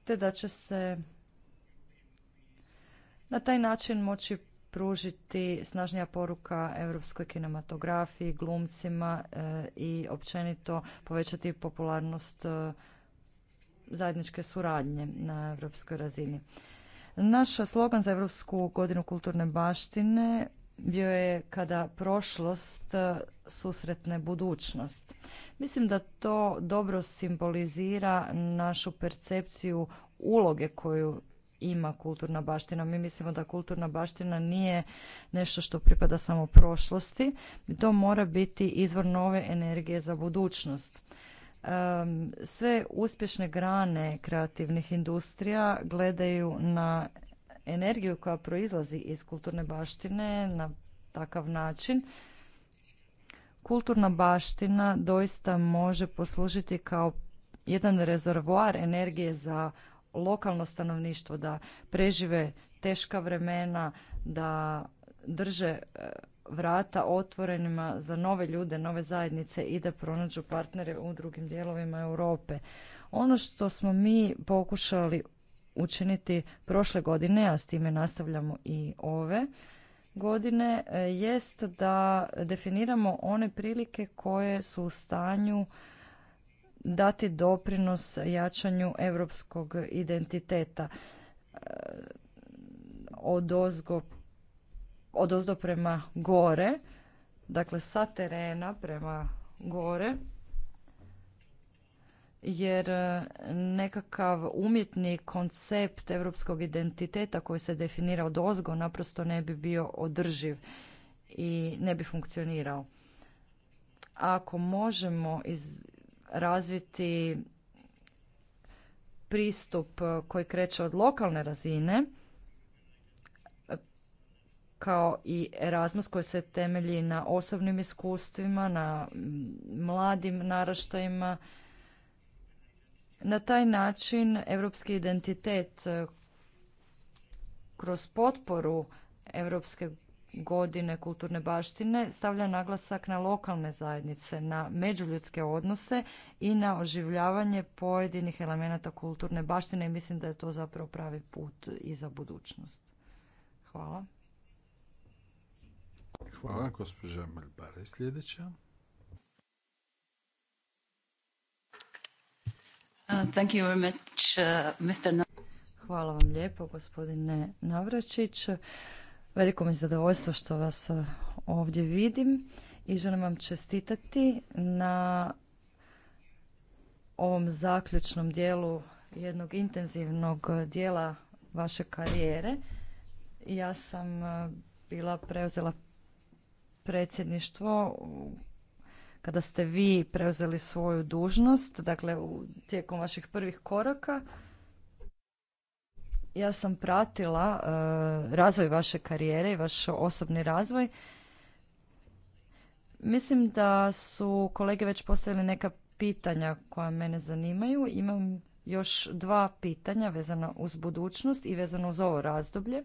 te da će se na taj način moći pružiti snažnija poruka europskoj kinematografiji, glumcima e, i općenito povećati popularnost e, zajedničke suradnje na europskoj razini. Naš slogan za Europsku godinu kulturne baštine bio je kada prošlost e, susretne budućnost. Mislim da to dobro simbolizira našu percepciju uloge koju ima kulturna baština. Mi mislimo da kulturna baština nije nešto što pripada samo prošlosti. To mora biti izvor nove energije za budućnost. Sve uspješne grane kreativnih industrija gledaju na energiju koja proizlazi iz kulturne baštine na takav način kulturna baština doista može poslužiti kao jedan rezervoar energije za lokalno stanovništvo da prežive teška vremena da drže e, vrata otvorenima za nove ljude, nove zajednice i da pronađu partnere u drugim dijelovima Europe. Ono što smo mi pokušali učiniti prošle godine, a s time nastavljamo i ove godine, e, jest da definiramo one prilike koje su u stanju dati doprinos jačanju europskog identiteta e, od ozgo, od ozdo prema gore, dakle sa terena prema gore jer e, nekakav umjetni koncept europskog identiteta koji se definira od ozgo naprosto ne bi bio održiv i ne bi funkcionirao. Ako možemo razviti pristup koji kreće od lokalne razine, kao i Erasmus koji se temelji na osobnim iskustvima, na mladim naraštajima, na taj način europski identitet e, kroz potporu Europske godine kulturne baštine stavlja naglasak na lokalne zajednice, na međuljudske odnose i na oživljavanje pojedinih elemenata kulturne baštine i mislim da je to zapravo pravi put i za budućnost. Hvala. Hvala, gospođa Malbara sljedeća. Uh, thank you very much, uh, Mr. Hvala vam lijepo, gospodine Navračić. Veliko mi je zadovoljstvo što vas uh, ovdje vidim i želim vam čestitati na ovom zaključnom dijelu jednog intenzivnog dijela vaše karijere. Ja sam bila preuzela predsjedništvo kada ste vi preuzeli svoju dužnost, dakle u, tijekom vaših prvih koraka, ja sam pratila e, razvoj vaše karijere i vaš osobni razvoj. Mislim da su kolege već postavili neka pitanja koja mene zanimaju. Imam još dva pitanja vezana uz budućnost i vezano uz ovo razdoblje.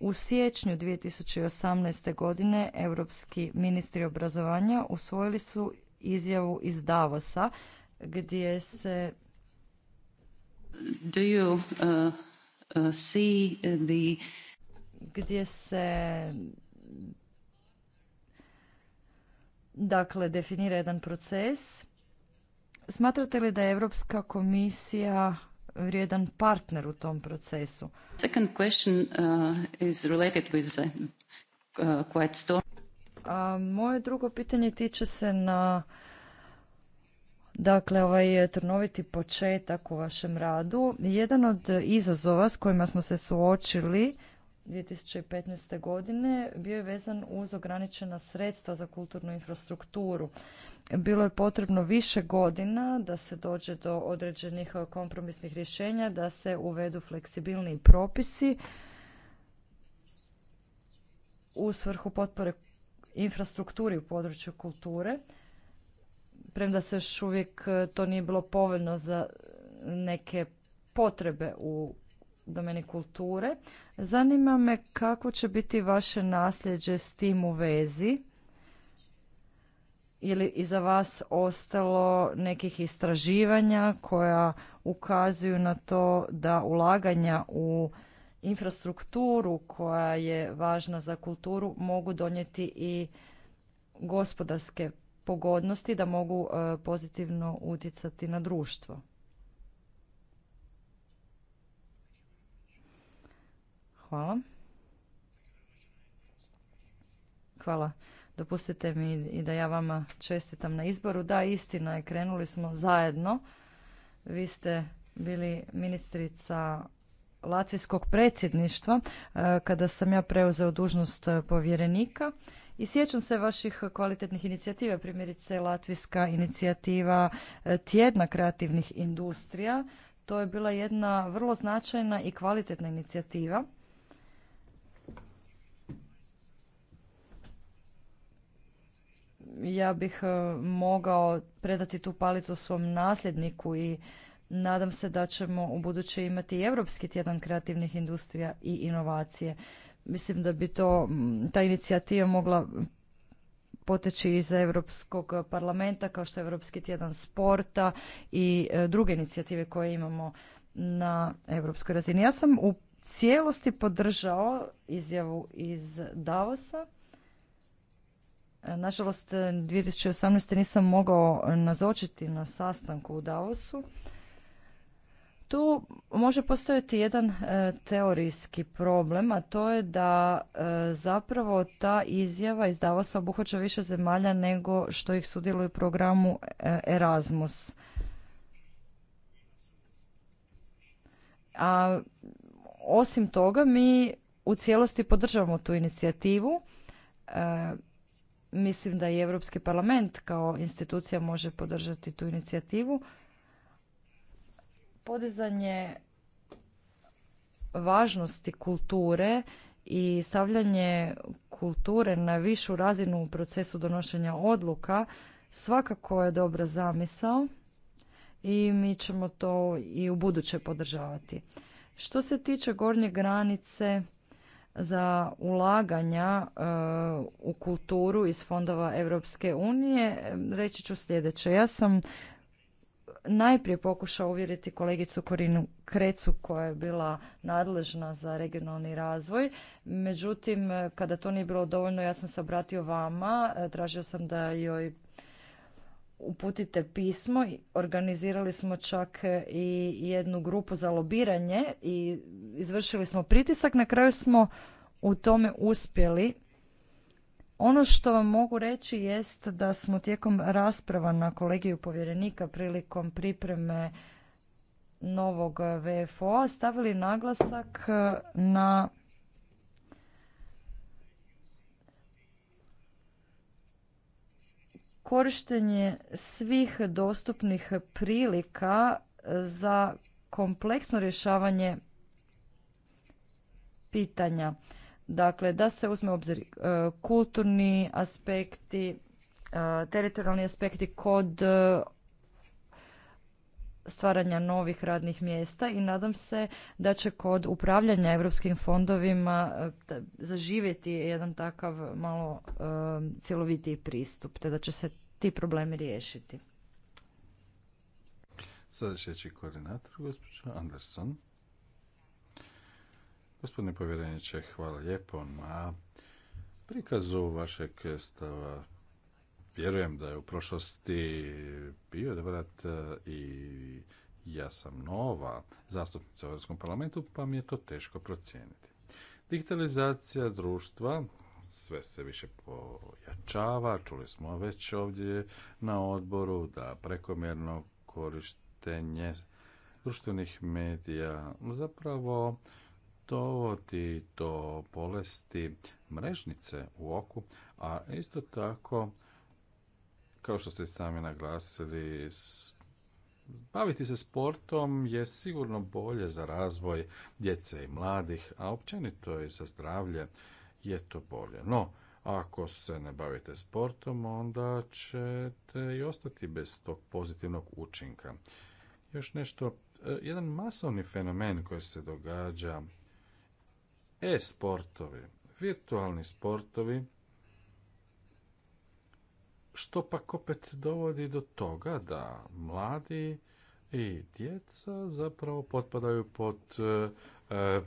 U siječnju 2018. godine europski ministri obrazovanja usvojili su izjavu iz Davosa gdje se uh, uh, gdje se dakle definira jedan proces Smatrate li da je Europska komisija vrijedan partner u tom procesu. Second question uh, is related uh, moje drugo pitanje tiče se na Dakle, ovaj e, trnoviti početak u vašem radu. Jedan od izazova s kojima smo se suočili 2015. godine bio je vezan uz ograničena sredstva za kulturnu infrastrukturu. Bilo je potrebno više godina da se dođe do određenih kompromisnih rješenja, da se uvedu fleksibilni propisi u svrhu potpore infrastrukturi u području kulture. Premda se još uvijek to nije bilo povoljno za neke potrebe u domeni kulture, Zanima me kako će biti vaše nasljeđe s tim u vezi. Ili iza vas ostalo nekih istraživanja koja ukazuju na to da ulaganja u infrastrukturu koja je važna za kulturu mogu donijeti i gospodarske pogodnosti da mogu e, pozitivno utjecati na društvo. Hvala. Hvala. Dopustite mi i da ja vama čestitam na izboru. Da, istina je, krenuli smo zajedno. Vi ste bili ministrica latvijskog predsjedništva e, kada sam ja preuzeo dužnost e, povjerenika i sjećam se vaših kvalitetnih inicijativa, primjerice latvijska inicijativa e, tjedna kreativnih industrija. To je bila jedna vrlo značajna i kvalitetna inicijativa ja bih e, mogao predati tu palicu svom nasljedniku i nadam se da ćemo u buduće imati Europski tjedan kreativnih industrija i inovacije. Mislim da bi to, ta inicijativa mogla poteći iz Europskog parlamenta kao što je Europski tjedan sporta i e, druge inicijative koje imamo na europskoj razini. Ja sam u cijelosti podržao izjavu iz Davosa Nažalost, 2018. E, nisam mogao nazočiti na sastanku u Davosu. Tu može postojati jedan e, teorijski problem, a to je da e, zapravo ta izjava iz Davosa obuhvaća više zemalja nego što ih sudjeluje u programu Erasmus. A osim toga mi u cijelosti podržavamo tu inicijativu Mislim da i Europski parlament kao institucija može podržati tu inicijativu. Podizanje važnosti kulture i stavljanje kulture na višu razinu u procesu donošenja odluka svakako je dobra zamisao i mi ćemo to i u buduće podržavati. Što se tiče gornje granice za ulaganja e, u kulturu iz fondova Europske unije, e, reći ću sljedeće. Ja sam najprije pokušao uvjeriti kolegicu Korinu Krecu koja je bila nadležna za regionalni razvoj. Međutim, e, kada to nije bilo dovoljno, ja sam se obratio vama. Tražio sam da joj uputite pismo. Organizirali smo čak e, i jednu grupu za lobiranje i izvršili smo pritisak. Na kraju smo u tome uspjeli. Ono što vam mogu reći jest da smo tijekom rasprava na kolegiju povjerenika prilikom pripreme novog VFO-a stavili naglasak e, na korištenje svih dostupnih prilika e, za kompleksno rješavanje pitanja. Dakle, da se uzme obzir e, kulturni aspekti, e, teritorijalni aspekti kod stvaranja novih radnih mjesta i nadam se da će kod upravljanja europskim fondovima e, zaživjeti jedan takav malo e, cjelovitiji pristup, te da će se ti problemi riješiti. Sada šeći koordinator, gospođa Anderson. Gospodine povjereniče, hvala lijepo na prikazu vašeg stava Vjerujem da je u prošlosti bio debat e, i ja sam nova zastupnica u Europskom parlamentu, pa mi je to teško procijeniti. Digitalizacija društva sve se više pojačava, čuli smo već ovdje na odboru da prekomjerno korištenje društvenih medija zapravo dovodi do bolesti mrežnice u oku, a isto tako kao što ste sami naglasili, baviti se sportom je sigurno bolje za razvoj djece i mladih, a općenito i za zdravlje je to bolje. No, ako se ne bavite sportom, onda ćete i ostati bez tog pozitivnog učinka. Još nešto, e, jedan masovni fenomen koji se događa, e-sportovi, virtualni sportovi, što pak opet dovodi do toga da mladi i djeca zapravo potpadaju pod e, e,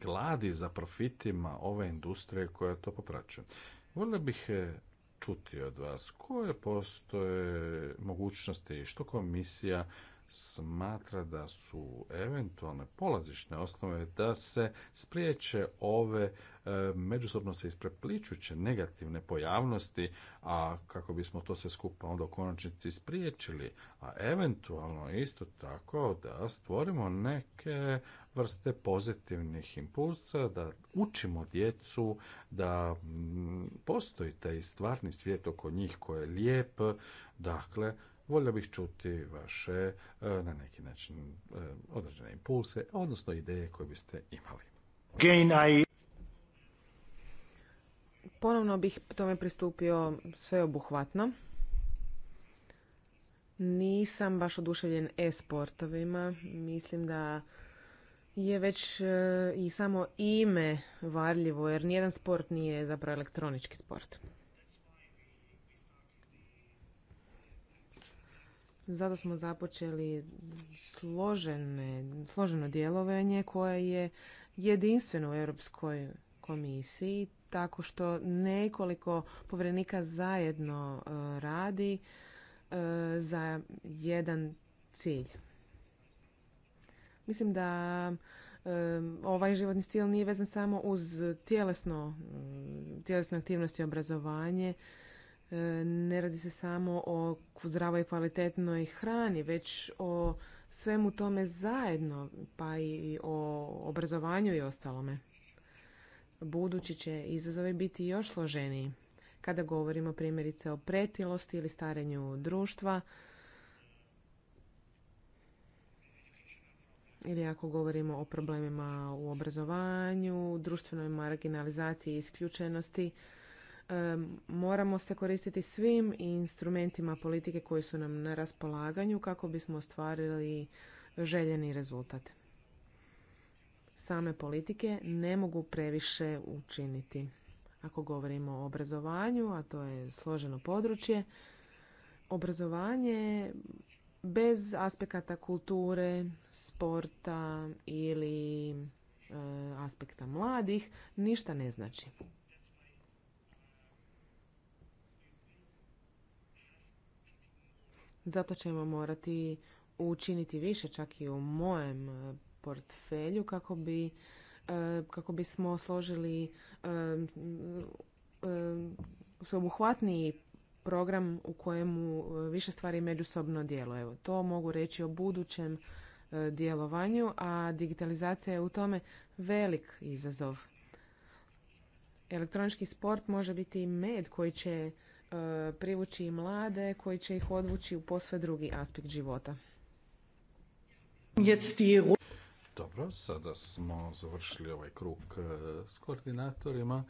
gladi za profitima ove industrije koja to popraćuje. Volio bih e, čuti od vas koje postoje mogućnosti što komisija smatra da su eventualne polazišne osnove da se spriječe ove E, međusobno se isprepličuće negativne pojavnosti, a kako bismo to sve skupa onda u konačnici spriječili, a eventualno isto tako da stvorimo neke vrste pozitivnih impulsa, da učimo djecu, da mm, postoji taj stvarni svijet oko njih koji je lijep. Dakle, volio bih čuti vaše e, na neki način e, određene impulse, odnosno ideje koje biste imali. Ponovno bih tome pristupio sveobuhvatno. Nisam baš oduševljen e-sportovima. Mislim da je već e, i samo ime varljivo, jer nijedan sport nije zapravo elektronički sport. Zato smo započeli složeno djelovanje koje je jedinstveno u Europskoj komisiji tako što nekoliko povjerenika zajedno e, radi e, za jedan cilj. Mislim da e, ovaj životni stil nije vezan samo uz tjelesno, mm, tjelesnu aktivnost i obrazovanje. Ne radi se samo o zdravoj i kvalitetnoj hrani, već o svemu tome zajedno, pa i o obrazovanju i ostalome budući će izazovi biti još složeniji. Kada govorimo primjerice o pretilosti ili starenju društva, ili ako govorimo o problemima u obrazovanju, društvenoj marginalizaciji i isključenosti, moramo se koristiti svim instrumentima politike koji su nam na raspolaganju kako bismo ostvarili željeni rezultat same politike ne mogu previše učiniti. Ako govorimo o obrazovanju, a to je složeno područje, obrazovanje bez aspekata kulture, sporta ili e, aspekta mladih ništa ne znači. Zato ćemo morati učiniti više čak i u mojem portfelju kako bi e, kako bismo složili e, e, sveobuhvatniji program u kojemu više stvari međusobno djeluje. to mogu reći o budućem djelovanju, a digitalizacija je u tome velik izazov. Elektronički sport može biti i med koji će privući i mlade, koji će ih odvući u posve drugi aspekt života. Dobro, sada smo završili ovaj krug e, s koordinatorima.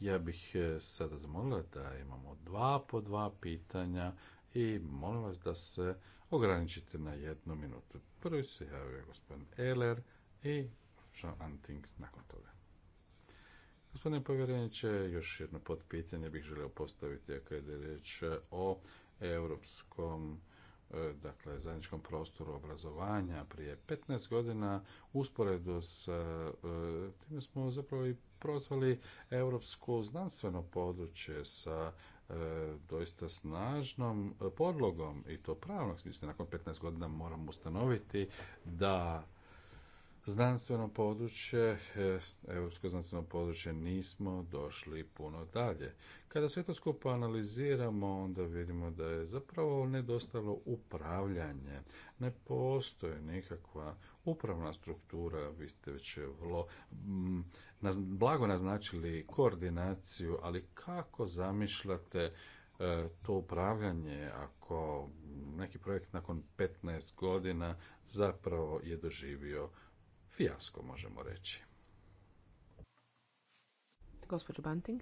Ja bih e, sada zamolila da imamo dva po dva pitanja i molim vas da se ograničite na jednu minutu. Prvi se javio gospodin Eler i Anting nakon toga. Gospodine povjereniče, još jedno potpitanje bih želio postaviti kada je riječ o europskom E, dakle, zajedničkom prostoru obrazovanja prije 15 godina usporedu s e, time smo zapravo i prozvali europsko znanstveno područje sa e, doista snažnom podlogom i to pravnog smisla. Nakon 15 godina moramo ustanoviti da znanstveno područje, europsko znanstveno područje, nismo došli puno dalje. Kada sve to skupo analiziramo, onda vidimo da je zapravo nedostalo upravljanje. Ne postoji nikakva upravna struktura, vi ste već vrlo mm, blago naznačili koordinaciju, ali kako zamišljate e, to upravljanje ako neki projekt nakon 15 godina zapravo je doživio fijasko, možemo reći. Gospođo Banting.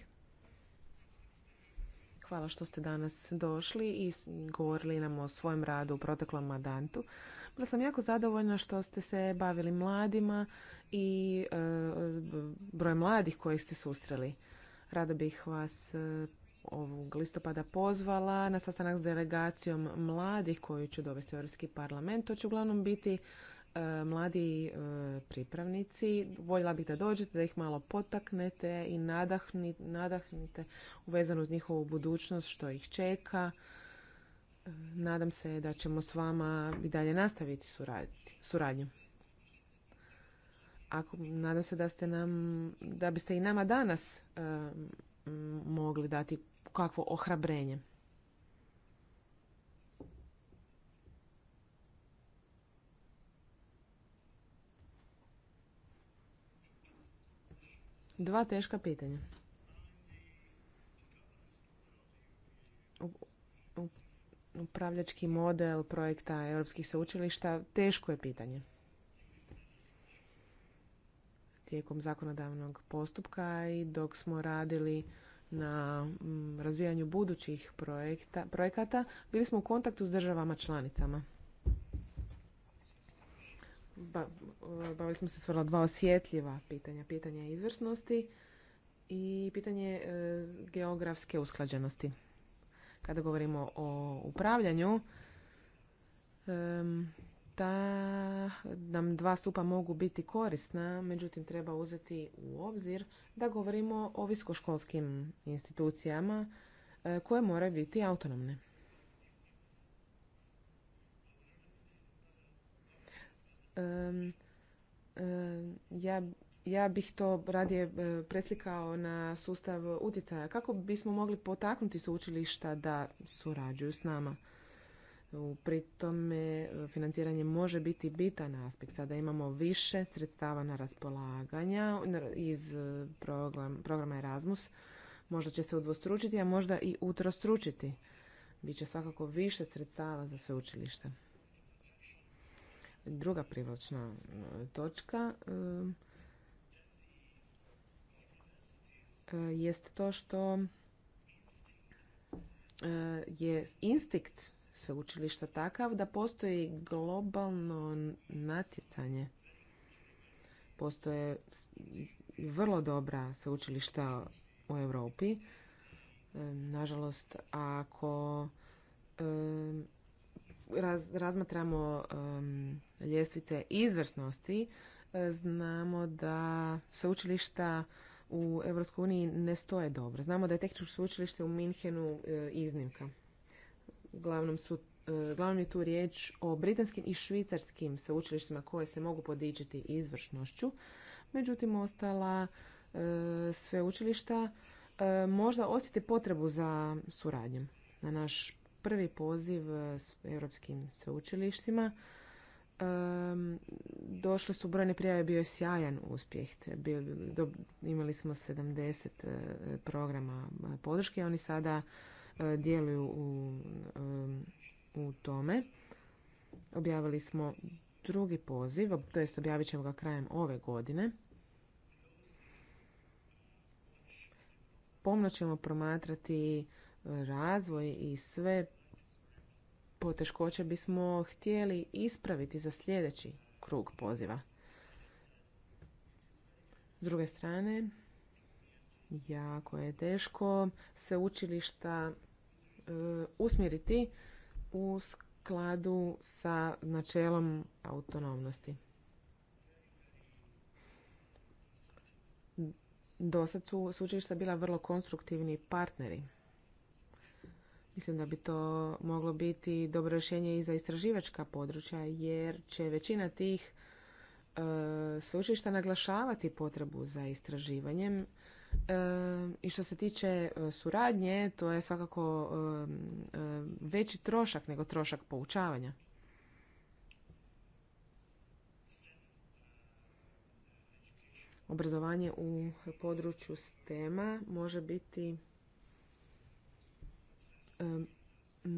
Hvala što ste danas došli i govorili nam o svojem radu u proteklom mandatu Bila sam jako zadovoljna što ste se bavili mladima i e, broj mladih koje ste susreli. Rada bih vas e, ovog listopada pozvala na sastanak s delegacijom mladih koju ću dovesti u Europski parlament. To će uglavnom biti E, mladi e, pripravnici. Voljela bih da dođete, da ih malo potaknete i nadahnite uvezano uz njihovu budućnost, što ih čeka. E, nadam se da ćemo s vama i dalje nastaviti suradnju. Ako, nadam se da, da biste i nama danas mogli dati kakvo ohrabrenje. Dva teška pitanja. Upravljački model projekta europskih sveučilišta teško je pitanje. Tijekom zakonodavnog postupka i dok smo radili na mm, razvijanju budućih projekta, projekata, bili smo u kontaktu s državama članicama. E, bavili smo se s vrlo dva osjetljiva pitanja. Pitanje izvrsnosti i pitanje e, geografske usklađenosti. Kada govorimo o upravljanju, ta nam dva stupa mogu biti korisna, međutim treba uzeti u obzir da govorimo o viskoškolskim institucijama e, koje moraju biti autonomne. ja, ja bih to radije e, preslikao na sustav utjecaja. Kako bismo mogli potaknuti sveučilišta da surađuju s nama? Pri tome e, financiranje može biti bitan aspekt. Sada imamo više sredstava na raspolaganja iz e, program, programa Erasmus. Možda će se udvostručiti, a možda i utrostručiti. Biće svakako više sredstava za učilišta. Druga privlačna e, točka e, e, jest to što je instinkt sveučilišta takav da postoji globalno natjecanje. Postoje vrlo dobra sveučilišta u Europi. Nažalost, ako raz, razmatramo ljestvice izvrsnosti, e, znamo da sveučilišta u EU ne stoje dobro. Znamo da je tehničko sveučilište u Minhenu e, iznimka. Uglavnom su e, je tu riječ o britanskim i švicarskim sveučilištima koje se mogu podičiti izvršnošću. Međutim, ostala sveučilišta možda osjeti potrebu za suradnjom. Na naš prvi poziv e, s europskim sveučilištima. Došle su brojne prijave, bio je sjajan uspjeh. Imali smo 70 e, programa e, podrške, oni sada djeluju u, u tome. Objavili smo drugi poziv, to jest objavit ćemo ga krajem ove godine. Pomno ćemo promatrati razvoj i sve poteškoće bismo htjeli ispraviti za sljedeći krug poziva. S druge strane, jako je teško se učilišta e, usmjeriti u skladu sa načelom autonomnosti. Dosad su učilišta bila vrlo konstruktivni partneri Mislim da bi to moglo biti dobro rješenje i za istraživačka područja jer će većina tih e, sveučilišta naglašavati potrebu za istraživanjem. E, I što se tiče e, suradnje, to je svakako e, veći trošak nego trošak poučavanja. Obrazovanje u području STEMA može biti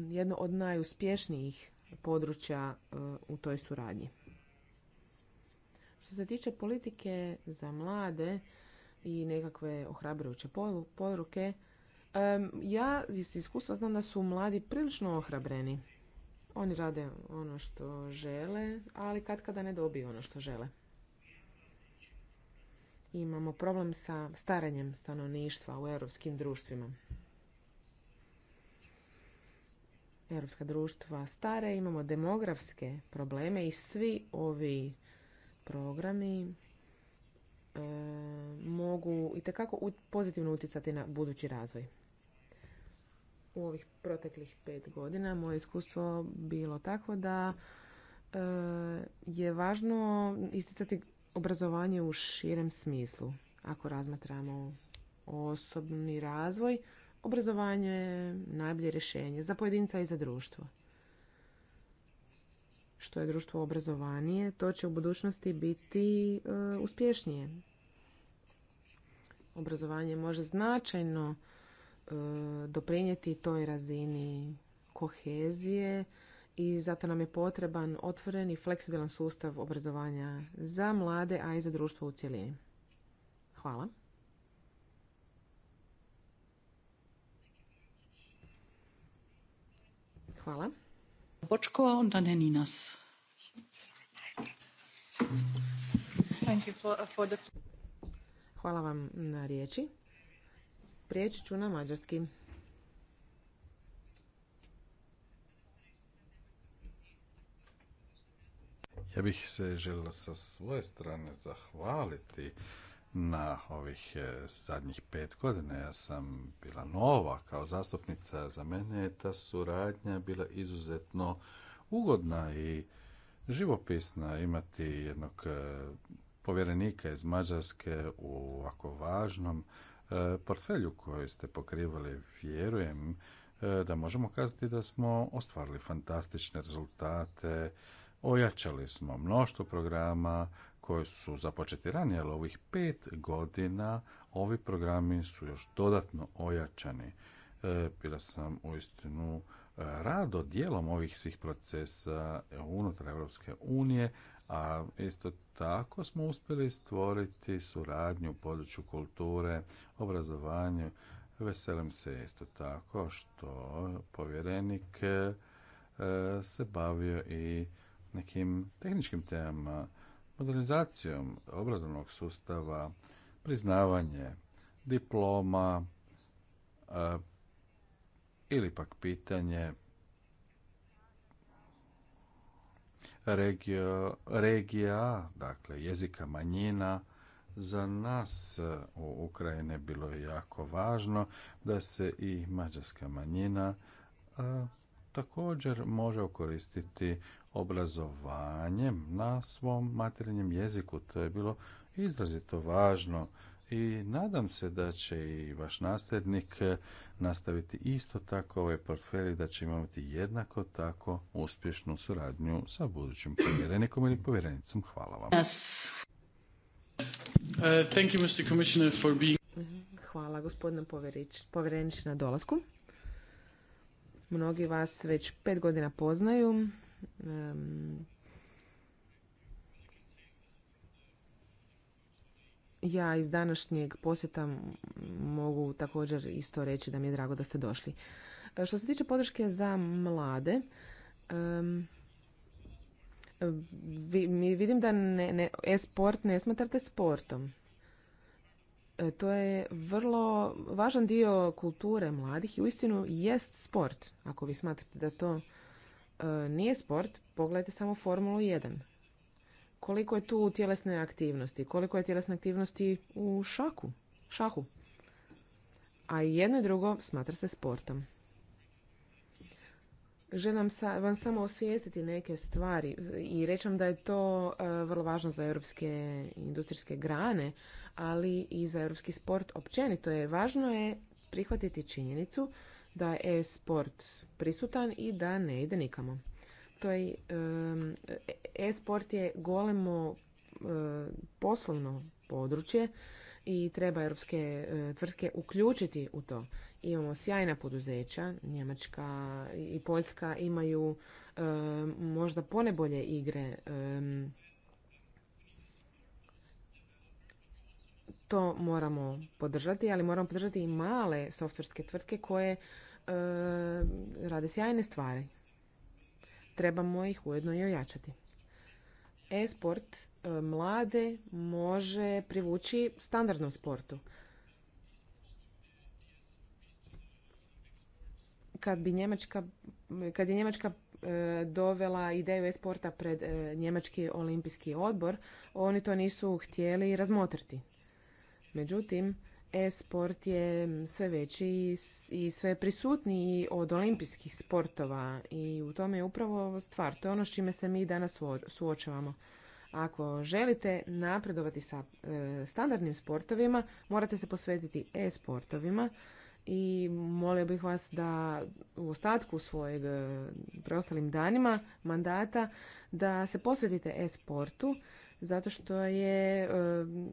jedno od najuspješnijih područja e, u toj suradnji. Što se tiče politike za mlade i nekakve ohrabrujuće poruke, ja iz iskustva znam da su mladi prilično ohrabreni. Oni rade ono što žele, ali kad kada ne dobiju ono što žele. Imamo problem sa staranjem stanovništva u europskim društvima europska društva stare, imamo demografske probleme i svi ovi programi e, mogu itekako pozitivno utjecati na budući razvoj. U ovih proteklih pet godina moje iskustvo bilo takvo da e, je važno isticati obrazovanje u širem smislu. Ako razmatramo osobni razvoj, Obrazovanje je najbolje rješenje za pojedinca i za društvo. Što je društvo obrazovanije, to će u budućnosti biti e, uspješnije. Obrazovanje može značajno e, doprinijeti toj razini kohezije i zato nam je potreban otvoren i fleksibilan sustav obrazovanja za mlade, a i za društvo u cjelini. Hvala. Hvala. Bočko, onda ne uh, the... Hvala vam na riječi. Prijeći ću na mađarski. Ja bih se želio sa svoje strane zahvaliti na ovih e, zadnjih pet godina. Ja sam bila nova kao zastupnica. Za mene je ta suradnja bila izuzetno ugodna i živopisna imati jednog e, povjerenika iz Mađarske u ovako važnom e, portfelju koji ste pokrivali. Vjerujem da možemo kazati da smo ostvarili fantastične rezultate, ojačali smo mnoštvo programa koje su započeti ranije, ali ovih pet godina ovi programi su još dodatno ojačani. E, bila sam istinu e, rado dijelom ovih svih procesa unutar Europske unije, a isto tako smo uspjeli stvoriti suradnju u području kulture, obrazovanju. Veselim se isto tako što povjerenik e, se bavio i nekim tehničkim temama Modernizacijom obrazovnog sustava, priznavanje diploma e, ili pak pitanje regio, regija, dakle jezika manjina, za nas e, u Ukrajine bilo je jako važno da se i mađarska manjina e, također može koristiti obrazovanje na svom materinjem jeziku. To je bilo izrazito važno i nadam se da će i vaš nasljednik nastaviti isto tako ovaj portfelj da će imati jednako tako uspješnu suradnju sa budućim povjerenikom ili povjerenicom. Hvala vam. Uh, Hvala gospodine povjereniče na dolasku mnogi vas već pet godina poznaju. Ja iz današnjeg posjeta mogu također isto reći da mi je drago da ste došli. E, što se tiče podrške za mlade, vidim da e-sport ne, ne smatrate sportom. E, to je vrlo važan dio kulture mladih i uistinu jest sport. Ako vi smatrate da to e, nije sport, pogledajte samo Formulu 1. Koliko je tu tjelesne aktivnosti? Koliko je tjelesne aktivnosti u šaku? Šahu. A jedno i drugo smatra se sportom. Želim vam samo osvijestiti neke stvari i reći vam da je to e, vrlo važno za europske industrijske grane, ali i za europski sport općenito je. Važno je prihvatiti činjenicu da je sport prisutan i da ne ide nikamo. To je, e-sport je golemo e, poslovno područje i treba europske e, tvrtke uključiti u to imamo sjajna poduzeća, Njemačka i Poljska imaju e, možda ponebolje igre. E, to moramo podržati, ali moramo podržati i male softverske tvrtke koje e, rade sjajne stvari. Trebamo ih ujedno i ojačati. E-sport mlade može privući standardnom sportu. kad bi Njemačka, kad je Njemačka e, dovela ideju e-sporta pred e, Njemački olimpijski odbor, oni to nisu htjeli razmotriti. Međutim, e-sport je sve veći i sve prisutniji od olimpijskih sportova i u tome je upravo stvar. To je ono s čime se mi danas suočavamo. Ako želite napredovati sa e, standardnim sportovima, morate se posvetiti e-sportovima i molio bih vas da u ostatku svojeg e, preostalim danima mandata da se posvetite e-sportu zato što je e,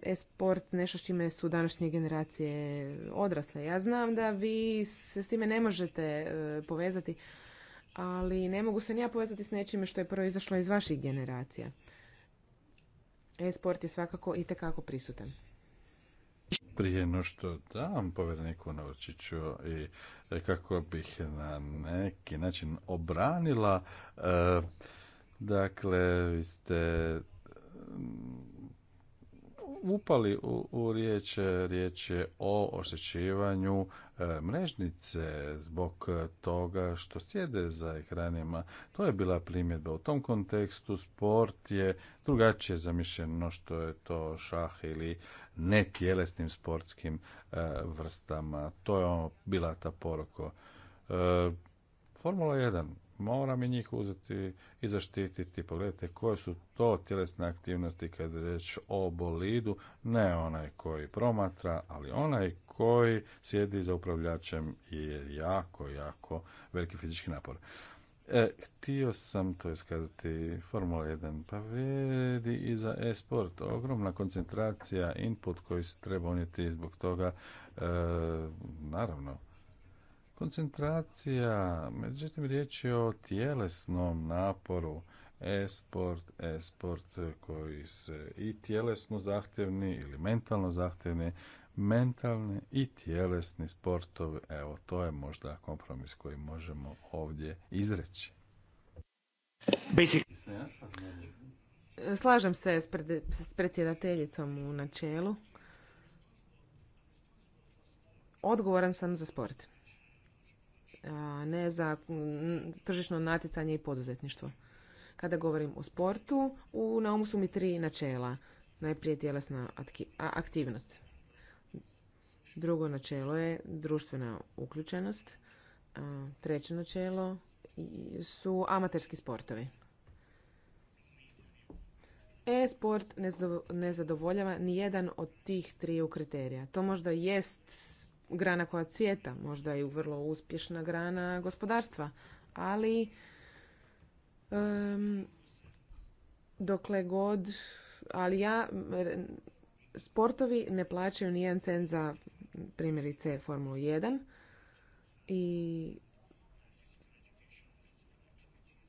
e-sport nešto s čime su današnje generacije odrasle. Ja znam da vi se s time ne možete e, povezati, ali ne mogu se ni ja povezati s nečime što je proizašlo iz vaših generacija. E-sport je svakako i tekako prisutan prije no što dam povjereniku Novčiću i e, kako bih na neki način obranila, e, dakle, vi ste upali u, u riječ, riječ je o oštećivanju e, mrežnice zbog toga što sjede za ekranima. To je bila primjedba. U tom kontekstu sport je drugačije zamišljeno što je to šah ili netjelesnim sportskim e, vrstama. To je ono, bila ta poruka. E, Formula 1 moram i njih uzeti i zaštititi. Pogledajte koje su to tjelesne aktivnosti kad je reč o bolidu, ne onaj koji promatra, ali onaj koji sjedi za upravljačem je jako, jako veliki fizički napor. E, htio sam to iskazati Formula 1, pa i za e-sport. Ogromna koncentracija, input koji se treba unijeti zbog toga, e, naravno, Koncentracija, međutim riječ je o tjelesnom naporu, e-sport, e-sport koji se i tjelesno zahtjevni ili mentalno zahtjevni, mentalni i tjelesni sportovi, evo to je možda kompromis koji možemo ovdje izreći. Basic. Slažem se s predsjedateljicom u načelu. Odgovoran sam za sport ne za tržišno natjecanje i poduzetništvo. Kada govorim o sportu, u naumu su mi tri načela. Najprije tjelesna aktivnost. Drugo načelo je društvena uključenost. Treće načelo su amaterski sportovi. E-sport ne zadovoljava ni jedan od tih triju kriterija. To možda jest grana koja cvjeta, možda i vrlo uspješna grana gospodarstva, ali dokle god, ali ja, sportovi ne plaćaju nijedan cent za primjerice Formulu 1 i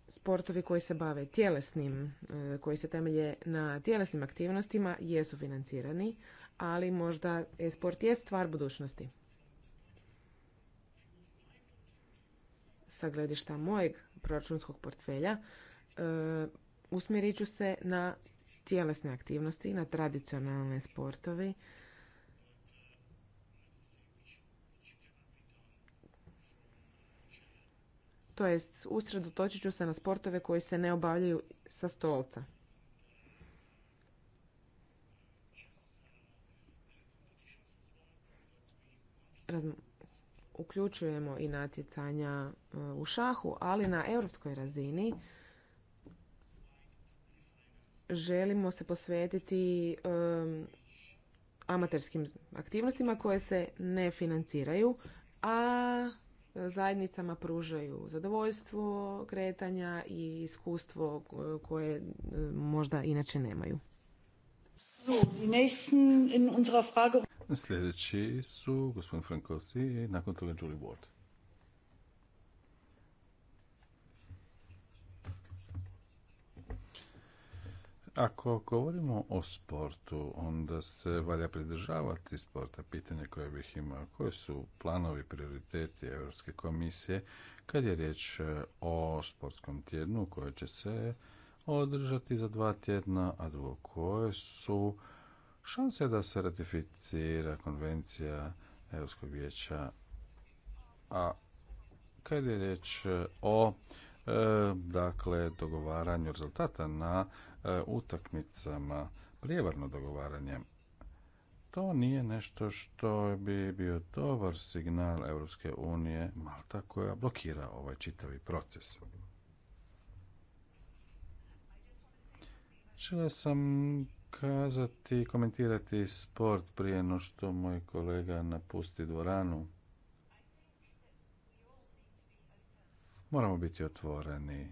sportovi koji se bave tjelesnim, e, koji se temelje na tjelesnim aktivnostima jesu financirani, ali možda e-sport je stvar budućnosti. sa gledišta mojeg proračunskog portfelja e, usmjerit ću se na tjelesne aktivnosti, na tradicionalne sportove. To jest, usredotočit ću se na sportove koji se ne obavljaju sa stolca uključujemo i natjecanja e, u šahu, ali na europskoj razini želimo se posvetiti e, amaterskim aktivnostima koje se ne financiraju, a zajednicama pružaju zadovoljstvo, kretanja i iskustvo e, koje možda inače nemaju. Sljedeći su gospodin Frankovski i nakon toga Julie Ward. Ako govorimo o sportu, onda se valja pridržavati sporta. Pitanje koje bih imao, koji su planovi, prioriteti Europske komisije kad je riječ e, o sportskom tjednu koje će se održati za dva tjedna, a drugo koje su šanse da se ratificira konvencija Europskog vijeća, a kad je riječ e, o e, dakle dogovaranju rezultata na e, utakmicama, prijevarno dogovaranje, to nije nešto što bi bio dobar signal Europske unije Malta koja blokira ovaj čitavi proces. sam kazati i komentirati sport prije no što moj kolega napusti dvoranu. Moramo biti otvoreni e,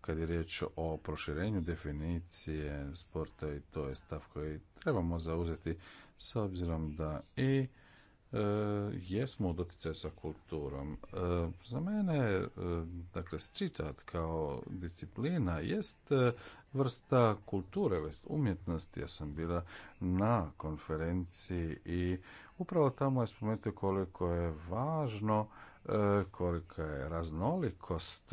kad je riječ o proširenju definicije sporta i to je stav koji trebamo zauzeti s obzirom da i E, jesmo u sa kulturom. E, za mene, e, dakle, street kao disciplina jest vrsta kulture, vrst umjetnosti. Ja sam bila na konferenciji i upravo tamo je spomenuto koliko je važno, kolika je raznolikost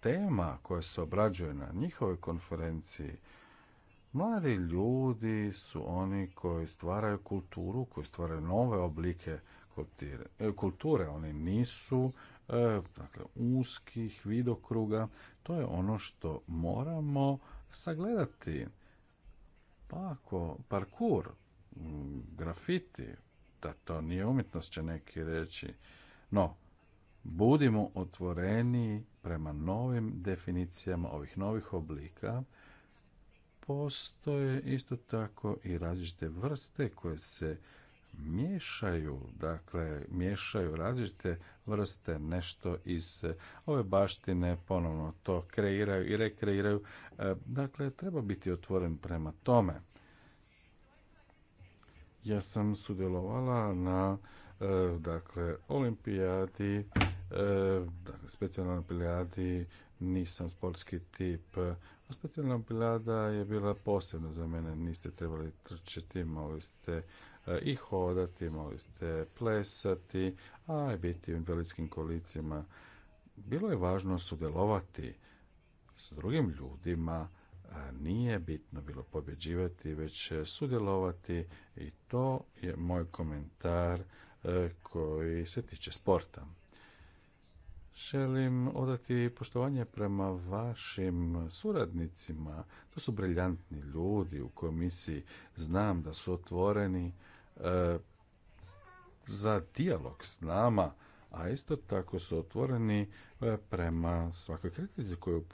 tema koje se obrađuje na njihovoj konferenciji Mladi ljudi su oni koji stvaraju kulturu, koji stvaraju nove oblike kulture. E, oni nisu e, dakle, uskih vidokruga. To je ono što moramo sagledati. Pa ako parkur, mm, grafiti, da to nije umjetnost će neki reći. No, budimo otvoreni prema novim definicijama ovih novih oblika postoje isto tako i različite vrste koje se miješaju, dakle, miješaju različite vrste, nešto iz e, ove baštine, ponovno to kreiraju i rekreiraju. E, dakle, treba biti otvoren prema tome. Ja sam sudjelovala na e, dakle, olimpijadi, dakle, specijalnoj olimpijadi, nisam sportski tip, Specijalna blada je bila posebna za mene, niste trebali trčati, mogli ste eh, i hodati, mogli ste plesati, a i biti u invalidskim kolicima. Bilo je važno sudjelovati s drugim ljudima, nije bitno bilo pobjeđivati, već sudjelovati i to je moj komentar eh, koji se tiče sporta. Želim odati poštovanje prema vašim suradnicima. To su briljantni ljudi u komisiji. Znam da su otvoreni e, za dijalog s nama, a isto tako su otvoreni e, prema svakoj kritici koju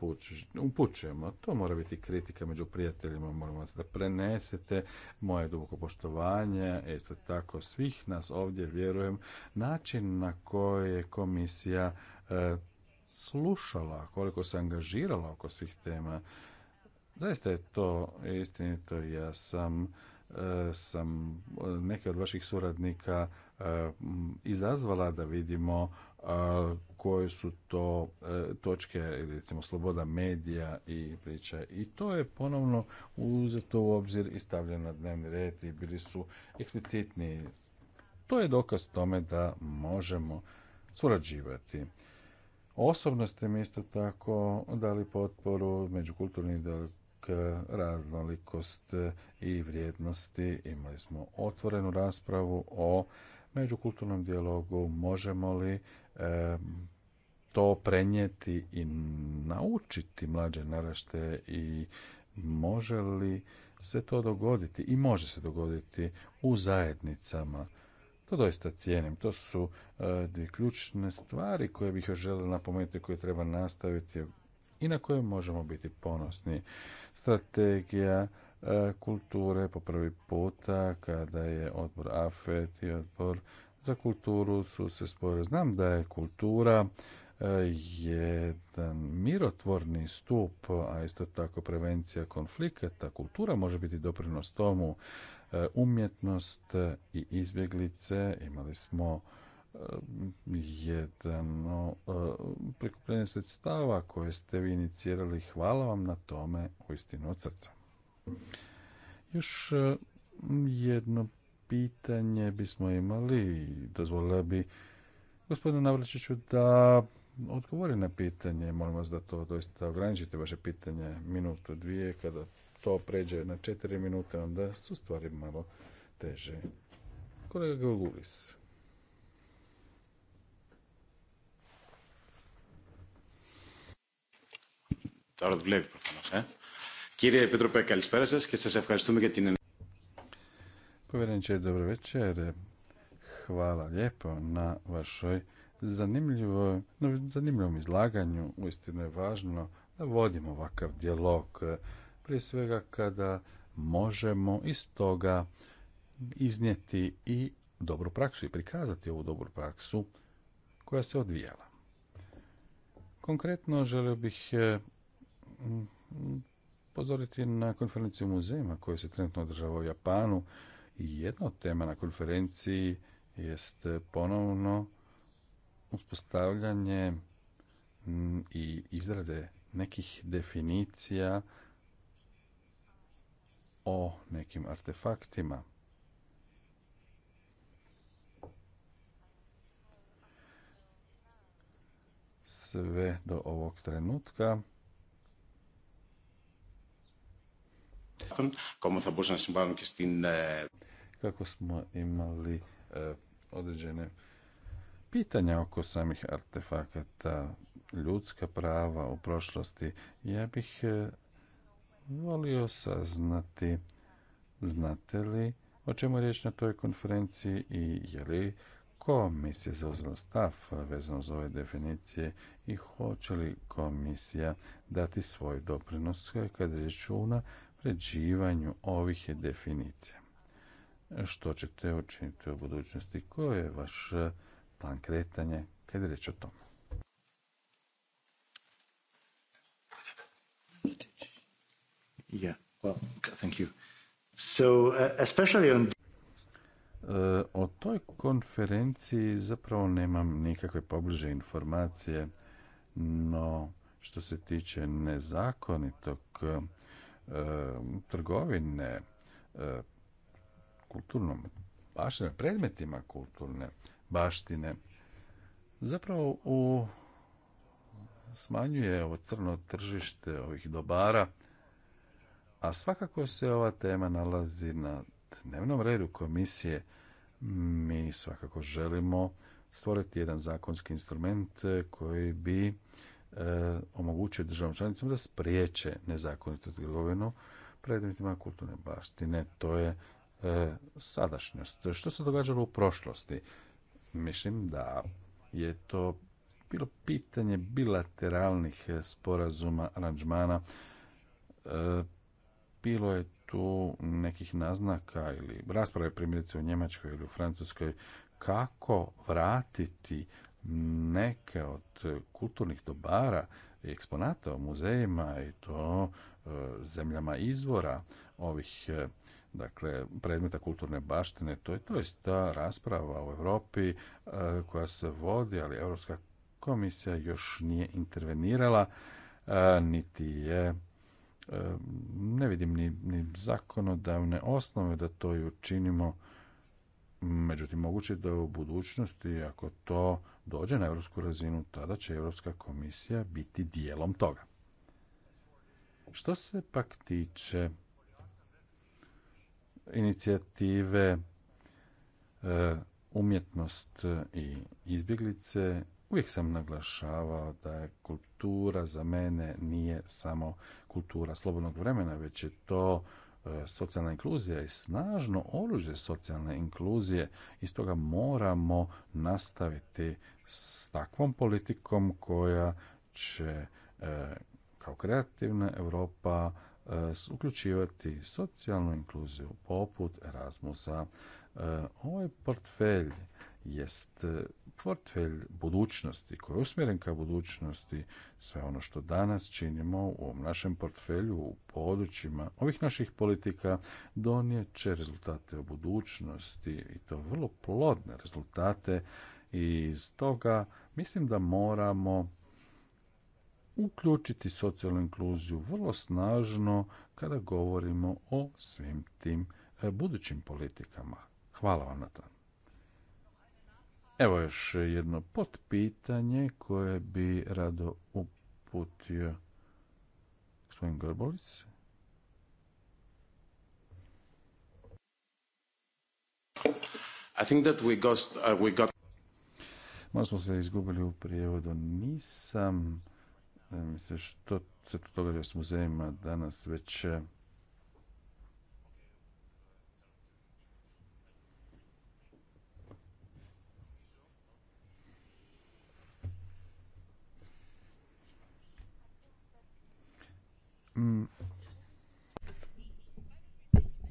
upućujemo. To mora biti kritika među prijateljima, molim vas da prenesete moje duboko poštovanje, isto tako svih nas ovdje vjerujem, način na koji je komisija E, slušala, koliko se angažirala oko svih tema. Zaista je to istinito. Ja sam, e, sam e, neke od vaših suradnika izazvala da vidimo koje su to točke, recimo sloboda medija i priča. I to je ponovno uzeto u obzir i stavljeno na dnevni red i bili su eksplicitni. To je dokaz tome da možemo surađivati. Osobno ste mi isto tako dali potporu međukulturni dialog raznolikost i vrijednosti. Imali smo otvorenu raspravu o međukulturnom dijalogu, možemo li to prenijeti i naučiti mlađe narašte i može li se to dogoditi i može se dogoditi u zajednicama to doista cijenim. To su e, dvije ključne stvari koje bih još želio napomenuti, koje treba nastaviti i na koje možemo biti ponosni. Strategija e, kulture po prvi puta kada je odbor AFET i odbor za kulturu su se spore. Znam da je kultura e, jedan mirotvorni stup, a isto tako prevencija konflikata. Kultura može biti doprinos tomu E, umjetnost e, i izbjeglice. Imali smo e, jedno prikupljenje sredstava koje ste vi inicirali. Hvala vam na tome uistinu od srca. Još jedno pitanje bismo imali dozvolila bi gospodinu navršiću da odgovori na pitanje. Molim vas da to doista ograničite vaše pitanje minutu, dvije, kada to pređe na 4 minute, onda su stvari malo teže. Kolega Golulis. Τώρα δουλεύει προφανώ. Ε. Κύριε Επίτροπε, καλησπέρα σα και σα ευχαριστούμε για την Povjereniče, dobro večer. Hvala lijepo na vašoj zanimljivoj, na zanimljivom izlaganju. Uistinu je važno da vodimo ovakav dijalog prije svega kada možemo iz toga iznijeti i dobru praksu i prikazati ovu dobru praksu koja se odvijala. Konkretno želio bih e, pozoriti na konferenciju muzejima koja se trenutno održava u Japanu. Jedna od tema na konferenciji jest ponovno uspostavljanje i izrade nekih definicija o nekim artefaktima. Sve do ovog trenutka e, kako smo imali e, određene pitanja oko samih artefakata ljudska prava u prošlosti ja bih e, volio saznati znate li o čemu je riječ na toj konferenciji i je li komisija zauzela stav vezano za ove definicije i hoće li komisija dati svoj doprinos kad je riječ o unapređivanju ovih definicija. Što ćete učiniti u budućnosti? Koji je vaš plan kretanja kada je riječ o tome? Yeah, uh, uh, O toj konferenciji zapravo nemam nikakve pobliže informacije, no što se tiče nezakonitog uh, trgovine kulturnom baštine, predmetima kulturne baštine, zapravo u smanjuje ovo crno tržište ovih dobara a svakako se ova tema nalazi na dnevnom redu komisije. Mi svakako želimo stvoriti jedan zakonski instrument koji bi e, omogućio državnom članicama da spriječe nezakonitu trgovinu predmetima kulturne baštine. To je e, sadašnjost. Što se događalo u prošlosti? Mislim da je to bilo pitanje bilateralnih e, sporazuma, aranžmana. E, bilo je tu nekih naznaka ili rasprave primjerice u Njemačkoj ili u Francuskoj kako vratiti neke od kulturnih dobara i eksponata u muzejima i to e, zemljama izvora ovih e, dakle predmeta kulturne baštine to je ta rasprava u Europi e, koja se vodi ali Europska komisija još nije intervenirala niti je ne vidim ni, ni zakonodavne osnove da to i učinimo. Međutim, moguće da u budućnosti, ako to dođe na europsku razinu, tada će Europska komisija biti dijelom toga. Što se pak tiče inicijative e, umjetnost i izbjeglice, Uvijek sam naglašavao da je kultura za mene nije samo kultura slobodnog vremena, već je to e, socijalna inkluzija i snažno oružje socijalne inkluzije i stoga moramo nastaviti s takvom politikom koja će e, kao kreativna Europa e, uključivati socijalnu inkluziju poput Erasmusa. Ovaj portfelj jest e, portfelj budućnosti koji je usmjeren ka budućnosti sve ono što danas činimo u ovom našem portfelju u područjima ovih naših politika donijet će rezultate o budućnosti i to vrlo plodne rezultate i stoga mislim da moramo uključiti socijalnu inkluziju vrlo snažno kada govorimo o svim tim e, budućim politikama. Hvala vam na to. Evo još jedno potpitanje koje bi rado uputio gospodin Grbolis. I uh, smo se izgubili u prijevodu. Nisam e, Mislim, što se to događa s muzejima danas već e,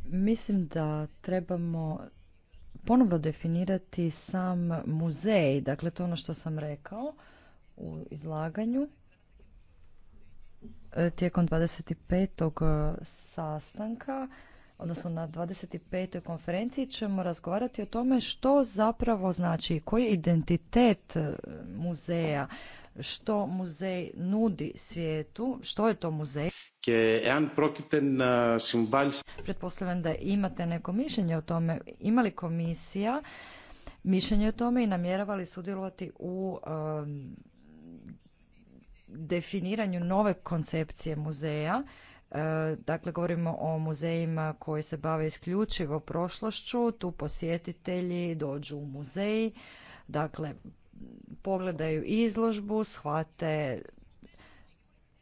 Mislim da trebamo ponovno definirati sam muzej, dakle to ono što sam rekao u izlaganju. E, tijekom 25. E, sastanka, odnosno na 25. konferenciji ćemo razgovarati o tome što zapravo znači, koji je identitet e, muzeja, što muzej nudi svijetu, što je to muzej. Eh, Pretpostavljam da imate neko mišljenje o tome. Ima li komisija mišljenje o tome i namjeravali li sudjelovati u ehm, definiranju nove koncepcije muzeja? Eh, dakle, govorimo o muzejima koji se bave isključivo prošlošću, tu posjetitelji dođu u muzej, dakle, pogledaju izložbu, shvate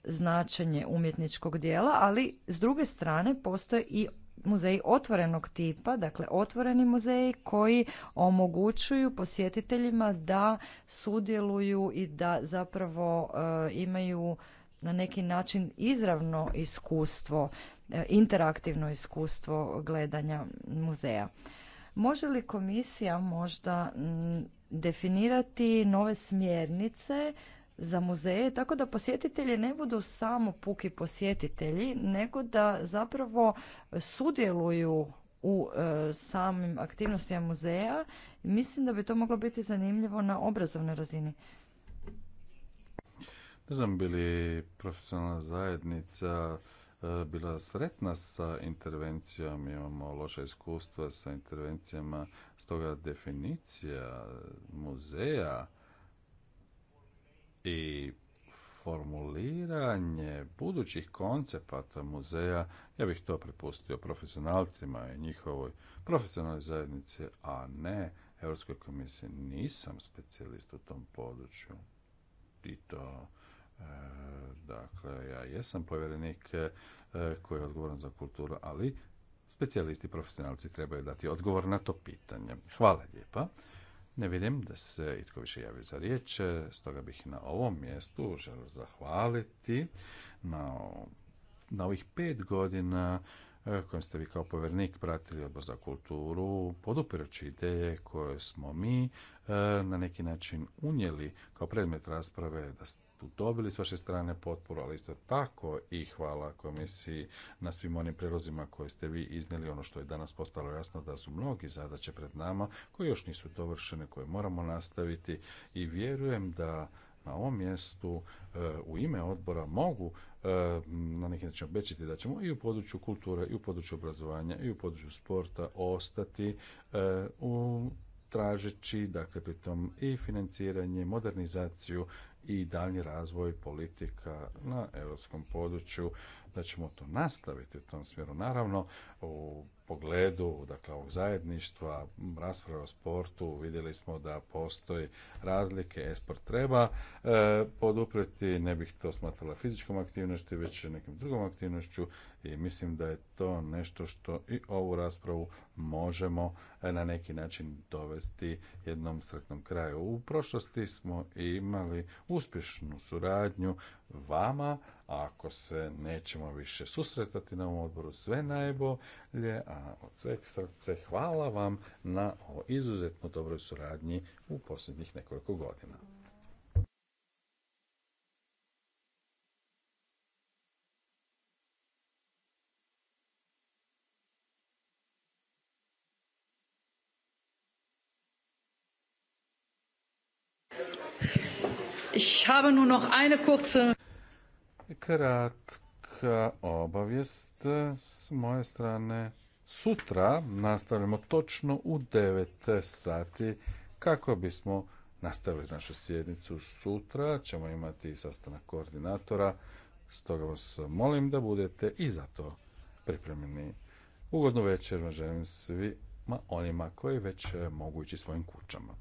značenje umjetničkog dijela, ali s druge strane postoje i muzeji otvorenog tipa, dakle otvoreni muzeji koji omogućuju posjetiteljima da sudjeluju i da zapravo e, imaju na neki način izravno iskustvo, e, interaktivno iskustvo gledanja muzeja. Može li komisija možda definirati nove smjernice za muzeje, tako da posjetitelji ne budu samo puki posjetitelji, nego da zapravo sudjeluju u e, samim aktivnostima muzeja. Mislim da bi to moglo biti zanimljivo na obrazovnoj razini. Ne znam, bili profesionalna zajednica e, bila sretna sa intervencijom, imamo loša iskustva sa intervencijama, stoga definicija muzeja i formuliranje budućih koncepata muzeja, ja bih to prepustio profesionalcima i njihovoj profesionalnoj zajednici, a ne Europskoj komisiji. Nisam specijalist u tom području. I to, e, dakle, ja jesam povjerenik e, koji je odgovoran za kulturu, ali specijalisti i profesionalci trebaju dati odgovor na to pitanje. Hvala lijepa. Ne vidim da se itko više javi za riječ, e, stoga bih na ovom mjestu želio zahvaliti na, na ovih pet godina e, kojim ste vi kao povjernik pratili odbor za kulturu, podupirući ideje koje smo mi e, na neki način unijeli kao predmet rasprave da ste dobili s vaše strane potporu, ali isto tako i hvala komisiji na svim onim prilozima koje ste vi iznijeli, ono što je danas postalo jasno da su mnogi zadaće pred nama koje još nisu dovršene, koje moramo nastaviti i vjerujem da na ovom mjestu e, u ime odbora mogu e, na neki način obećati da ćemo i u području kulture, i u području obrazovanja, i u području sporta ostati e, u tražeći dakle pritom i financiranje, modernizaciju i daljnji razvoj politika na europskom području da ćemo to nastaviti u tom smjeru. Naravno, u pogledu dakle, ovog zajedništva, rasprave o sportu, vidjeli smo da postoji razlike, esport treba e, podupreti, ne bih to smatrala fizičkom aktivnošću, već nekim drugom aktivnošću i mislim da je to nešto što i ovu raspravu možemo e, na neki način dovesti jednom sretnom kraju. U prošlosti smo imali uspješnu suradnju vama, ako se nećemo više susretati na ovom odboru, sve najbolje, a od sveh srce hvala vam na o izuzetno dobroj suradnji u posljednjih nekoliko godina. Ich habe nur noch eine kurze... Kratka obavijest s moje strane Sutra nastavljamo točno u 9 sati kako bismo nastavili našu sjednicu. Sutra ćemo imati sastanak koordinatora, stoga vas molim da budete i za to pripremljeni. Ugodnu večer vam želim svima onima koji već mogu ići svojim kućama.